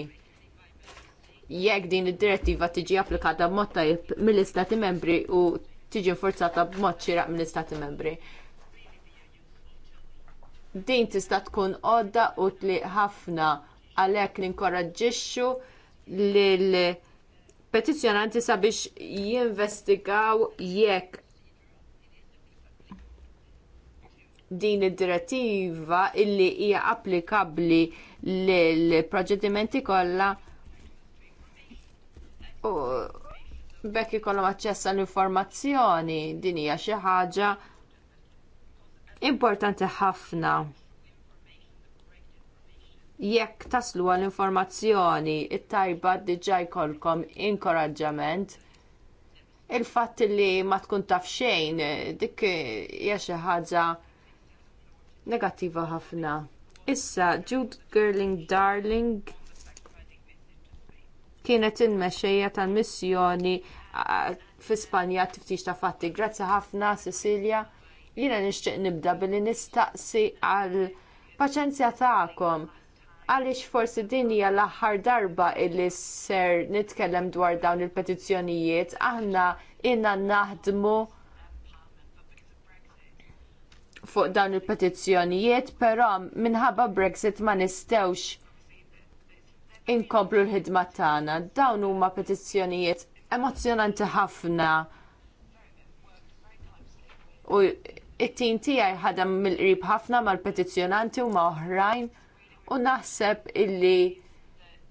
Jekk din id-direttiva tiġi applikata b'mod tajb mill-Istati membri u tiġi forzata b'mod xieraq mill-Istati membri. Din tista' tkun għodda u tli ħafna għalhekk ninkoraġġixxu lil petizzjonanti sabiex jinvestigaw jekk din id-direttiva illi hija applikabbli lill proġedimenti kollha u bekk ikollhom aċċess għall informazzjoni din hija xi ħaġa importanti ħafna. Jekk taslu għall informazzjoni it-tajba diġà jkollkom inkoraġġament il-fatt li ma tkun taf xejn dik hija xi ħaġa negattiva ħafna. Issa Jude Girling Darling kienet il tal-missjoni fi Spanja tiftix ta' fatti. Grazzi ħafna Cecilia. Jiena nixtieq nibda billi nistaqsi għal paċenzja tagħkom għaliex forsi din hija l-aħħar darba illi ser nitkellem dwar dawn il-petizzjonijiet aħna inna naħdmu fuq dawn il-petizzjonijiet, però minħabba Brexit ma nistewx inkomplu l-ħidma tagħna. Dawn huma petizzjonijiet emozjonanti ħafna. U it-tim tiegħi ħadem mill-qrib ħafna mal-petizzjonanti u ma' oħrajn u naħseb illi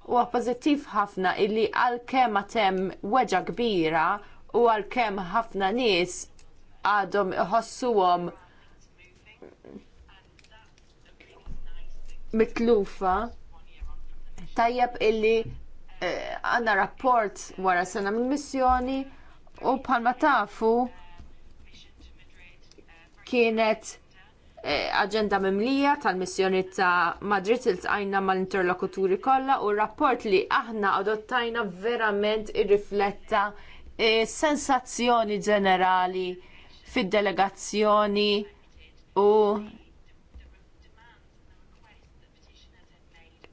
huwa pożittiv ħafna illi għalkemm għatem weġa kbira u għalkemm ħafna nies għadhom iħossuhom mitlufa tajjeb illi eh, għanna rapport wara sena mill missjoni u bħalma tafu kienet eh, aġenda mimlija tal-missjoni ta' Madrid il-tqajna mal-interlokuturi kollha u rapport li aħna adottajna verament irrifletta eh, sensazzjoni ġenerali fid-delegazzjoni u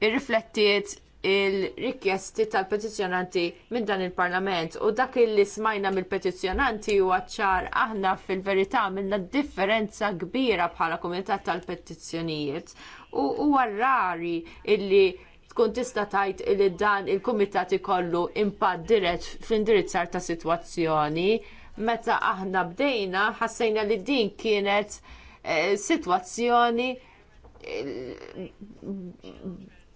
irriflettiet il-rikjesti tal-petizjonanti minn dan il-parlament u dak li smajna mill-petizjonanti u għacċar aħna fil-verità minna differenza kbira bħala komunità tal-petizjonijiet u huwa rari illi tkun tista tajt illi dan il-komitat ikollu impatt dirett fl-indirizzar ta' situazzjoni meta aħna bdejna ħassejna li din kienet Eh, sitwazzjoni eh,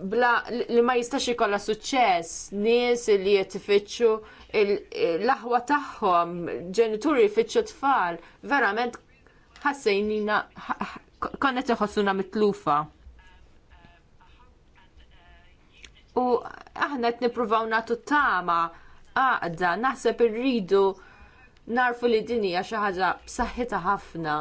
bla li ma jistax ikolla suċċess nies li qed ifittxu l-aħwa tagħhom, ġenituri jfittxu tfal, verament ħassejnina konnet iħossuna mitlufa. U aħna qed nippruvaw nagħtu tama għaqda naħseb irridu narfu li din hija xi ħaġa b'saħħitha ħafna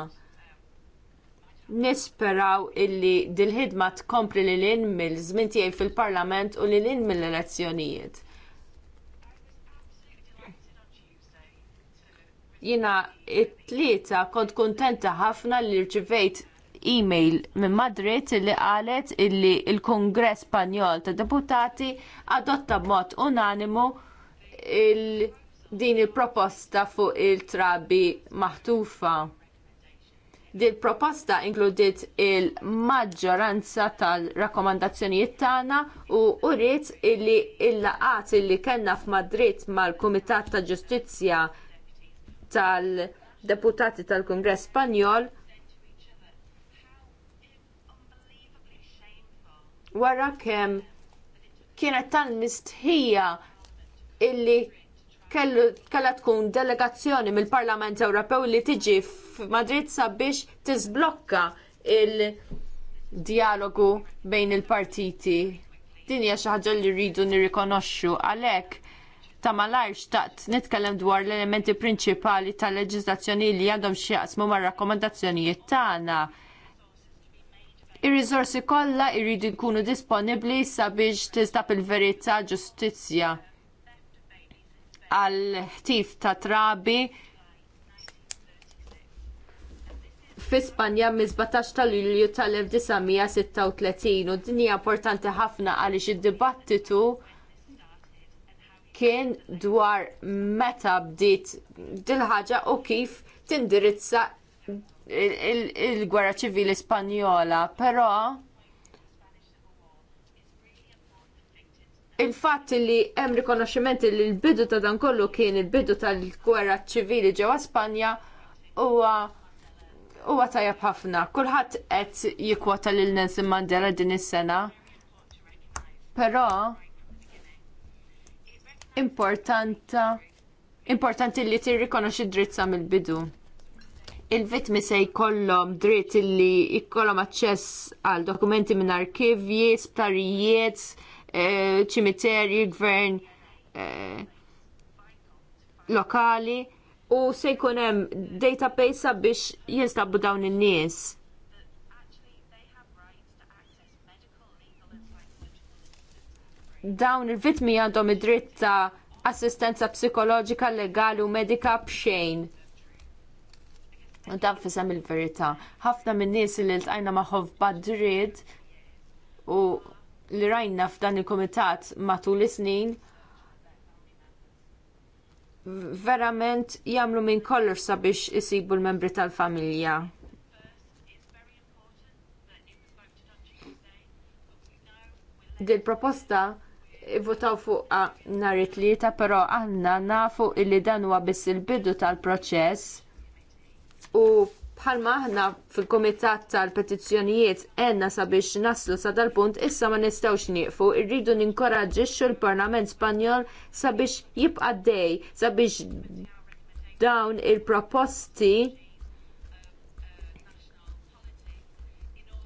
nisperaw illi dil-ħidma tkompli li l-in mill-żmien tiegħi fil-Parlament u li l-in mill-elezzjonijiet. Jiena it-tlieta kont kontenta ħafna li rċivejt email minn Madrid li qalet illi l kongress Spanjol ta' Deputati adotta b'mod unanimu il din il-proposta fuq il-trabi maħtufa Dil proposta inkludiet il-maġġoranza tal-rakkomandazzjonijiet tagħna u uriet illi il-laqat illi kellna f'Madrid mal-Kumitat ta' Ġustizzja tal-Deputati tal-Kungress Spanjol wara kemm kienet tal-mistħija illi kella tkun delegazzjoni mill-Parlament Ewropew li tiġi f'Madrid sabiex tiżblokka il-dialogu bejn il-partiti. Din hija xi ħaġa li rridu nirrikonoxxu għalhekk ta' malarx xtaqt nitkellem dwar l-elementi prinċipali tal leġiżlazzjoni li għandhom jaqsmu ma' rakkomandazzjonijiet tagħna. Ir-riżorsi kollha jridu jkunu disponibbli sabiex tistab il-verità ġustizzja għal ħtif ta' trabi fi Spanja mi 17 ta' Lulju tal-1936 u din hija importanti ħafna għaliex id-dibattitu kien dwar meta bdiet dil-ħaġa u kif tindirizza il-gwerra ċivili Spanjola, però il-fatt li hemm rikonoxximenti li l-bidu ta' dan kollu kien il-bidu tal-gwerra ċivili ġewwa Spanja huwa huwa tajjeb ħafna. Kulħadd qed jikwota lil Nelson Mandela din is-sena. Però importanta importanti li tirrikonoxxi dritt sa mill-bidu il-vittmi se jkollhom dritt li jkollhom aċċess għal dokumenti minn arkivji, sptarijiet, Eh, ċimiterji, gvern eh, lokali u se jkun hemm database biex jinstabbu dawn in-nies. Dawn il-vitmi għandhom id-dritt ta' assistenza psikoloġika legali u medika b'xejn. U dan fisem il-verità. Ħafna minn nies li l-tajna maħħob badrid u li rajna f'dan il-komitat matul is-snin verament jagħmlu minn kollox sabiex isibu l-membri tal-familja. Dil proposta votaw fuq nhar it-tlieta, però aħna nafu illi dan huwa biss il-bidu tal-proċess u bħalma aħna fil-Komitat tal-Petizzjonijiet enna sabiex naslu sa dal-punt issa ma nistgħux nieqfu, irridu ninkoraġġixxu l-Parlament Spanjol sabiex jibqa' dej, sabiex dawn il-proposti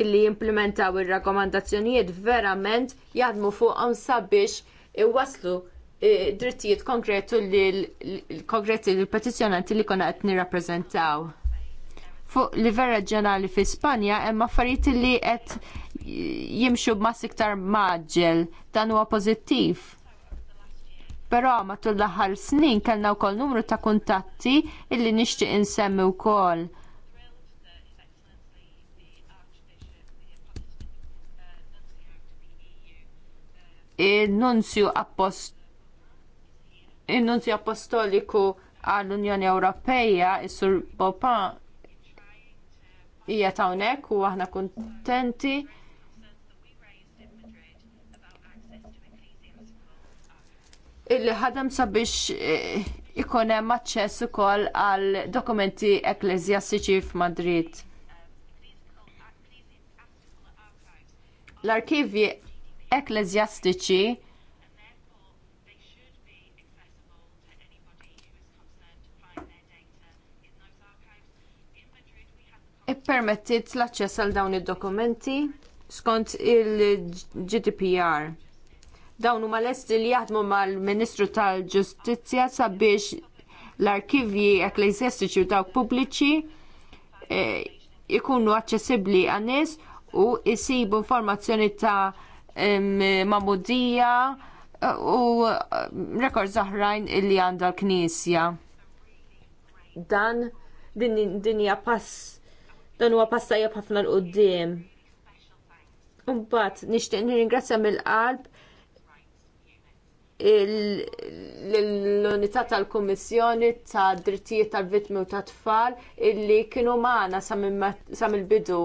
illi jimplementaw ir rakomandazzjonijiet verament jaħdmu fuqhom sabiex iwasslu e, drittijiet konkretu l-konkreti l-petizjonanti li konna qed nirrappreżentaw fuq vera ġenali fi Spanja hemm affarijiet li qed jimxu b'mass iktar maġġel dan huwa pożittiv. Però matul l-aħħar snin kellna wkoll numru ta' kuntatti illi nixtieq insemmi wkoll. il-nunzju appost il-nunzju apostoliku għall-Unjoni Ewropeja, is-Sur Bopin, hija hawnhekk u aħna kuntenti il-ħadem sabiex eh, ikon hemm aċċess ukoll għal dokumenti ekklesjastiċi f'Madrid. L-arkivji ekklesjastiċi ippermettit l-aċċess għal dawn id-dokumenti skont il-GDPR. Dawn huma lest li jaħdmu mal-Ministru tal-Ġustizzja sabiex l-arkivji ekklesjastiċi u dawk pubbliċi eh, ikunu aċċessibbli għan-nies u jsibu informazzjoni ta' mamudija eh, u eh, rekord zaħrajn illi għandha l-Knisja. Dan din hija pass Dan huwa passajja ħafna l-qoddim. Mbagħad nixtieq nirringrazzja mill-qalb l-unità tal-Kummissjoni ta' drittijiet tal-vittmi u tat tfal illi kienu magħna sa mill-bidu.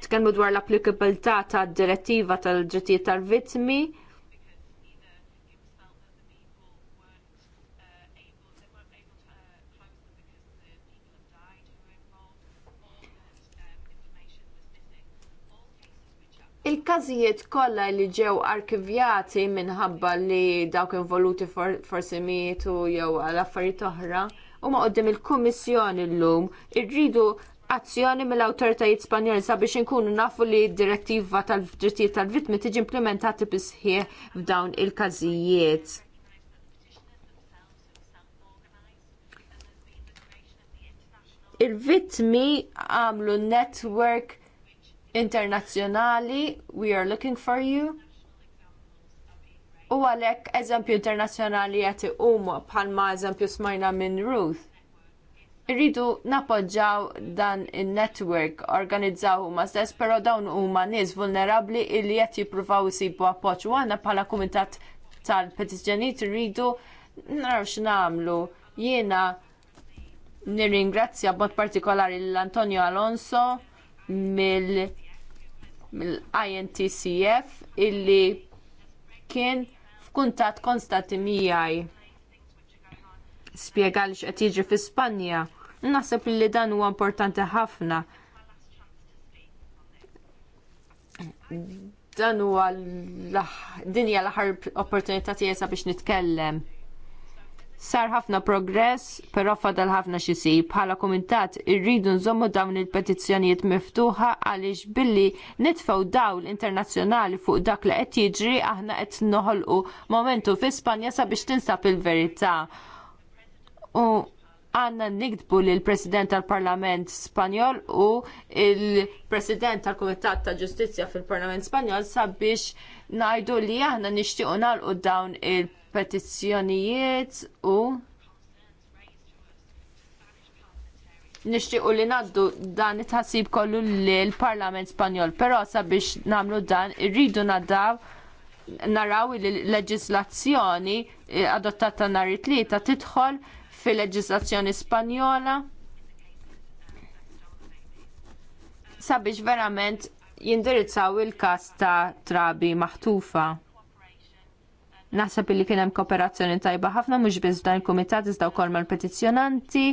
Tkellmu dwar l-applikabilità tad direttiva tal-drittijiet tal-vittmi Il-każijiet kollha li ġew arkivjati minħabba li dawk involuti forsi mietu jew għal affarijiet oħra huma qoddim il-Kummissjoni llum irridu azzjoni mill-awtoritajiet Spanjoli sabiex inkunu nafu li d-direttiva tal-drittijiet tal-vittmi tiġi implementati bisħieħ f'dawn il-każijiet. il vittmi għamlu network internazzjonali, we are looking for you. U għalek eżempju internazzjonali jati bħal bħalma eżempju smajna minn Ruth. Irridu napoġġaw dan il-network, organizzaw huma stess, pero dawn huma nies vulnerabli illi qed jippruvaw isibu appoġġ u għandna bħala kumitat tal-petizzjonijiet irridu naraw x'namlu. Jiena nirringrazzja b'mod partikolari l-Antonio Alonso mill-INTCF illi kien f'kuntat konstanti miegħi. Spjega li x'qed jiġi fi Spanja. Naħseb li dan huwa importanti ħafna. Dan huwa din hija l-aħħar opportunità tiegħi sabiex nitkellem. Sar ħafna progress, però fadal ħafna xisib. Bħala kumitat irridu nżommu dawn il-petizzjonijiet miftuħa għaliex billi nitfgħu dawl internazzjonali fuq dak li qed jiġri aħna qed noħolqu momentu fi Spanja sabiex tinsab il-verità. U għanna nikdbu li l-President tal-Parlament Spanjol u l president tal-Kumitat ta' Ġustizzja fil-Parlament Spanjol sabiex ngħidu li aħna nixtiequ nagħlqu dawn il-petizzjonijiet u nixtiequ li ngħaddu dan it-ħassib kollu lill parlament Spanjol, però sabiex nagħmlu dan irridu naddaw naraw li l-leġislazzjoni eh, adottata nhar it-tlieta tidħol fil-leġislazzjoni Spanjola sabiex verament jindirizzaw il każ ta' trabi maħtufa. Naħseb li kien hemm kooperazzjoni tajba ħafna mhux biss dan il-kumitat iżda wkoll mal-petizzjonanti,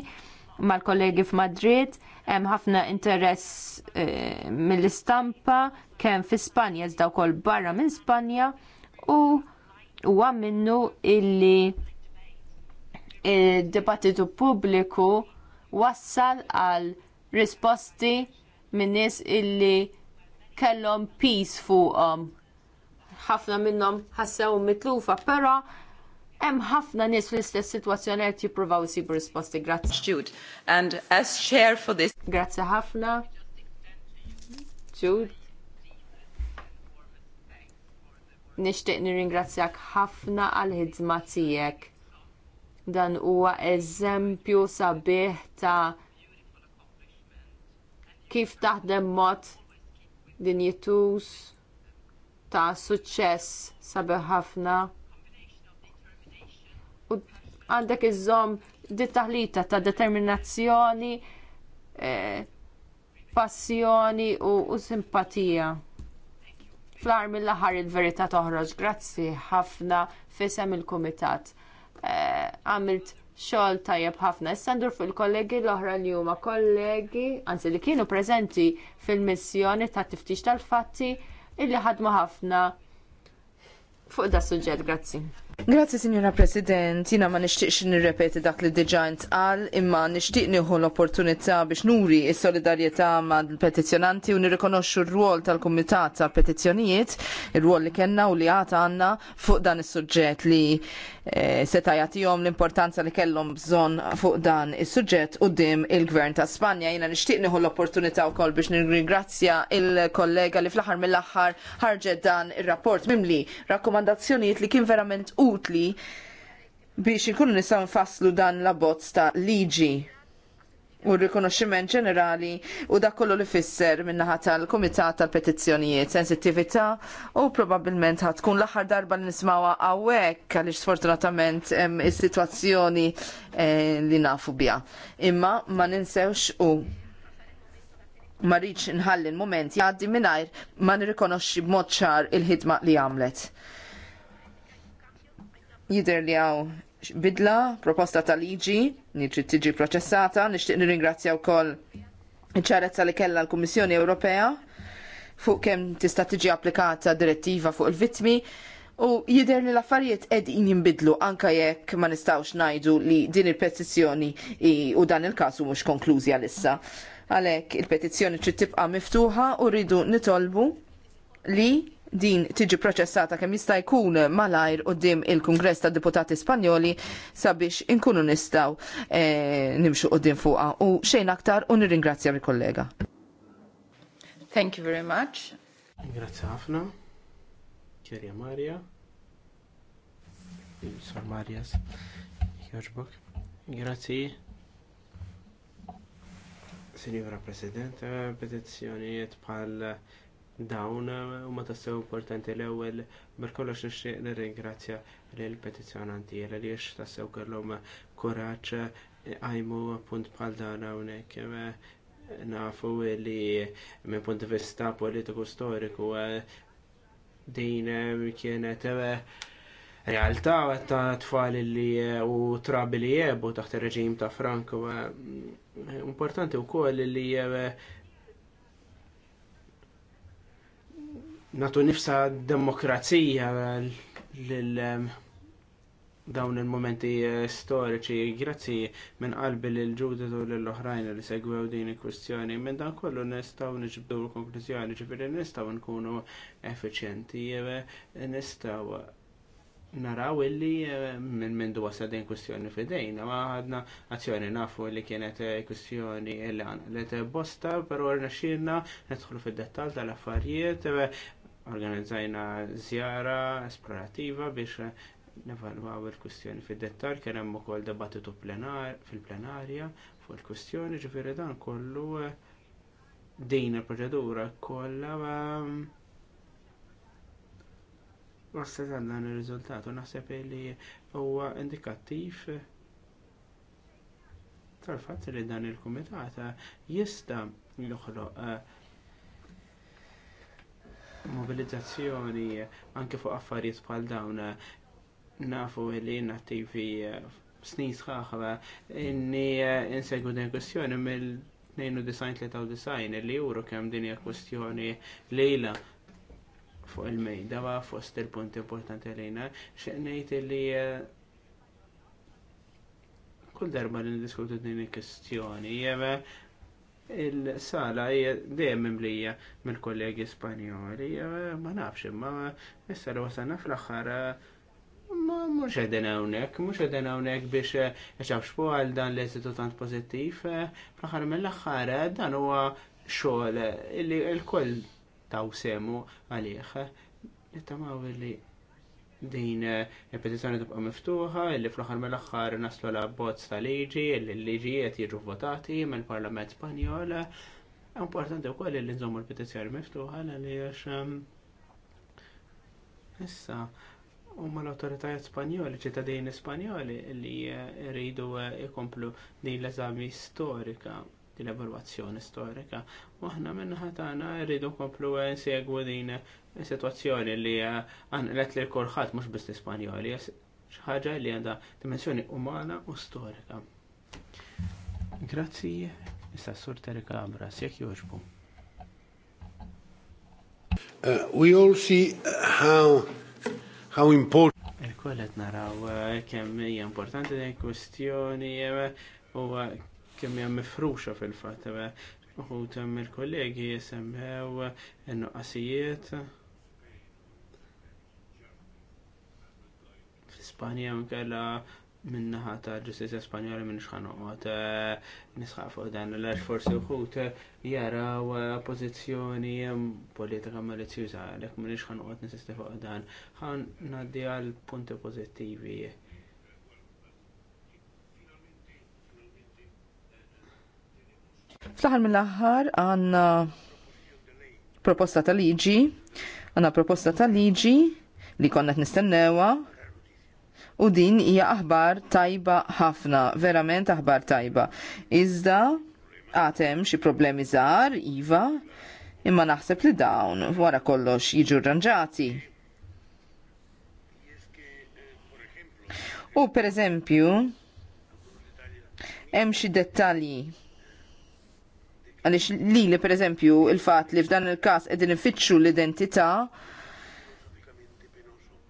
mal-kollegi f'Madrid, hemm ħafna interess eh, mill-istampa kemm fi Spanja iżda wkoll barra minn Spanja u huwa minnu illi id-dibattitu pubbliku wassal għal risposti minn nies illi kellhom peace fuqhom. Ħafna minnhom ħassew mitlufa, però hemm ħafna nies fl-istess sitwazzjoni qed jippruvaw isibu risposti. Grazzi. Jude, and as chair for this. Grazzi ħafna. Jude. Nixtieq nirringrazzjak ħafna għal ħidma tiegħek. Dan huwa eżempju sabiħ ta' kif taħdem mod Din dinjitus ta' suċċess sabiħ ħafna. U għandek iżżomm dit taħlita ta' determinazzjoni, eh, passjoni u, u simpatija. Fl-ar mill-aħħar il-verità toħroġ. Grazzi ħafna fisem il-kumitat. Eh, għamilt xogħol tajjeb ħafna. Issa ndur fuq il-kollegi l-oħra li huma kollegi, anzi li kienu preżenti fil-missjoni ta' tiftix tal-fatti illi ħadmu ħafna fuq da' suġġett. Grazzi. Grazie, Signora President. Jina ma nishtiqx nirrepeti dak li diġa intqal, imma nishtiq nieħu l-opportunità biex nuri s solidarjetà ma' l-petizjonanti u nirrikonoxxu r ruol tal-Kumitat tal-Petizzjonijiet, ir ruol li kellna u li għata għandna fuq dan is-suġġett li eh, seta' jagħtihom l-importanza li kellhom bżonn fuq dan is-suġġett quddiem il-Gvern ta' Spanja. Jina nixtieq nieħu l-opportunità wkoll biex nirringrazzja il-kollega li fl-aħħar mill-aħħar ħarġet dan ir-rapport mimli rakkomandazzjonijiet li kien verament u utli biex ikunu nistgħu nfasslu dan l-abbozz ta' liġi u r-rikonoxximent ġenerali u dak kollu li fisser min-naħa tal-Kumitat tal-Petizzjonijiet sensittività u probabbilment ħad tkun l-aħħar darba li nismawa hawnhekk għaliex sfortunatament hemm is-sitwazzjoni eh, li nafu biha. Imma ma ninsewx u ma rridx nħallin l-moment jgħaddi mingħajr ma nirrikonoxxi b'mod ċar il-ħidma li għamlet. Jidher li hawn bidla, proposta ta' liġi, niġi tiġi proċessata, nixtieq nirringrazzja wkoll koll ċarezza li kellha l-Kummissjoni Ewropea fuq kemm tista' tiġi applikata direttiva fuq il-vittmi u jidher li l-affarijiet qegħdin jinbidlu anke jekk ma nistgħux ngħidu li din il-petizzjoni u dan il-każ mhux konklużi għalissa. Għalhekk il-petizzjoni trid tibqa' miftuħa u rridu nitolbu li din tiġi proċessata kemm jista' jkun malajr qudiem il-Kungress tad Deputati Spanjoli sabiex inkunu nistgħu e, eh, nimxu qudiem fuqha u xejn aktar u nirringrazzja mill-kollega. Thank you very much. Grazzi ħafna. Kerja Marja. Sor Marjas. Jorġbok. Grazzi. Signora Presidente, petizjoniet pal dawn eh, huma tassew importanti l-ewwel ber kollox nixtieq nirringrazzja lill petizzjonanti għaliex tassew kellhom kuraġġ eh, għajmu punt bħal dan hawnhekk eh, nafu li minn punt vista politiku storiku din kienet realtà ta' tfal li u trabi li jebu taħt ir-reġim ta' Franco importanti wkoll li natu nifsa demokrazija lil dawn il-momenti eh, storiċi. Grazzi minn qalbi lil ġudet u lill oħrajn li segwew din il-kwistjoni. Minn dan kollu nistgħu niġbdu l-konklużjoni ġifieri nistgħu nkunu effiċjenti, eh, nistgħu naraw illi eh, minn mindu wasa din kwistjoni fidejna, ma għadna azzjoni nafu li kienet kwistjoni illi għanqlet bosta, pero rna xirna netħlu fil-dettal tal-affarijiet, organizzajna zjara esplorativa biex nevalwaw il-kustjoni fid-dettar, kien hemm ukoll dibattitu fil-plenarja fuq il-kustjoni, ġifieri dan kollu din il-proċedura kollha ehm, wassal għal dan ir-riżultat u naħseb li huwa indikattiv tal-fatt li dan il-kumitat jista' joħloq eh, mobilizzazzjoni anke fuq affarijiet bħal dawn nafu li nattivi eh, snin sħaħra eh, inni eh, insegwu din kwestjoni mill-92-93 li juru kemm din hija kwestjoni lejla fuq il-mejda wa fost il-punt importanti lejna xeqnejt li kull darba li niddiskutu din il-kwestjoni jeve il-sala hija dejjem imlija mill-kollegi Spanjoli, ma nafx imma issa li wasalna fl-aħħar ma mhux qegħdin hawnhekk, mhux qegħdin hawnhekk biex iċabxbu għal dan l-eżitu tant pożittiv, fl-aħħar mill-aħħar dan huwa xogħol li l kull taw semu għalih. Nittamaw li din eh, il-petizjoni tibqa' miftuħa, illi fl-aħħar mill-aħħar naslu la bozz ta' liġi, illi l-liġijiet jiġu votati mill-Parlament Spanjol. Importanti wkoll li nżommu l-petizzjoni miftuħa għaliex ehm, issa huma l-awtoritajiet Spanjoli, ċittadini Spanjoli li jridu eh, jkomplu eh, din l-eżami storika din evalwazzjoni storika. U aħna minnaħa tagħna rridu komplu eh, segwu din is-sitwazzjoni eh, li eh, għanqlet li kulħadd mhux biss Spanjoli, xi ħaġa li għandha dimensjoni umana u storika. Grazzi, issa sur Terika Abras, jekk jogħġbu. Uh, we all see uh, how how important Il-kollet naraw kemm hija importanti din kwestjoni u kemm hija mifruxa fil-fatt. U temm il-kollegi jisemmew in-nuqqasijiet. fl mkella minnaħa ta' ġustizja Spanjola minn xħanuqot e, nisħaq nisħafu dan l għax forsi uħut jaraw pozizjoni politika malizjuza għalek minn xħanuqot nisisti fuq dan Għan naddi għal punti pozittivi Fl-aħħar mill-aħħar għandna proposta ta' liġi, għandna proposta ta' liġi li konna nistennewa u din hija aħbar tajba ħafna, verament aħbar tajba. Iżda għatem xi problemi żgħar, iva, imma naħseb li dawn wara kollox jiġu rranġati. U per eżempju, hemm xi dettalji għaliex li li per eżempju il-fat li f'dan il-kas edin ifittxu l-identità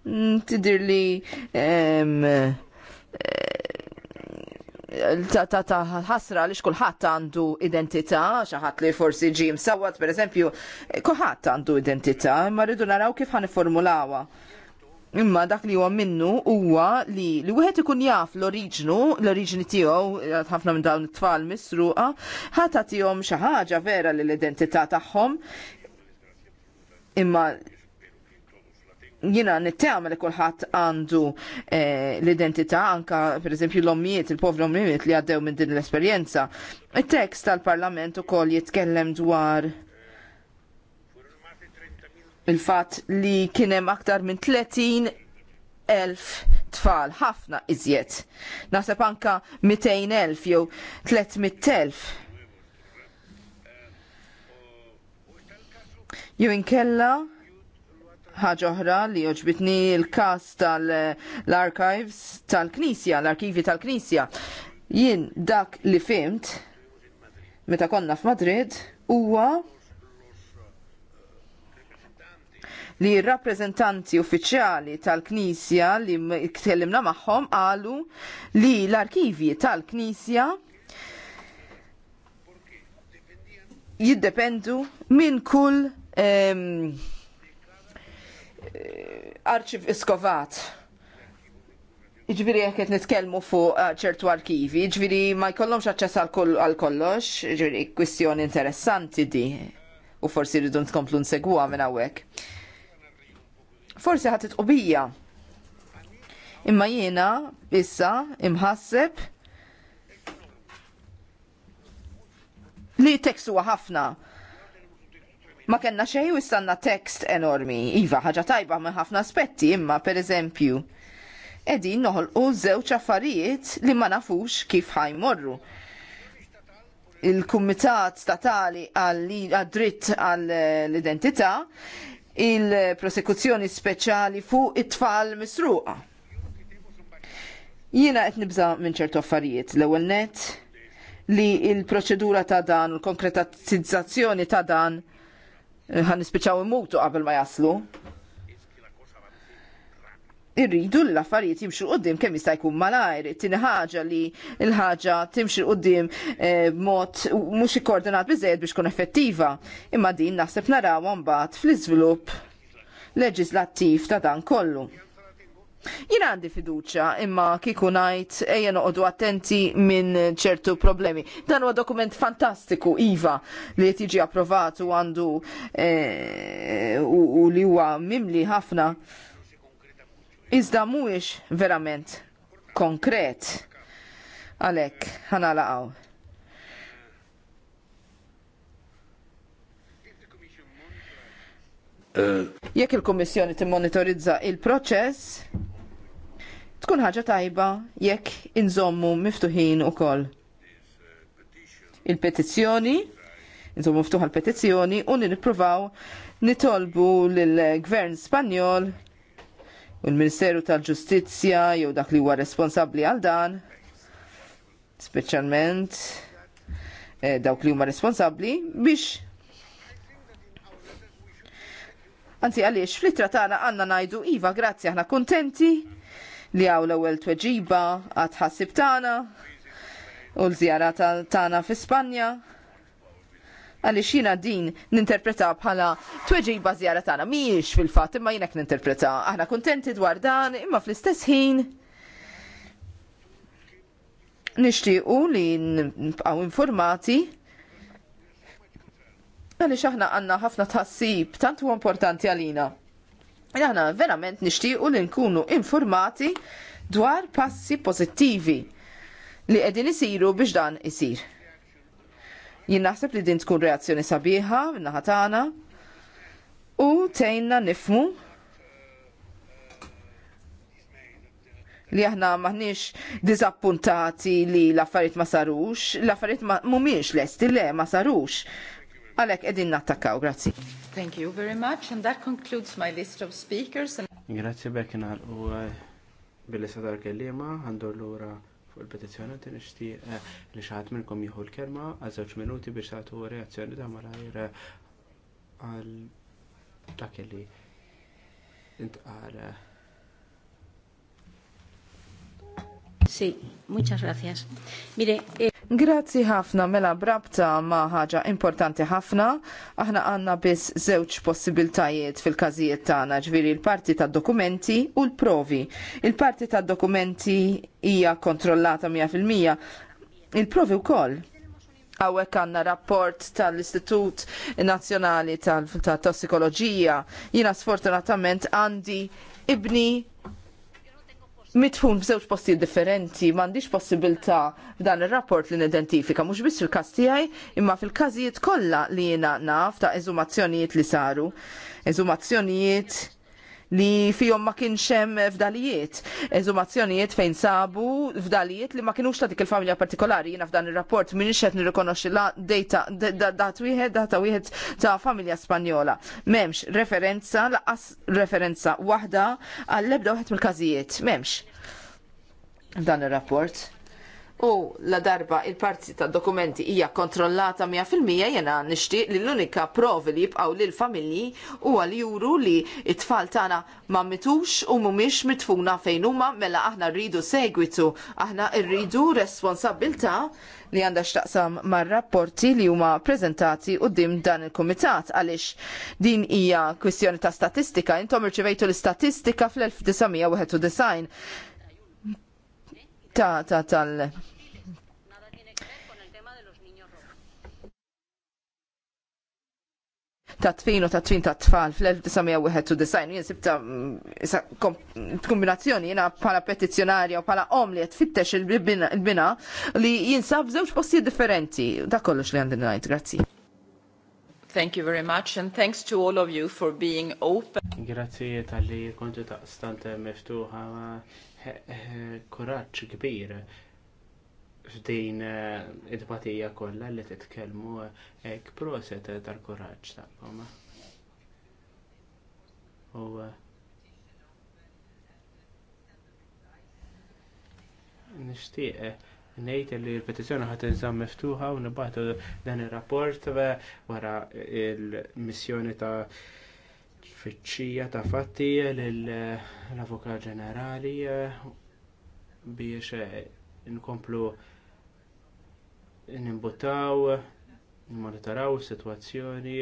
mm, tidir li ta' ta' ħasra li xkulħat għandu identità, xaħat li forsi ġim sawat per eżempju, kulħat għandu identità, ma rridu naraw kif ħan formulawa. Imma dak li huwa minnu huwa li li wieħed ikun jaf l-oriġnu, l-oriġni tiegħu ħafna minn dawn it-tfal misruqa, ħata tagħtihom xi ħaġa vera l-identità tagħhom. Imma jina nittamel li kullħat għandu eh, l-identità, anka per eżempju l-ommijiet, il-povri ommijiet li għaddew minn din l-esperienza. Il-tekst tal-parlament u koll jitkellem dwar il-fatt li kien hemm aktar minn 30 elf tfal, ħafna iżjed. Naħseb anka 200 elf jew 300 elf. Jew inkella ħaġa oħra li oġbitni l-kas tal-archives tal-Knisja, l-arkivi tal-Knisja. Jien dak li fimt meta konna f'Madrid huwa li rappreżentanti uffiċjali tal-Knisja li tkellimna magħhom qalu li l-arkivji tal-Knisja jiddependu minn kull arċiviskovat. Iġviri jek qed nitkellmu fuq eh, ċertu arkivi, iġviri ma jkollhomx aċċess għal kollox, iġviri kwistjoni interessanti di u forsi rridu nkomplu nsegwa minn hawnhekk forsi ħadd qobija Imma jiena issa imħasseb li tekst huwa ħafna. Ma kellna xejn u istanna tekst enormi. Iva ħaġa tajba minn ħafna aspetti, imma pereżempju edin noħolqu żewġ affarijiet li ma nafux kif ħajmorru. Il-Kumitat Statali għal-Dritt għall-Identità il-prosekuzzjoni speċjali fuq it-tfal misruqa. Jiena qed nibża minn ċertu affarijiet l-ewwel net li il-proċedura ta' dan, u l konkretizzazzjoni ta' dan eh, ħan nispiċaw imutu qabel ma jaslu irridu l-affarijiet jimxu qoddim kemm jista' jkun malajr. Tini ħaġa li l-ħaġa timxi qoddim eh, mod mhux ikkoordinat biżejjed biex tkun effettiva. Imma din naħseb naraw mbagħad fl-iżvilupp leġislattiv ta' dan kollu. Jien għandi fiduċa imma kiku najt ejja noqogħdu attenti minn ċertu problemi. Dan huwa dokument fantastiku, Iva, li qed jiġi approvat u għandu eh, u li huwa mimli ħafna iżda mhuwiex verament konkret. Għalhekk ħanalaqgħu. Eh. Jekk il-Kummissjoni timmonitorizza il-proċess, tkun ħaġa tajba jekk inżommu miftuħin ukoll. Il-petizzjoni, inżommu miftuħa l-petizzjoni u nippruvaw nitolbu lill-Gvern Spanjol u l-Ministeru tal-Ġustizzja jew dak li huwa responsabbli għal dan, speċjalment eh, dawk li huma responsabbli biex Anzi għaliex flittra tagħna għandna ngħidu iva grazzi aħna kuntenti li għaw l-ewwel tweġiba għad ħassib tagħna u l-żjara tagħna fi Spanja għaliex jiena din ninterpreta bħala tweġi żjara tagħna mhijiex fil-fatt imma jinek ninterpreta. Aħna kuntenti dwar dan imma fl-istess ħin nixtiequ li nbqgħu informati għaliex aħna għandna ħafna tħassib tant huwa importanti għalina. Aħna verament nixtiequ li nkunu informati dwar passi pożittivi li qegħdin isiru biex dan isir. Jien naħseb li din tkun reazzjoni sabiħa minnaħa tagħna u tgħinna nifmu li aħna maħniex dizappuntati li l-affarijiet ma sarux, l-affarijiet mhumiex lesti le ma sarux. Għalhekk qegħdin nattakaw, grazzi. Thank you very much and that concludes my list of speakers. Grazzi Bekinar u eh, billi sadar kellima għandur l-ura fuq il-petizzjoni ti nixtieq eh, li xaħat minnkom jieħu l-kelma għal żewġ minuti biex tagħtu reazzjoni ta' malajr eh, għal dak li intqal. Eh. Sí, muchas gracias. Mire, eh... Grazzi ħafna mela brabta ma ħaġa importanti ħafna. Aħna għanna biss żewġ possibiltajiet fil-każijiet tagħna, ġviri l-parti tad dokumenti u l-provi. Il-parti tad dokumenti hija kontrollata 100%. Il-provi wkoll. Għawek għanna rapport tal-Istitut Nazjonali tal tossikologija Jina sfortunatament għandi ibni mitfun f'żewġ postijiet differenti, m'għandix possibilità f'dan ir-rapport li nidentifika mhux biss fil-każ tiegħi, imma fil-każijiet kollha li jiena naf ta' eżumazzjonijiet li saru. Eżumazzjonijiet li fihom ma kienx hemm fdalijiet, eżumazzjonijiet fejn sabu fdalijiet li ma kienux ta' dik il-familja partikolari. Jiena f'dan ir-rapport minn qed nirrikonoxxi la data dat wieħed data wieħed ta' familja Spanjola. M'hemmx referenza laqas referenza waħda għall-ebda wieħed mill-każijiet. M'hemmx f'dan ir-rapport u la darba il-parti ta' dokumenti hija kontrollata 100% jena nixtieq li l-unika provi li jibqaw lil familji huwa li juru li t tfal tagħna ma mitux u mhumiex mitfuna fejn huma mela aħna rridu segwitu, aħna rridu responsabilta li għandha x'taqsam mar-rapporti li huma preżentati quddiem dan il-kumitat għaliex din hija kwistjoni ta' statistika intom irċivejtu l-istatistika fl-1991 ta' ta' tal- ta' tfin u ta' tfin ta' tfal fl-1991 jien sibta mm, kombinazzjoni jiena bħala petizjonarja u bħala om li jtfittex il-bina li jinsab żewġ posti differenti. Da' kollox li għandin ngħid, grazzi. Thank you very much and thanks to all of you for being open. Grazzi tal-li kontu ta' stante miftuħa kuraċ kbir f'din eh, id-batija kollha li titkellmu hekk eh, proset tal-kuraġġ tagħkom. U eh, nixtieq ngħid li l-petizzjoni ħadd inżamm miftuħa u nibagħtu dan ir-rapport wara il missjoni ta' tfittxija ta' fatti eh, l-Avukat Ġenerali eh, biex eh, nkomplu nimbutaw, monitoraw is-sitwazzjoni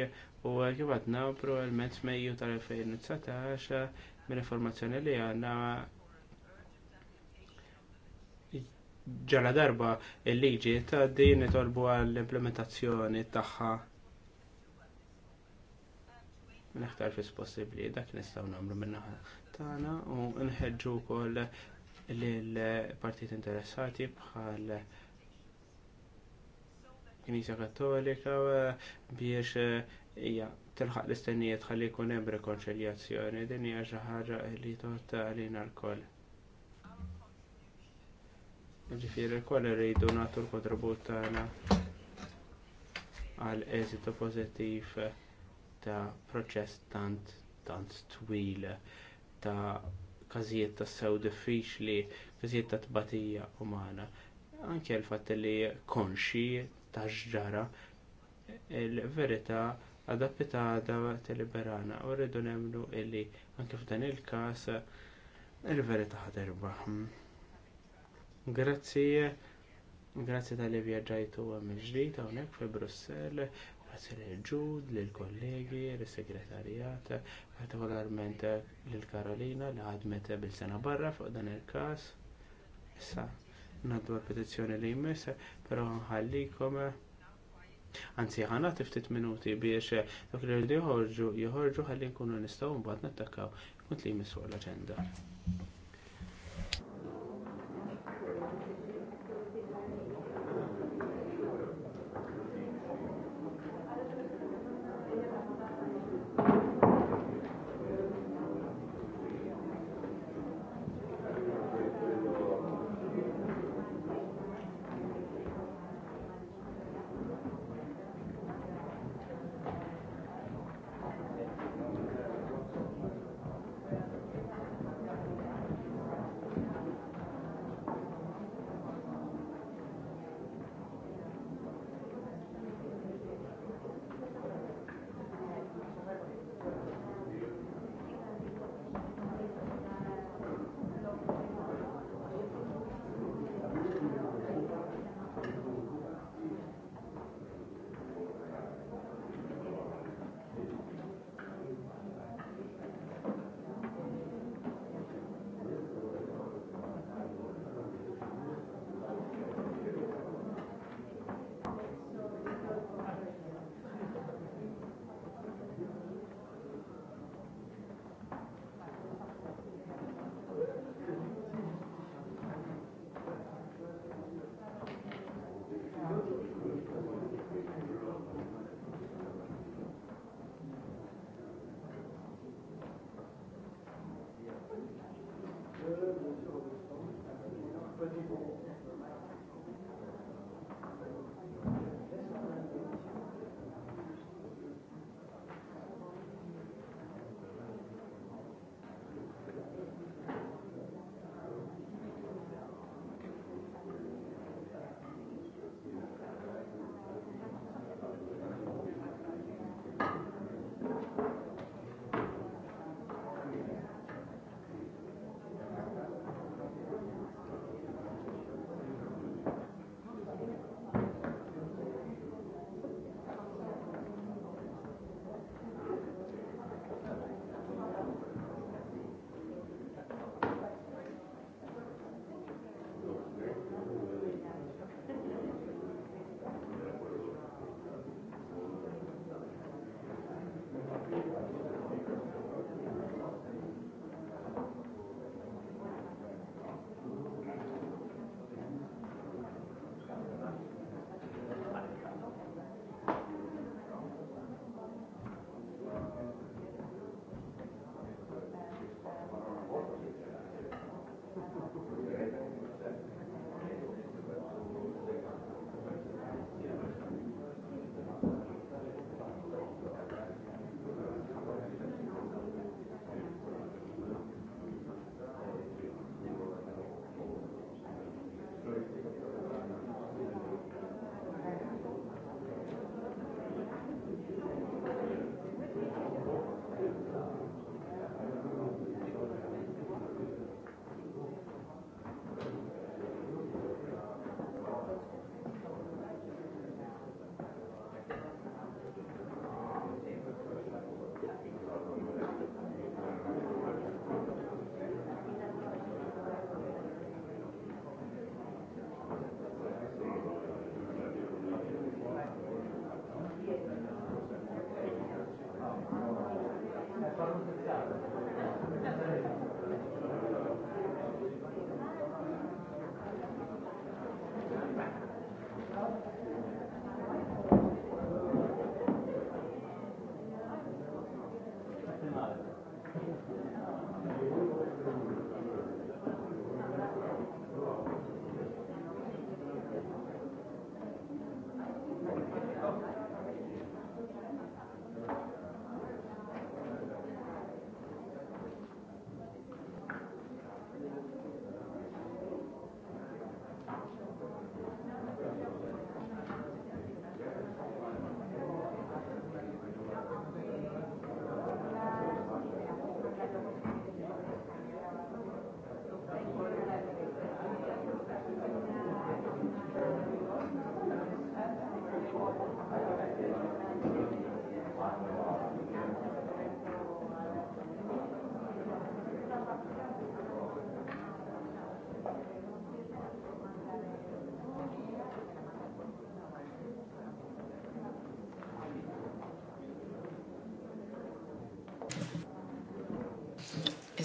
u kif għad nabru il-mezz Mejju tal-2019 mill-informazzjoni li għandna ġala darba il-liġi ta' din tolbu għall-implementazzjoni tagħha Naħtar fis possibbli dak nistgħu nagħmlu minnaħa Tana u nħeġġu wkoll lill-partit interessati bħal Knisja Kattolika eh, biex eh, hija tilħaq l-istennijiet ħalli jkun hemm rekonċiljazzjoni din hija xi ħaġa li tot għalina lkoll. Ġifieri lkoll irridu nagħtu l-kontribut tagħna għal eżitu pożittiv ta' proċess tant tant twil ta' każijiet ta' sew diffiċli, każijiet ta' tbatija umana. Anke l-fatt li konxi ta' ġara il-verità adappitata teliberana u rridu nemlu illi anke f'dan il-każ il-verità ħaderba. Grazzi, grazzi tal-li vjaġġajtu għamil hawnhekk fi Brussell għasir lil Ġud, kollegi, lis segretarjat partikolarment lil Karolina li ħadmet bil-sena barra fuq dan il-każ. Issa, naddu petizzjoni li jmiss, però nħallikom Anzi, ħana tiftit minuti biex dak li jħorġu, jħorġu ħalli nkunu nistgħu mbagħad nattakkaw. Kont li jmiss l-aġenda.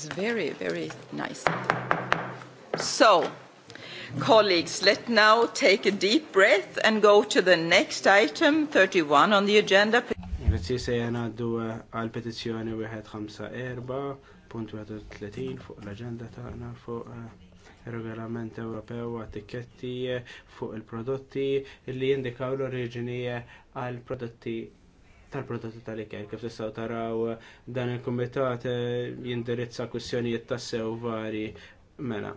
is very, very nice. So, colleagues, let now take a deep breath and go to the next item, 31 on the agenda. Grazzi se jena għaddu għal petizjoni 154.31 fuq l-agenda tagħna fuq eh, regolament Ewropew għat-tikketti eh, fuq il-prodotti li jindikaw l-oriġini eh, għal prodotti tal-prodotti tal-ikel. Kif tistaw taraw dan il-komitat eh, jindirizza kwistjonijiet tassew vari mela.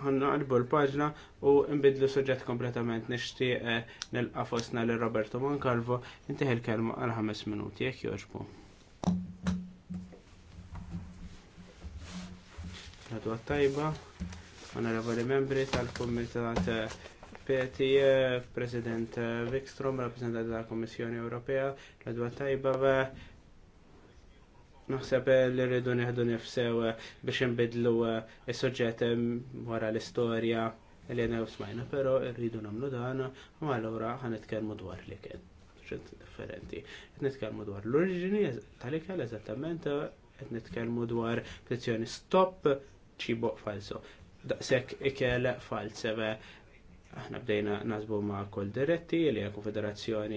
Għanna għalbu l-paġna u nbidlu suġġett kompletament nixtieq eh, nilqa qafosna lil Roberto Moncalvo intiħi l-kelma għal ħames minuti, jek joġbu. Għadu għattajba, għanna l membri tal-komitat eh, nirrepeti eh, President Wikstrom, rappresentant della Commissione Europea, l-għadwa tajba naħseb eh, li rridu neħdu nifsew eh, biex nbidlu is-soġġett wara l-istorja li għedna smajna, pero rridu namlu dan, u għallura ħanetkelmu dwar li kien differenti. Nitkellmu dwar l origini tal-ikel eżattament, qed nitkellmu dwar petizzjoni stop ċibo falso daqsek ikel falseve Aħna bdejna nazbu ma' kol diretti li għal Konfederazzjoni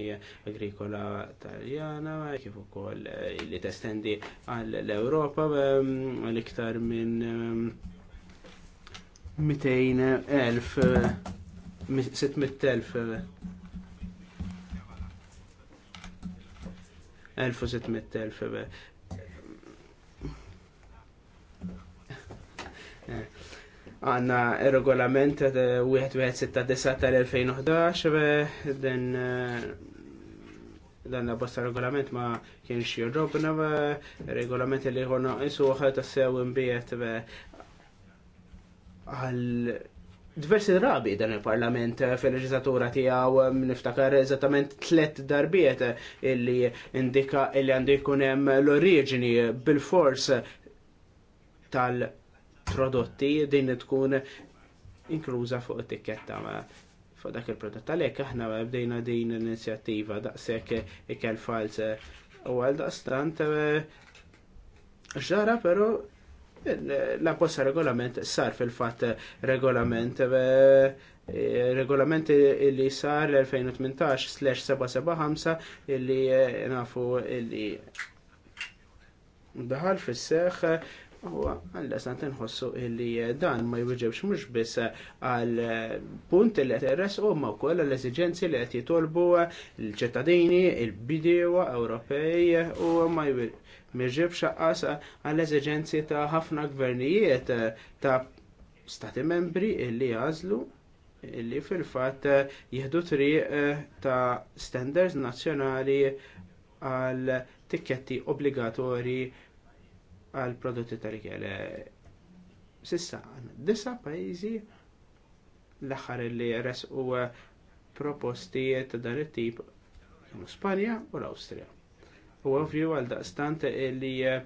Agrikola Taljana, kif ukoll eh, li testendi għall-Europa ehm, l-iktar minn 200.000 600.000 1600.000 għanna regolament 1169 eh, tal-2011 den eh, eh, dan la bosta regolament ma kienx jirrobna regolament li jħorna isu għu ta' sew imbiet għal diversi drabi dan il-parlament fil-leġislatura tijaw niftakar eżattament tlet darbiet illi indika illi għandu jkunem l origini bil-fors tal- prodotti din tkun inkluża fuq it-tikketta fuq dak il-prodott. Għalhekk aħna bdejna din l-inizjattiva daqshekk ikel fals u għal daqstant eh, ġara però l-apposta regolament sar fil-fatt regolament eh, regolament li sar l-2018-775 illi eh, nafu illi daħal fis-seħħ U għalla sant nħossu illi dan ma jwġibx mux biss għal punt li għet res u ma koll l-esigenzi li għet jitolbu l-ċittadini, il-bidewa Ewropej u ma jwġibx għas għal esigenzi ta' ħafna gvernijiet ta' stati membri illi għazlu illi fil-fat jihdu triq eh, ta' standards nazjonali għal tikketti obbligatori għal prodotti ta' rikele Sissa, disa pajizi l-axar li resqu eh, propostijiet ta' dan it-tip Spanja u l-Awstrija. U għavju għal daqstant li eh,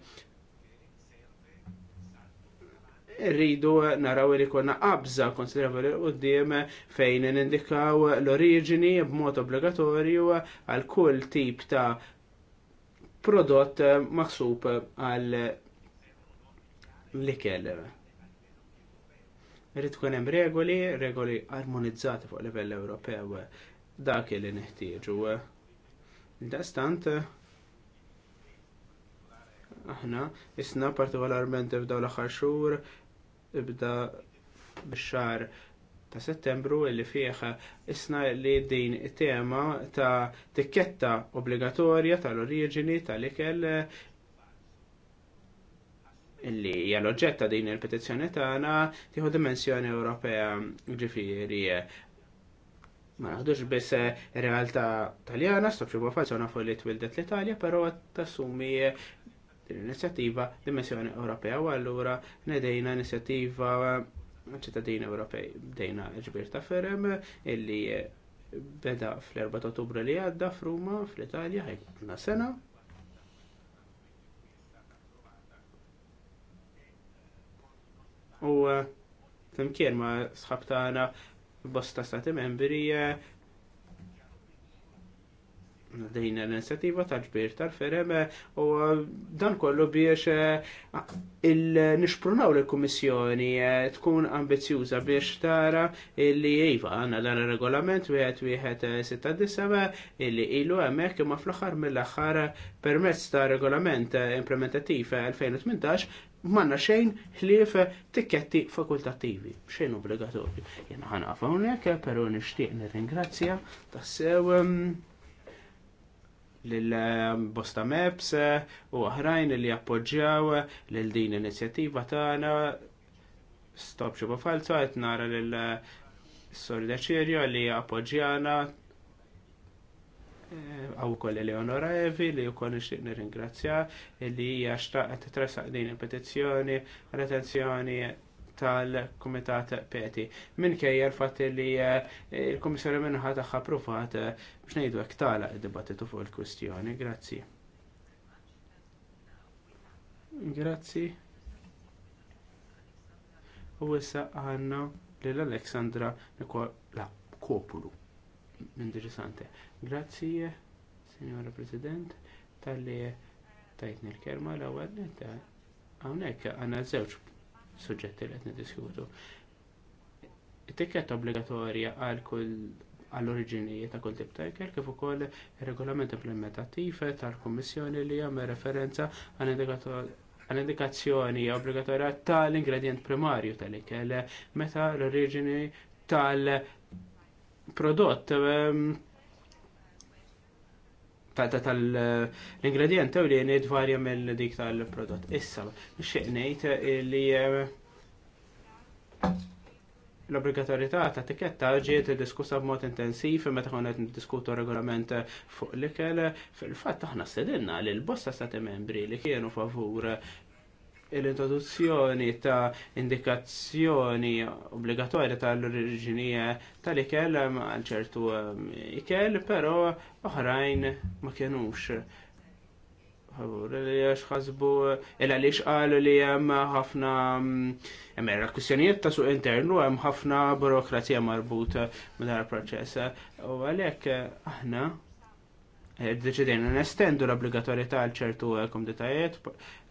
rridu naraw li konna u d qudiem fejn nindikaw l b b'mod obbligatorju għal kull tip ta' prodott eh, maħsub għal l-ikel. Irrid tkun hemm regoli, regoli armonizzati fuq livell Ewropew dak li neħtieġu. Dastant aħna isna partikolarment fdaw l-aħħar xhur ibda bix-xahar ta' settembru illi fih isna li din tema ta' tikketta obbligatorja tal-oriġini tal-ikel illi hija l-oġġetta din il-petizzjoni tagħna tieħu dimensjoni Ewropea ġifieri ma naħdux biss realtà taljana, bofa bafazona fuq li twildet l-Italja, però tassumi din l-inizjattiva dimensjoni Ewropea u allura nedejna inizjattiva ċittadini Ewropej bdejna ġbir ta' ferem illi beda fl-4 ottubru li għadda f'Ruma fl-Italja ħajkuna sena U eh, fimkien ma sħab tagħna bosta stati membri eh, dejna l-inizjattiva tal-ġbir tal-ferem eh, u dan kollu biex il-nixprunaw l-Kommissjoni tkun ambizjuża biex tara illi jiva għanna dan il-regolament wieħed wieħed sitta illi ilu hemmhekk imma fl-aħħar mill-aħħar permezz ta' regolament implementativ 2018 manna xejn ħlief tikketti fakultattivi, xejn obbligatorju. Jena ħana hawnhekk, però nixtieq nirringrazzja tassew ehm, l ehm, bosta Maps eh, u oħrajn li appoġġjaw lil din l-inizjattiva tagħna Stop Xuba Falza qed nara lil eh, Sorda li appoġġjana Eh, għaw koll Eleonora Evi li u koll nixtieq nirringrazzja li hija t trasaq din il-petizzjoni għal attenzjoni tal-Kumitat Peti. Minkejja kej fatt li eh, il-Kummissjoni minnħa tagħha provat eh, biex nejdu hekk id-dibattitu fuq il kustjoni Grazzi. Grazzi. U issa għanna l Aleksandra Nikola Kopulu interessante. Grazzi, Signora President, tal-li tajtni l-kelma l-ewwel netta hawnhekk għandna żewġ suġġetti li qed niddiskutu. It-tikketta obbligatorja għal kull għall-oriġinijiet ta' kull tip ta' ikel kif ukoll ir-regolament implementattiv tal-Kummissjoni li jagħmel referenza għal indikazzjoni obbligatorja tal-ingredient primarju tal-ikel meta l-oriġini tal- prodott ehm, fatta tal-ingredient u li jenid varja mill dik tal-prodott. Issa, xeqnejt li ehm, l-obbligatorietà ta' tiketta ġiet diskussa b'mod intensiv meta konna qed niddiskutu regolament fuq l-ikel. Fil-fatt aħna sedinna li l-bosta stati membri li kienu favur l-introduzzjoni ta' indikazzjoni obbligatorja tal-oriġini tal-ikel għal ċertu um, ikel, pero oħrajn ma kienux. Li għax ħasbu, illa li xqalu li jem ħafna, jem um, kussjonijiet ta' suq internu, jem ħafna burokrazija marbuta ma' dar proċess. U għalek, aħna, Eh, deċidejna nestendu l-obbligatorietà għal ċertu eh, komditajiet,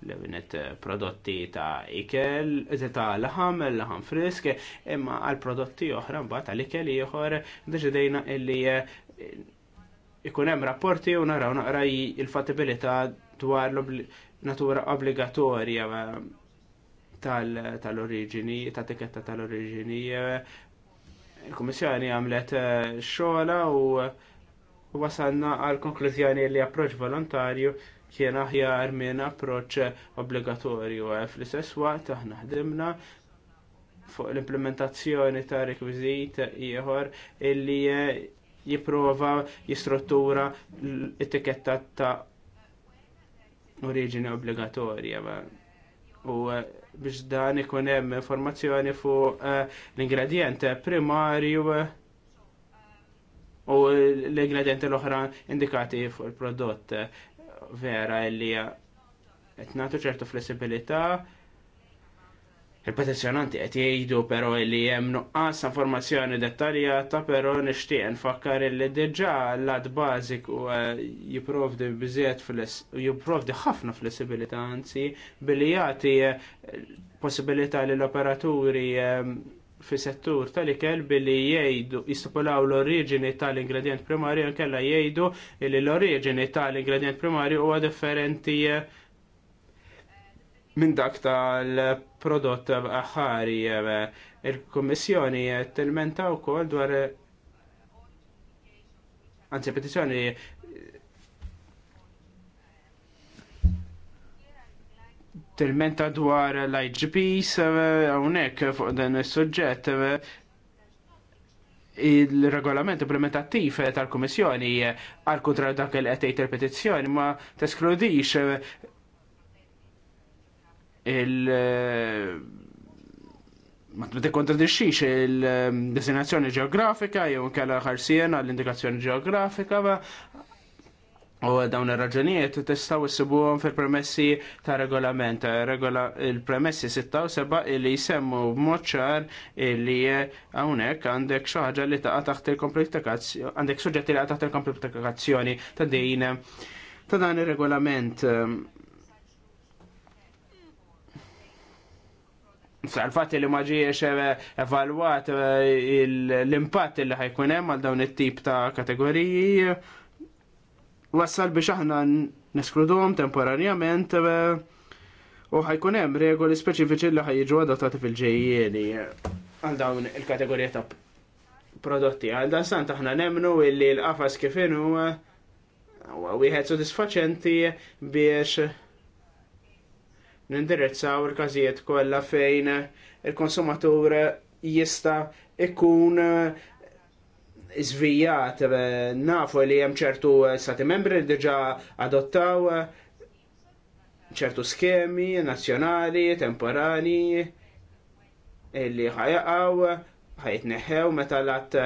li binet eh, prodotti ta' ikel, ta' laħam, laħam frisk, imma għal prodotti oħra mbagħad għal ikel ieħor deċidejna illi ikun hemm rapporti u naraw naqraj il-fattibilità dwar natura obbligatorja tal-oriġini, ta' tiketta tal-oriġini. Il-Kummissjoni għamlet xola u wasalna għal konklużjoni li approċ volontarju kien aħjar minn approċ obbligatorju. Fl-istess waqt aħna ħdimna fuq l-implementazzjoni ta' rekwiżit ieħor illi jipprova jistruttura l-etiketta ta' oriġini obbligatorja. U biex dan ikun hemm informazzjoni fuq eh, l-ingredjent primarju u l-ingredienti l-oħra indikati fuq il-prodott vera li qed nagħtu ċertu flessibilità Il-petizjonanti qed jgħidu però li hemm nuqqas informazzjoni dettaljata però nixtieq nfakkar li diġà l-għad bażiku eh, jipprovdi biżiet jipprovdi ħafna flessibilità anzi billi jagħti eh, possibilità li l-operaturi eh, fi settur tal-ikel billi jgħidu jistipulaw l-oriġini tal-ingredient primarju kella jgħidu li l-oriġini tal-ingredient primarju huwa differenti eh, minn dak tal-prodott aħari. Eh, Il-Kummissjoni tilmenta wkoll dwar eh, anzi petizjoni tilmenta dwar l-IGPs eh, hawnhekk fuq dan il-sujġet eh, il-regolament implementattiv tal-Kummissjoni għal eh, kontra dak il qed il-petizzjoni ma teskludix il- ma tikkontradixxix il-destinazzjoni ġeografika jew kella ħarsien għall-indikazzjoni ġeografika U dawn ir-raġunijiet tistgħu issibuhom fil-premessi ta' regolament. Regola il-premessi 6 u 7 li jsemmu b'mod ċar li hawnhekk għandek xi ħaġa li taqa' taħt il-komplikazzjoni għandek suġġetti li taħt il-komplikazzjoni ta' din ta' dan ir-regolament. sal li ma ġiex evalwat l-impatt li ħajkun hemm għal dawn it-tip ta' kategoriji wassal biex aħna neskludhom temporanjament eh, u ħajkun hemm regoli speċifiċi li ħajġu adottati fil-ġejjieni għal dawn il-kategorija ta' prodotti. Għal dan sant aħna nemnu illi l-qafas kif inhu eh, wieħed sodisfaċenti biex nindirizzaw il-każijiet kollha fejn il-konsumatur jista' ikun eh, Zvijat eh, nafu li hemm ċertu eh, stati membri li diġà adottaw eh, ċertu skemi nazzjonali, temporani li ħajaqgħu ħajtneħħew meta l-att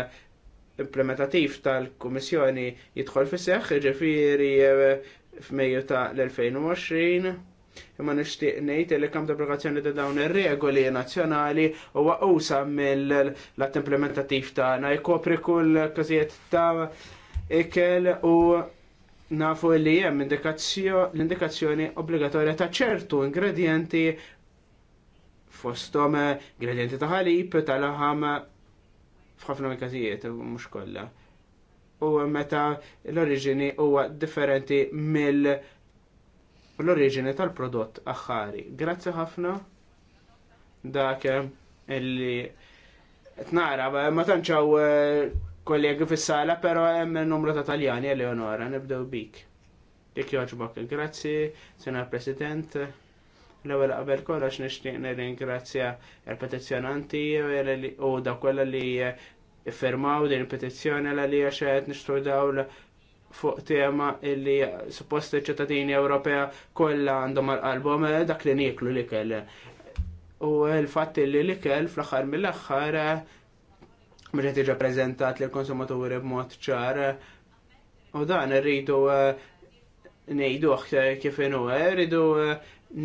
implementativ tal-Kummissjoni jidħol fis seħħ ġifieri f'Mejju ta' l-2020 Imma nixtieq ngħid li d derogazzjoni ta' dawn ir-regoli nazzjonali u waqusa mill-att ta' tagħna jkopri kull każijiet ta' ikel u nafu li hemm l-indikazzjoni obbligatorja ta' ċertu ingredienti fostom eh, ingredienti ta' ħalib, ta' laħam f'ħafna każijiet mhux kollha. U meta l-oriġini huwa differenti mill- u l-oriġini tal-prodott aħħari. Grazzi ħafna dak eh, illi tnara, ma tanċaw eh, kollegi fis-sala, però hemm numru ta' Taljani Eleonora, nibdew bik. Dik joġbok, grazzi, Sena President. L-ewwel qabel kollox nixtieq nirringrazzja l-petizzjonanti u da kollha li iffirmaw din il-petizzjoni l għalija xeħet nishtu dawl fuq tema illi suppost ċittadini Ewropea kollha għandhom għal-qalbhom eh, dak li nieklu l-ikel. U l-fatt illi l-ikel fl-aħħar mill-aħħar eh, mhux iġa preżentat lil konsumaturi b'mod ċar. Eh, u dan irridu ngħiduh kif inhu, rridu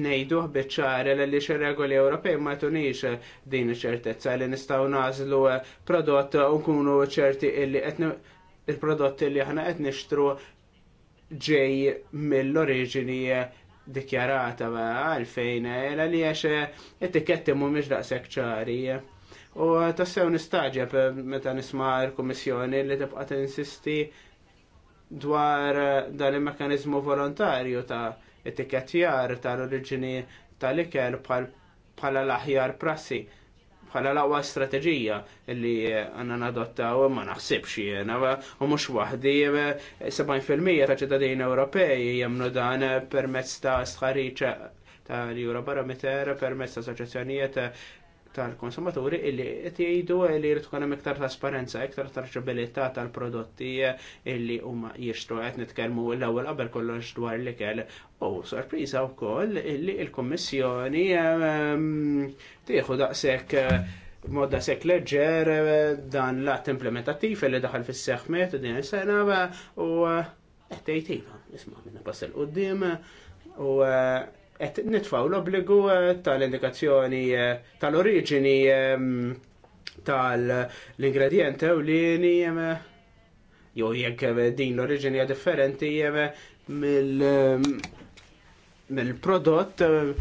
nejduħ bieċar li regoli Ewropej ma tunix din ċertezza li nistaw nażlu prodott u nkunu ċerti illi il-prodotti li aħna qed nixtru ġej mill-oriġini dikjarata għalfejn, għela li għax etiketti mhumiex daqshekk ċari. U tassew nistaġeb meta nisma' l-Kummissjoni li tibqa' tinsisti dwar dan il-mekanizmu volontarju ta' etikettjar tal-oriġini tal-ikel bħala l-aħjar prassi bħala laqwa strateġija li għanna nadotta u ma naħsibx jena u mux wahdi 70% ta' ċittadini Ewropej jemnu dan permezz ta' sħariċa ta' l-Euro Barometer permezz ta' soċazzjonijiet tal-konsumaturi illi qed jgħidu li jrid tkun hemm iktar trasparenza, iktar traċabilità tal-prodotti illi huma jixtru qed nitkellmu l-ewwel qabel kollox dwar l-ikel. U sorpriża wkoll illi l-Kummissjoni ehm, tieħu daqshekk eh, modda sekk leġer eh, dan l-att implementattiv illi daħal fis-seħħ u din is-sena eh, u qed tgħid isma' minna passel qudiem u et nitfaw l-obligu eh, tal-indikazzjoni eh, tal-oriġini ehm, tal-ingredient nijem jew jekk eh, din l-oriġini differenti differenti ehm, mill-prodott ehm,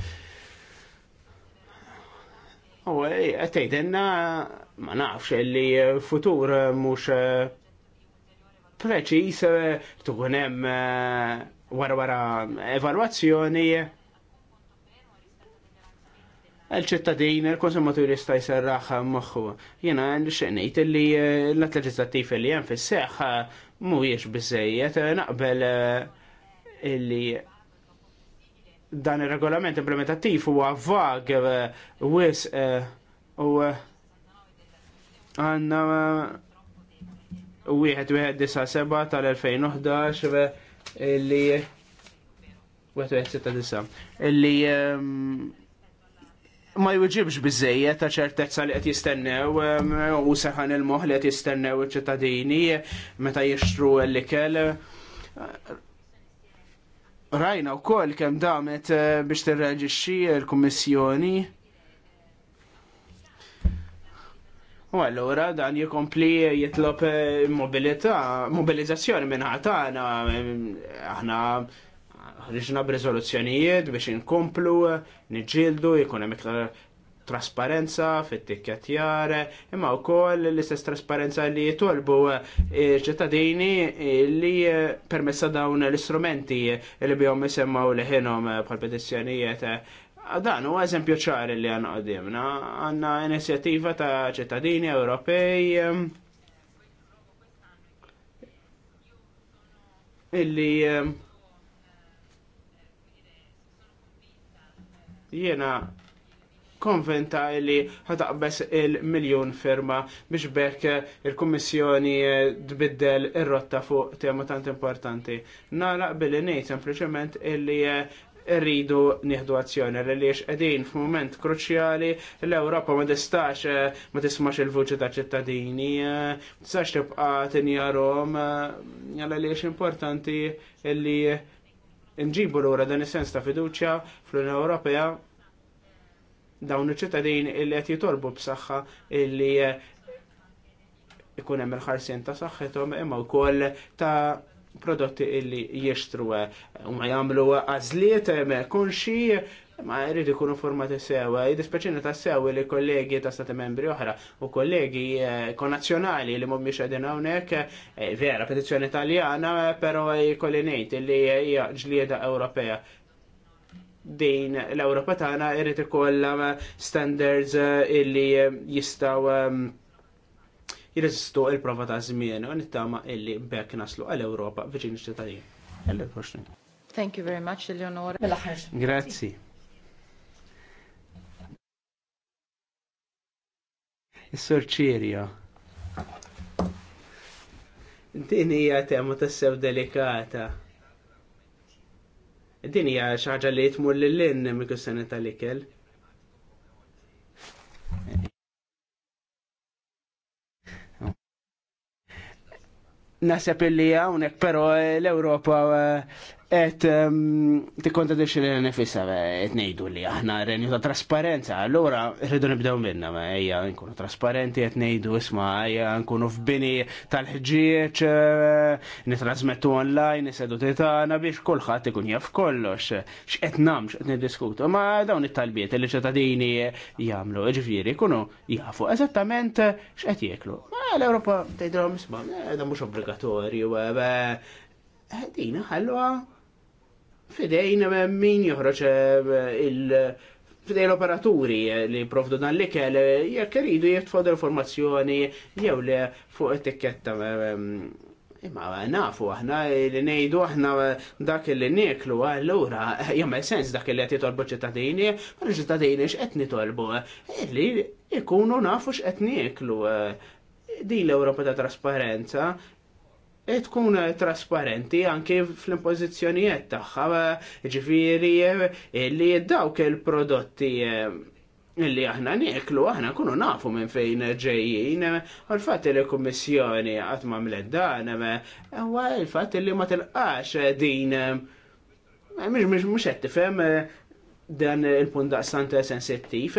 U għetejdenna ma nafx li futur mux preċis tukunem hemm wara wara evalwazzjoni għal-ċittadin, il konsumatur jistaj jserraħ moħħu. Jena xenejt li eh, l-att leġislattiv li hemm seħħa eh, mu jiex bizzejiet, eh, naqbel illi dan il regolament implementativ u għavag wis u għandna u wieħed disa seba' tal-2011 illi wieħed wieħed sitta disa illi ehm, ma jwġibx bizzejiet ta' ċertezza li qed jistennew u seħan il-moħ li qed jistennew iċ-ċittadini meta jixtru l-ikel. Rajna wkoll kemm damet eh, biex tirreġixxi l-Kummissjoni. U allura dan jikompli jitlob eh, mobilità, mobilizzazzjoni minn ħatana, aħna ħriġna b'riżoluzzjonijiet biex inkomplu, niġġieldu, jkun hemm iktar trasparenza fit-tikketjar, imma wkoll l-istess trasparenza li jitolbu ċittadini li permessa dawn l-istrumenti li bihom li liħinhom bħal petizzjonijiet Dan huwa eżempju ċar li għan qodimna. Għanna inizjattiva ta' ċittadini Ewropej illi Jiena konventa li ħataqbes il-miljon firma biex bekk il-Kommissjoni tbiddel ir-rotta fuq tema tant importanti. Nara billi ngħid sempliċement illi rridu nieħdu azzjoni liex qegħdin f'mument kruċjali l-Ewropa ma tistax ma tismax il-vuċi ta' ċittadini, tistax tibqa' tinjarhom għaliex importanti illi nġibu l-ura dan is-sens ta' fiduċja fl-Unjoni Ewropea dawn iċ-ċittadin illi qed jitolbu b'saħħa illi eh, ikun hemm il-ħarsien ta' saħħithom imma wkoll ta' prodotti illi jixtru eh, u ma jagħmlu għażliet eh, konxi Ma jrid ikun informati sewa, jidispeċina ta' sewa li kollegi ta' stati membri oħra u kollegi konazzjonali eh, li mhumiex qegħdin hawnhekk, eh, vera petizzjoni Taljana, però jkolli ngħid li hija ġlieda Ewropea. Din l-Ewropa tagħna jrid ikollha eh, standards illi jistgħu ehm, jirreżistu l prova ta' żmien u nittama illi bekk naslu għall-Ewropa viċin ċittadin. Thank you very much, Eleonora. Mela Grazzi. Is-sorċirja. Din hija tema tassew delikata. Din hija xi ħaġa li tmur lil-lin mikus-sena tal-ikel. Nasab li hawnhekk però l-Ewropa Et ehm, konta dirxi li nifissa, et nejdu li aħna renju ta' trasparenza, allora rridu nibdew minna, ma ejja nkunu trasparenti, et nejdu isma, eja nkunu f'bini tal-ħġieċ, eh, nitrasmettu online, nisedu titana biex kullħat ikun jaf kollox, x'qed nam, et niddiskutu, ma dawn it-talbiet li ċetadini jagħmlu, ġifiri, jkunu jafu eżattament x'qed jeklu. Ma l-Ewropa tgħidilhom isma' eh, da mhux obbligatorju, eh, Dina ħalluha fidejn eh, min joħroġ eh, il- fidej l-operaturi li provdu dan li kell, eh, jekk iridu jitfod informazzjoni jew le fuq etiketta. Imma nafu aħna li nejdu aħna dak li neklu allura jagħmel sens dak li qed jitolbu ċittadini, għal ċittadini x'qed nitolbu li ikunu nafu x'qed nieklu. Din l europa ta' trasparenza e tkun trasparenti anke fl-impożizzjonijiet tagħha, e ġifieri e li dawk il-prodotti illi e, aħna nieklu, aħna kunu nafu minn fejn ġejjin, u l-fatt li kummissjoni qatt m'għamlet dan, huwa l-fatt li ma tilqax din mhux mhux qed tifhem dan il-punt daqsant sensittiv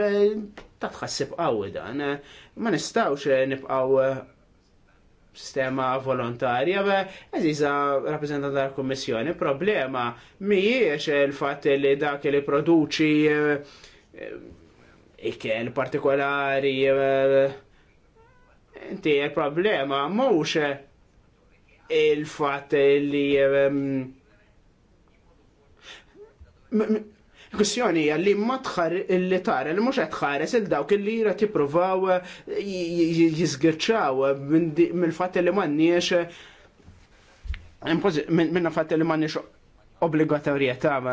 ta' tħassib qawwi dan. Ma nistgħux nibqgħu sistema volontarja, be, eżiza rappresentanta tal kommissjoni problema mi, miex il-fat li dak li produċi eh, ikel partikolari, eh, inti il-problema mux il-fat li eh, mm, Kwissjoni hija li ma tħar li tara li mhux qed tħares il dawk li jra tippruvaw eh, jiżgirċaw eh, mill-fatt li m'għandniex eh, minna fatt li m'għandniex obbligatorjetà u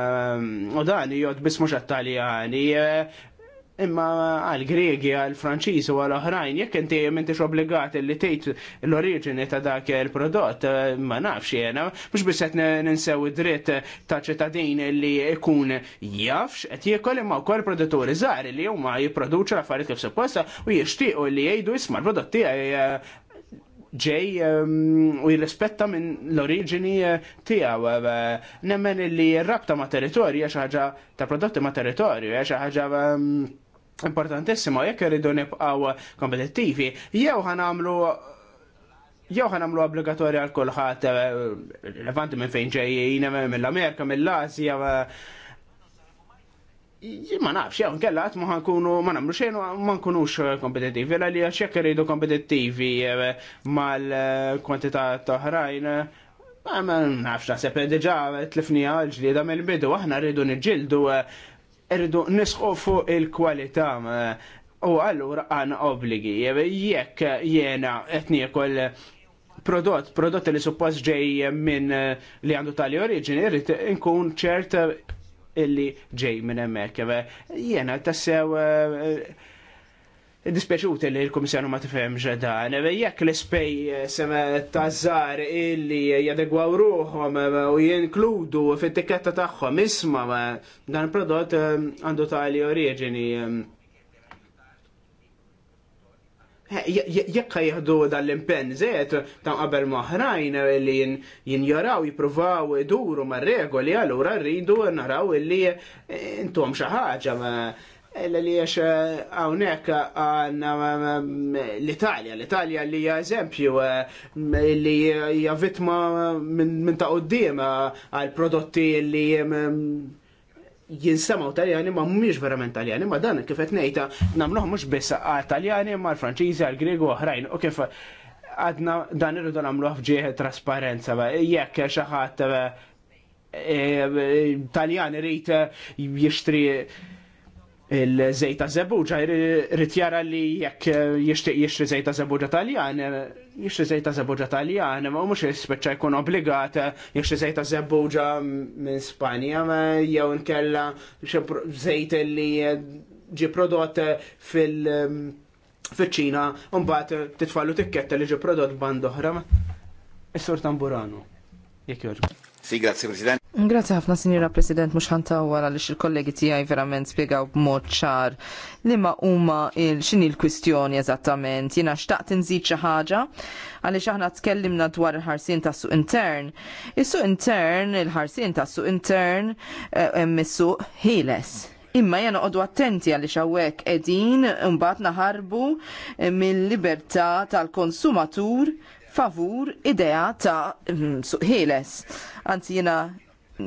dan jgħod biss mhux għat Imma għal Gregi, għal Franċiż u għal oħrajn, jekk inti m'intix obbligat li tgħid l-oriġini ta' dak il-prodott, ma nafx jiena, mhux biss qed ninsew id-dritt ta' ċittadin li jkun jafx qed jiekol imma wkoll produtturi żgħar li huma jipproduċu l-affarijiet kif supposta u jixtiequ li jgħidu isma' l-prodott tiegħi ġej ehm, u jirrispetta minn l-oriġini eh, tijaw. Eh, eh, nemmen li r-rabta ma' territorju hija xi ħaġa ta' prodotti ma' territorju, hija xi ħaġa ehm, importantissima jekk irridu nibqgħu kompetittivi, jew ħanamlu jew ħanamlu obbligatorja għal kulħadd levanti minn fejn ġejjin, mill-Amerika, mill-Asja, Jien ma nafx, jew nkella ma nkunu ma nagħmlu xejn ma nkunux eh, kompetittivi la li għax jekk irridu kompetittivi eh, mal-kwantità ta' oħrajn. Eh, ma nafx naħseb diġà tlifnija l-ġlieda mill-bidu aħna rridu nġildu, rridu nisħu fuq il-kwalità u allura għan obligi jekk jena qed kol prodott, prodott li suppost ġej minn li għandu tali oriġini, rrit nkun ċert illi ġej minn emmek. Jena, tassew eh, eh, Dispjaċuti li l-Komissjonu ma tifem ġedan, jekk l-ispej eh, sema tazzar illi jadegwaw ruħom u jinkludu fit-tiketta tagħhom isma' dan prodott għandu tali oriġini Eh, jekka jihdu dal-impenn zet ta' qabel maħrajn eh, li jinjaraw jipruvaw iduru ma' regoli, allura rridu naraw illi eh, intom xaħġa illa li għax għawnek għanna l-Italja, l-Italja li hija eżempju li hija vittma minn ta' għoddim għal prodotti li jinsemaw taljani ma mhumiex verament taljani, ma dan kif qed ngħidha nagħmluh mhux biss għal-Taljani ma l-Franċiżi għal-Griegu oħrajn u kif għadna dan irridu nagħmluh f'ġieħ trasparenza jekk xi ħadd e, e, Taljan irid e, jixtri il-żejta zebuġa, rrit jara li jekk jixtieq jixtri Zejta zebuġa Taljan jiex zejt ta' zebbuġa taljan, ma' mux jispeċa jkun obbligata jiex zejt ta' zebbuġa minn Spanja, jew nkella zejt li ġi prodott fil- mm, fil-ċina, un-bat titfallu tikketta li ġi prodott band oħra. Is-sur Tamburano. Jek jorġu. Si, grazie, President. Grazie ħafna, Sinjora President, mux ħantaw għara li xil-kollegi tijaj verament spiegaw b'mod ċar li ma huma xini l-kwistjoni eżattament. Jena xtaqt nżid xi ħaġa għaliex aħna tkellimna dwar il-ħarsien tas suq intern. Is-suq intern, il-ħarsien tas suq intern, eh, hemm is-suq ħieles. Imma jena għodu attenti għalli xawek edin mbagħad naħarbu mill-libertà tal-konsumatur favur idea ta' mm, suq ħieles. Anzi jena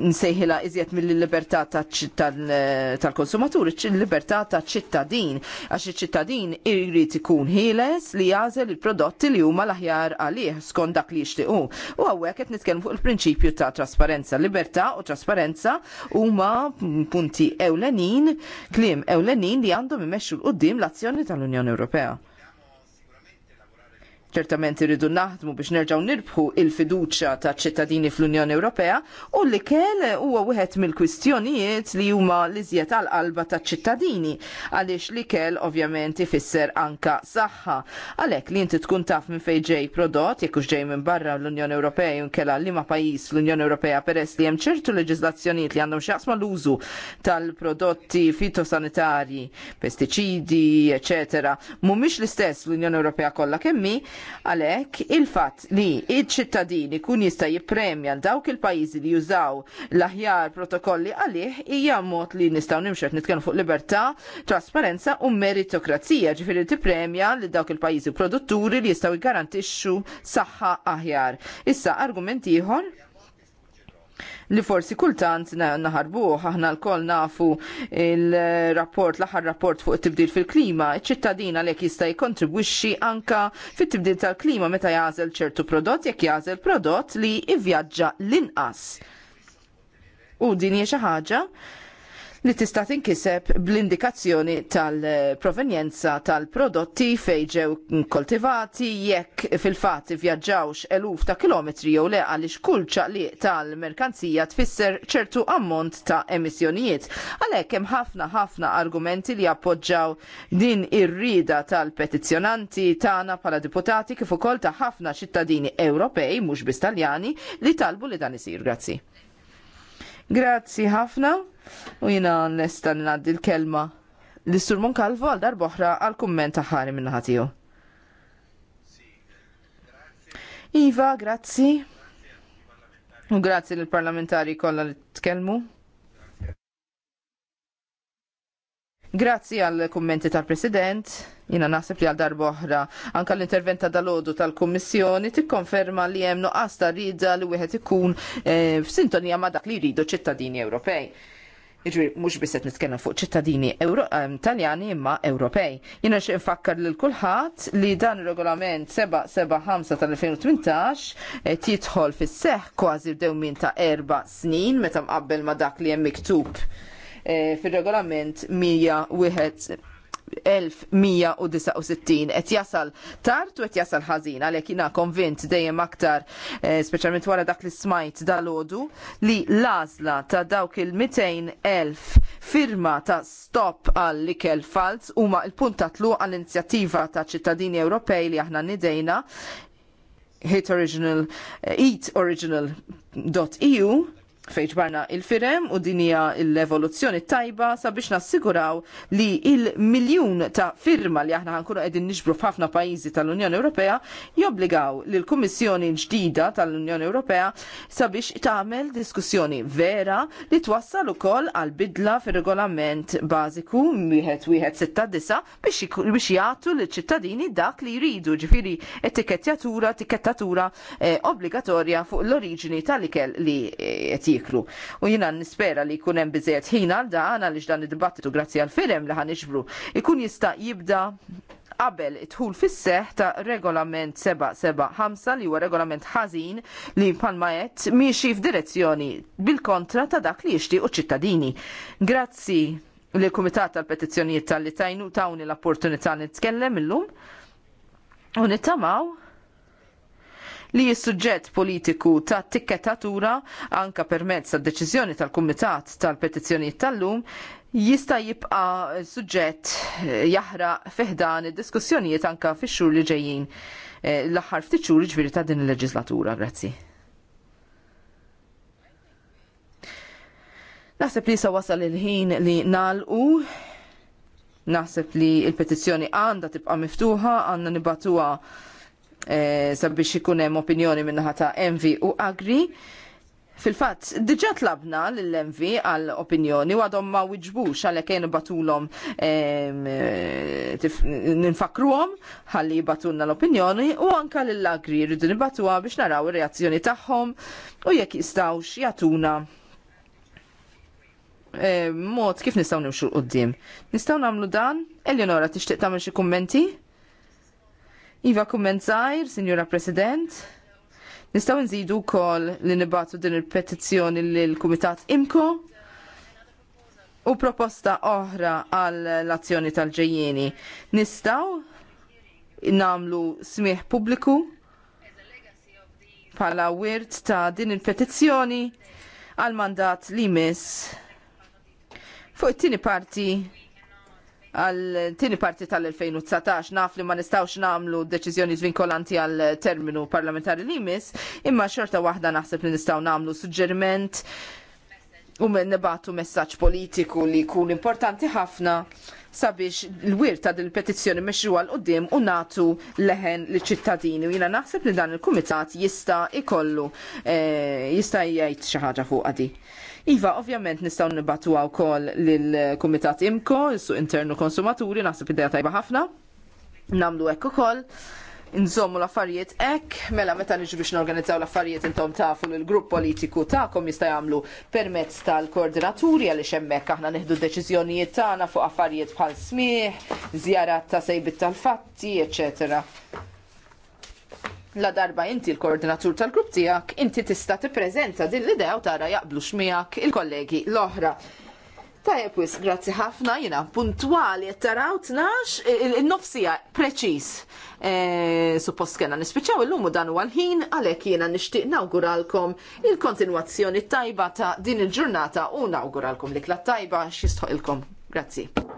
nsejħila iżjed mill-libertà eh, tal-konsumatur, il-libertà tal-ċittadin, għax iċ-ċittadin irrid ikun ħieles li jażel il-prodotti li huma l-aħjar għalih skont dak li jixtiequ. U hawnhekk qed nitkellmu fuq il-prinċipju ta' trasparenza. Libertà u trasparenza huma punti ewlenin, kliem ewlenin li għandhom imexxu l-qudiem l-azzjoni tal-Unjoni Ewropea ċertament irridu naħdmu biex nerġaw nirbħu il-fiduċa ta' ċittadini fl-Unjoni Ewropea u li kell huwa wieħed mill-kwistjonijiet li huma li żjed għal-qalba ta' ċittadini għaliex li kell ovvjament ifisser anka saħħa. Għalhekk li inti tkun taf minn fejn ġej prodott jekk hux ġej minn barra l-Unjoni Ewropea jinkella li ma pajjiż l-Unjoni Ewropea peress li hemm ċertu leġiżlazzjonijiet li għandhom x'jaqsma l-użu tal-prodotti fitosanitarji, pestiċidi, eċetera, mhumiex l-istess l-Unjoni Ewropea kollha kemmi, Għalhekk il-fatt li il ċittadini kun jista' jippremja dawk il-pajjiżi li jużaw l-aħjar protokolli għalih hija mod li nistgħu nimxet nitkellmu fuq libertà, trasparenza u meritokrazija, ġifieri tippremja li dawk il-pajjiżi produtturi li jistgħu jgarantixxu saħħa aħjar. Issa argument ieħor li forsi kultant naħarbuh, aħna l-koll nafu il-rapport, l-aħħar rapport fuq it-tibdil fil-klima, iċ-ċittadina li jista' jkontribwixxi anka fit-tibdil tal-klima meta jazel ċertu prodott jekk jażel prodott li ivvjaġġa l-inqas. U din hija xi ħaġa li tista' tinkiseb bl-indikazzjoni tal-provenjenza tal-prodotti fejn ġew koltivati jekk fil-fatt vjaġġawx eluf ta' kilometri jew le għaliex kull ċaqliq tal-merkanzija tfisser ċertu ammont ta' emissjonijiet. Għalhekk hemm ħafna ħafna argumenti li appoġġaw din ir-rida tal-petizzjonanti tagħna bħala deputati kif ukoll ta' ħafna ċittadini Ewropej mhux biss Taljani li talbu li dan isir. Grazzi. Grazzi ħafna u jina nesta naddi l-kelma l istur Monkalvo għal darboħra għal kumment ħari minna ħatiju. Iva, grazzi. U grazzi l-parlamentari kolla li tkellmu. Grazzi għal kummenti tal-President, jina naħseb li għal darba oħra, anka l-intervent ta' dalodu tal-Kommissjoni tikkonferma li hemm nuqqas ta' rida li wieħed ikun eh, f'sintonija ma' dak li jridu ċittadini Ewropej. Iġri, mux biset nitkellem fuq ċittadini eh, taljani imma Ewropej. Jina xe nfakkar l kulħadd li dan il-regolament 775 tal-2018 titħol fis seħħ kważi b'dewmin ta' erba snin meta mqabbel ma' dak li hemm miktub Eh, fil-regolament 100 1169 qed jasal tard u qed jasal ħażin għalhekk jiena konvint dejjem aktar eh, speċjalment wara dak li smajt dalodu li l-għażla ta' dawk il-200,000 firma ta' stop għall ikel falz huma l-punt ta' għall-inizjattiva ta' ċittadini Ewropej li aħna nidejna hit original eh, eat original .eu fejġbarna il-firem u dinija l-evoluzzjoni tajba sabiex nassiguraw li il-miljun ta' firma li aħna ħankunu qegħdin niġbru f'ħafna pajjiżi tal-Unjoni Ewropea jobbligaw l kummissjoni ġdida tal-Unjoni Ewropea sabiex tagħmel diskussjoni vera li twassal ukoll għal bidla fir-regolament bażiku wieħed wieħed biex jagħtu l ċittadini dak li jridu ġifieri etikettjatura etikettatura eh, obbligatorja fuq l-oriġini tal-ikel li eh, qed f'periklu. U jiena nispera li jkun hemm biżejjed ħin għal dan għaliex dan id-dibattitu grazzi għal firem li iġbru ikun jista' jibda qabel it-tħul fis seħħ ta' regolament 775 li huwa regolament ħażin li palma qed miexi f'direzzjoni bil-kontra ta' dak li jixtiequ ċittadini. Grazzi li kumitat tal-petizzjonijiet tal-li tajnu tawni l-opportunità nitkellem illum u nittamaw li s-suġġett politiku ta' tikketatura anka permezz tad deċiżjoni tal-Kumitat tal-Petizzjonijiet tal-lum jista' jibqa' suġġett eh, jaħraq fiħdan id-diskussjonijiet anka fix-xhur li ġejjin eh, l-aħħar ftit xhur ġifieri ta' din il-leġislatura. Grazzi. Naħseb li sa wasal il-ħin li nalqu naħseb li il-petizzjoni għandha tibqa' miftuħa, għandna nibatuha Eh, sabiex ikun hemm opinjoni minnaħa ta' Envi u Agri. Fil-fatt, diġa tlabna l-envi għal opinjoni u għadhom ma wiġbux għal kien batulom eh, ninfakruhom ħalli batunna l-opinjoni u anka l-agri rridu nibatuha biex naraw ir-reazzjoni tagħhom u jekk jistgħux jatuna eh, mod kif nistgħu nimxu qudiem. Nistgħu nagħmlu dan? Eleonora tixtieq tagħmel xi kummenti? Iva Kummenzajr, Signora President. Nistaw nżidu kol li nibatu din il-petizjoni l-Kumitat Imko u proposta oħra għal l-azzjoni tal-ġejjeni. Nistaw namlu smieħ publiku pala wirt ta' din il-petizzjoni għal mandat li mis fuq it-tini parti għal tini parti tal-2019 naf li ma nistawx namlu deċizjoni zvinkolanti għal terminu parlamentari li mis, imma xorta waħda naħseb li nistaw namlu suġġeriment u men nebatu messaċ politiku li kun importanti ħafna sabiex l-wir ta' il petizzjoni meċru għal qoddim u natu leħen li ċittadini. U jina naħseb li dan il-kumitat jista' ikollu, eh, jista' jgħid xi ħaġa fuq għadi. Iva, ovvjament nistaw nibatu għaw kol l-Kumitat Imko, su internu konsumaturi, nasib id tajba ħafna. Namlu ekku kol. Nżommu l-affarijiet ek, mela meta nġu biex norganizzaw l-affarijiet intom tafu l-grupp politiku ta'kom jista' jagħmlu permezz tal-koordinaturi għaliex hemmhekk aħna neħdu deċiżjonijiet tagħna fuq affarijiet bħal smih, żjarat ta' sejbit tal-fatti, eċetera la darba inti l-koordinatur tal-grupp tiegħek, inti tista' tippreżenta din l-idea u tara jaqblu xmijak il-kollegi l-oħra. Tajjeb wis, grazzi ħafna, jiena puntwali qed taraw nax il-nofsija preċiż. E, suppost kena nispiċaw illum u dan u l-ħin għalhekk jiena nixtieq nawguralkom il-kontinwazzjoni tajba ta' din il-ġurnata u nawguralkom li kla tajba x'jistħoqilkom. Grazzi.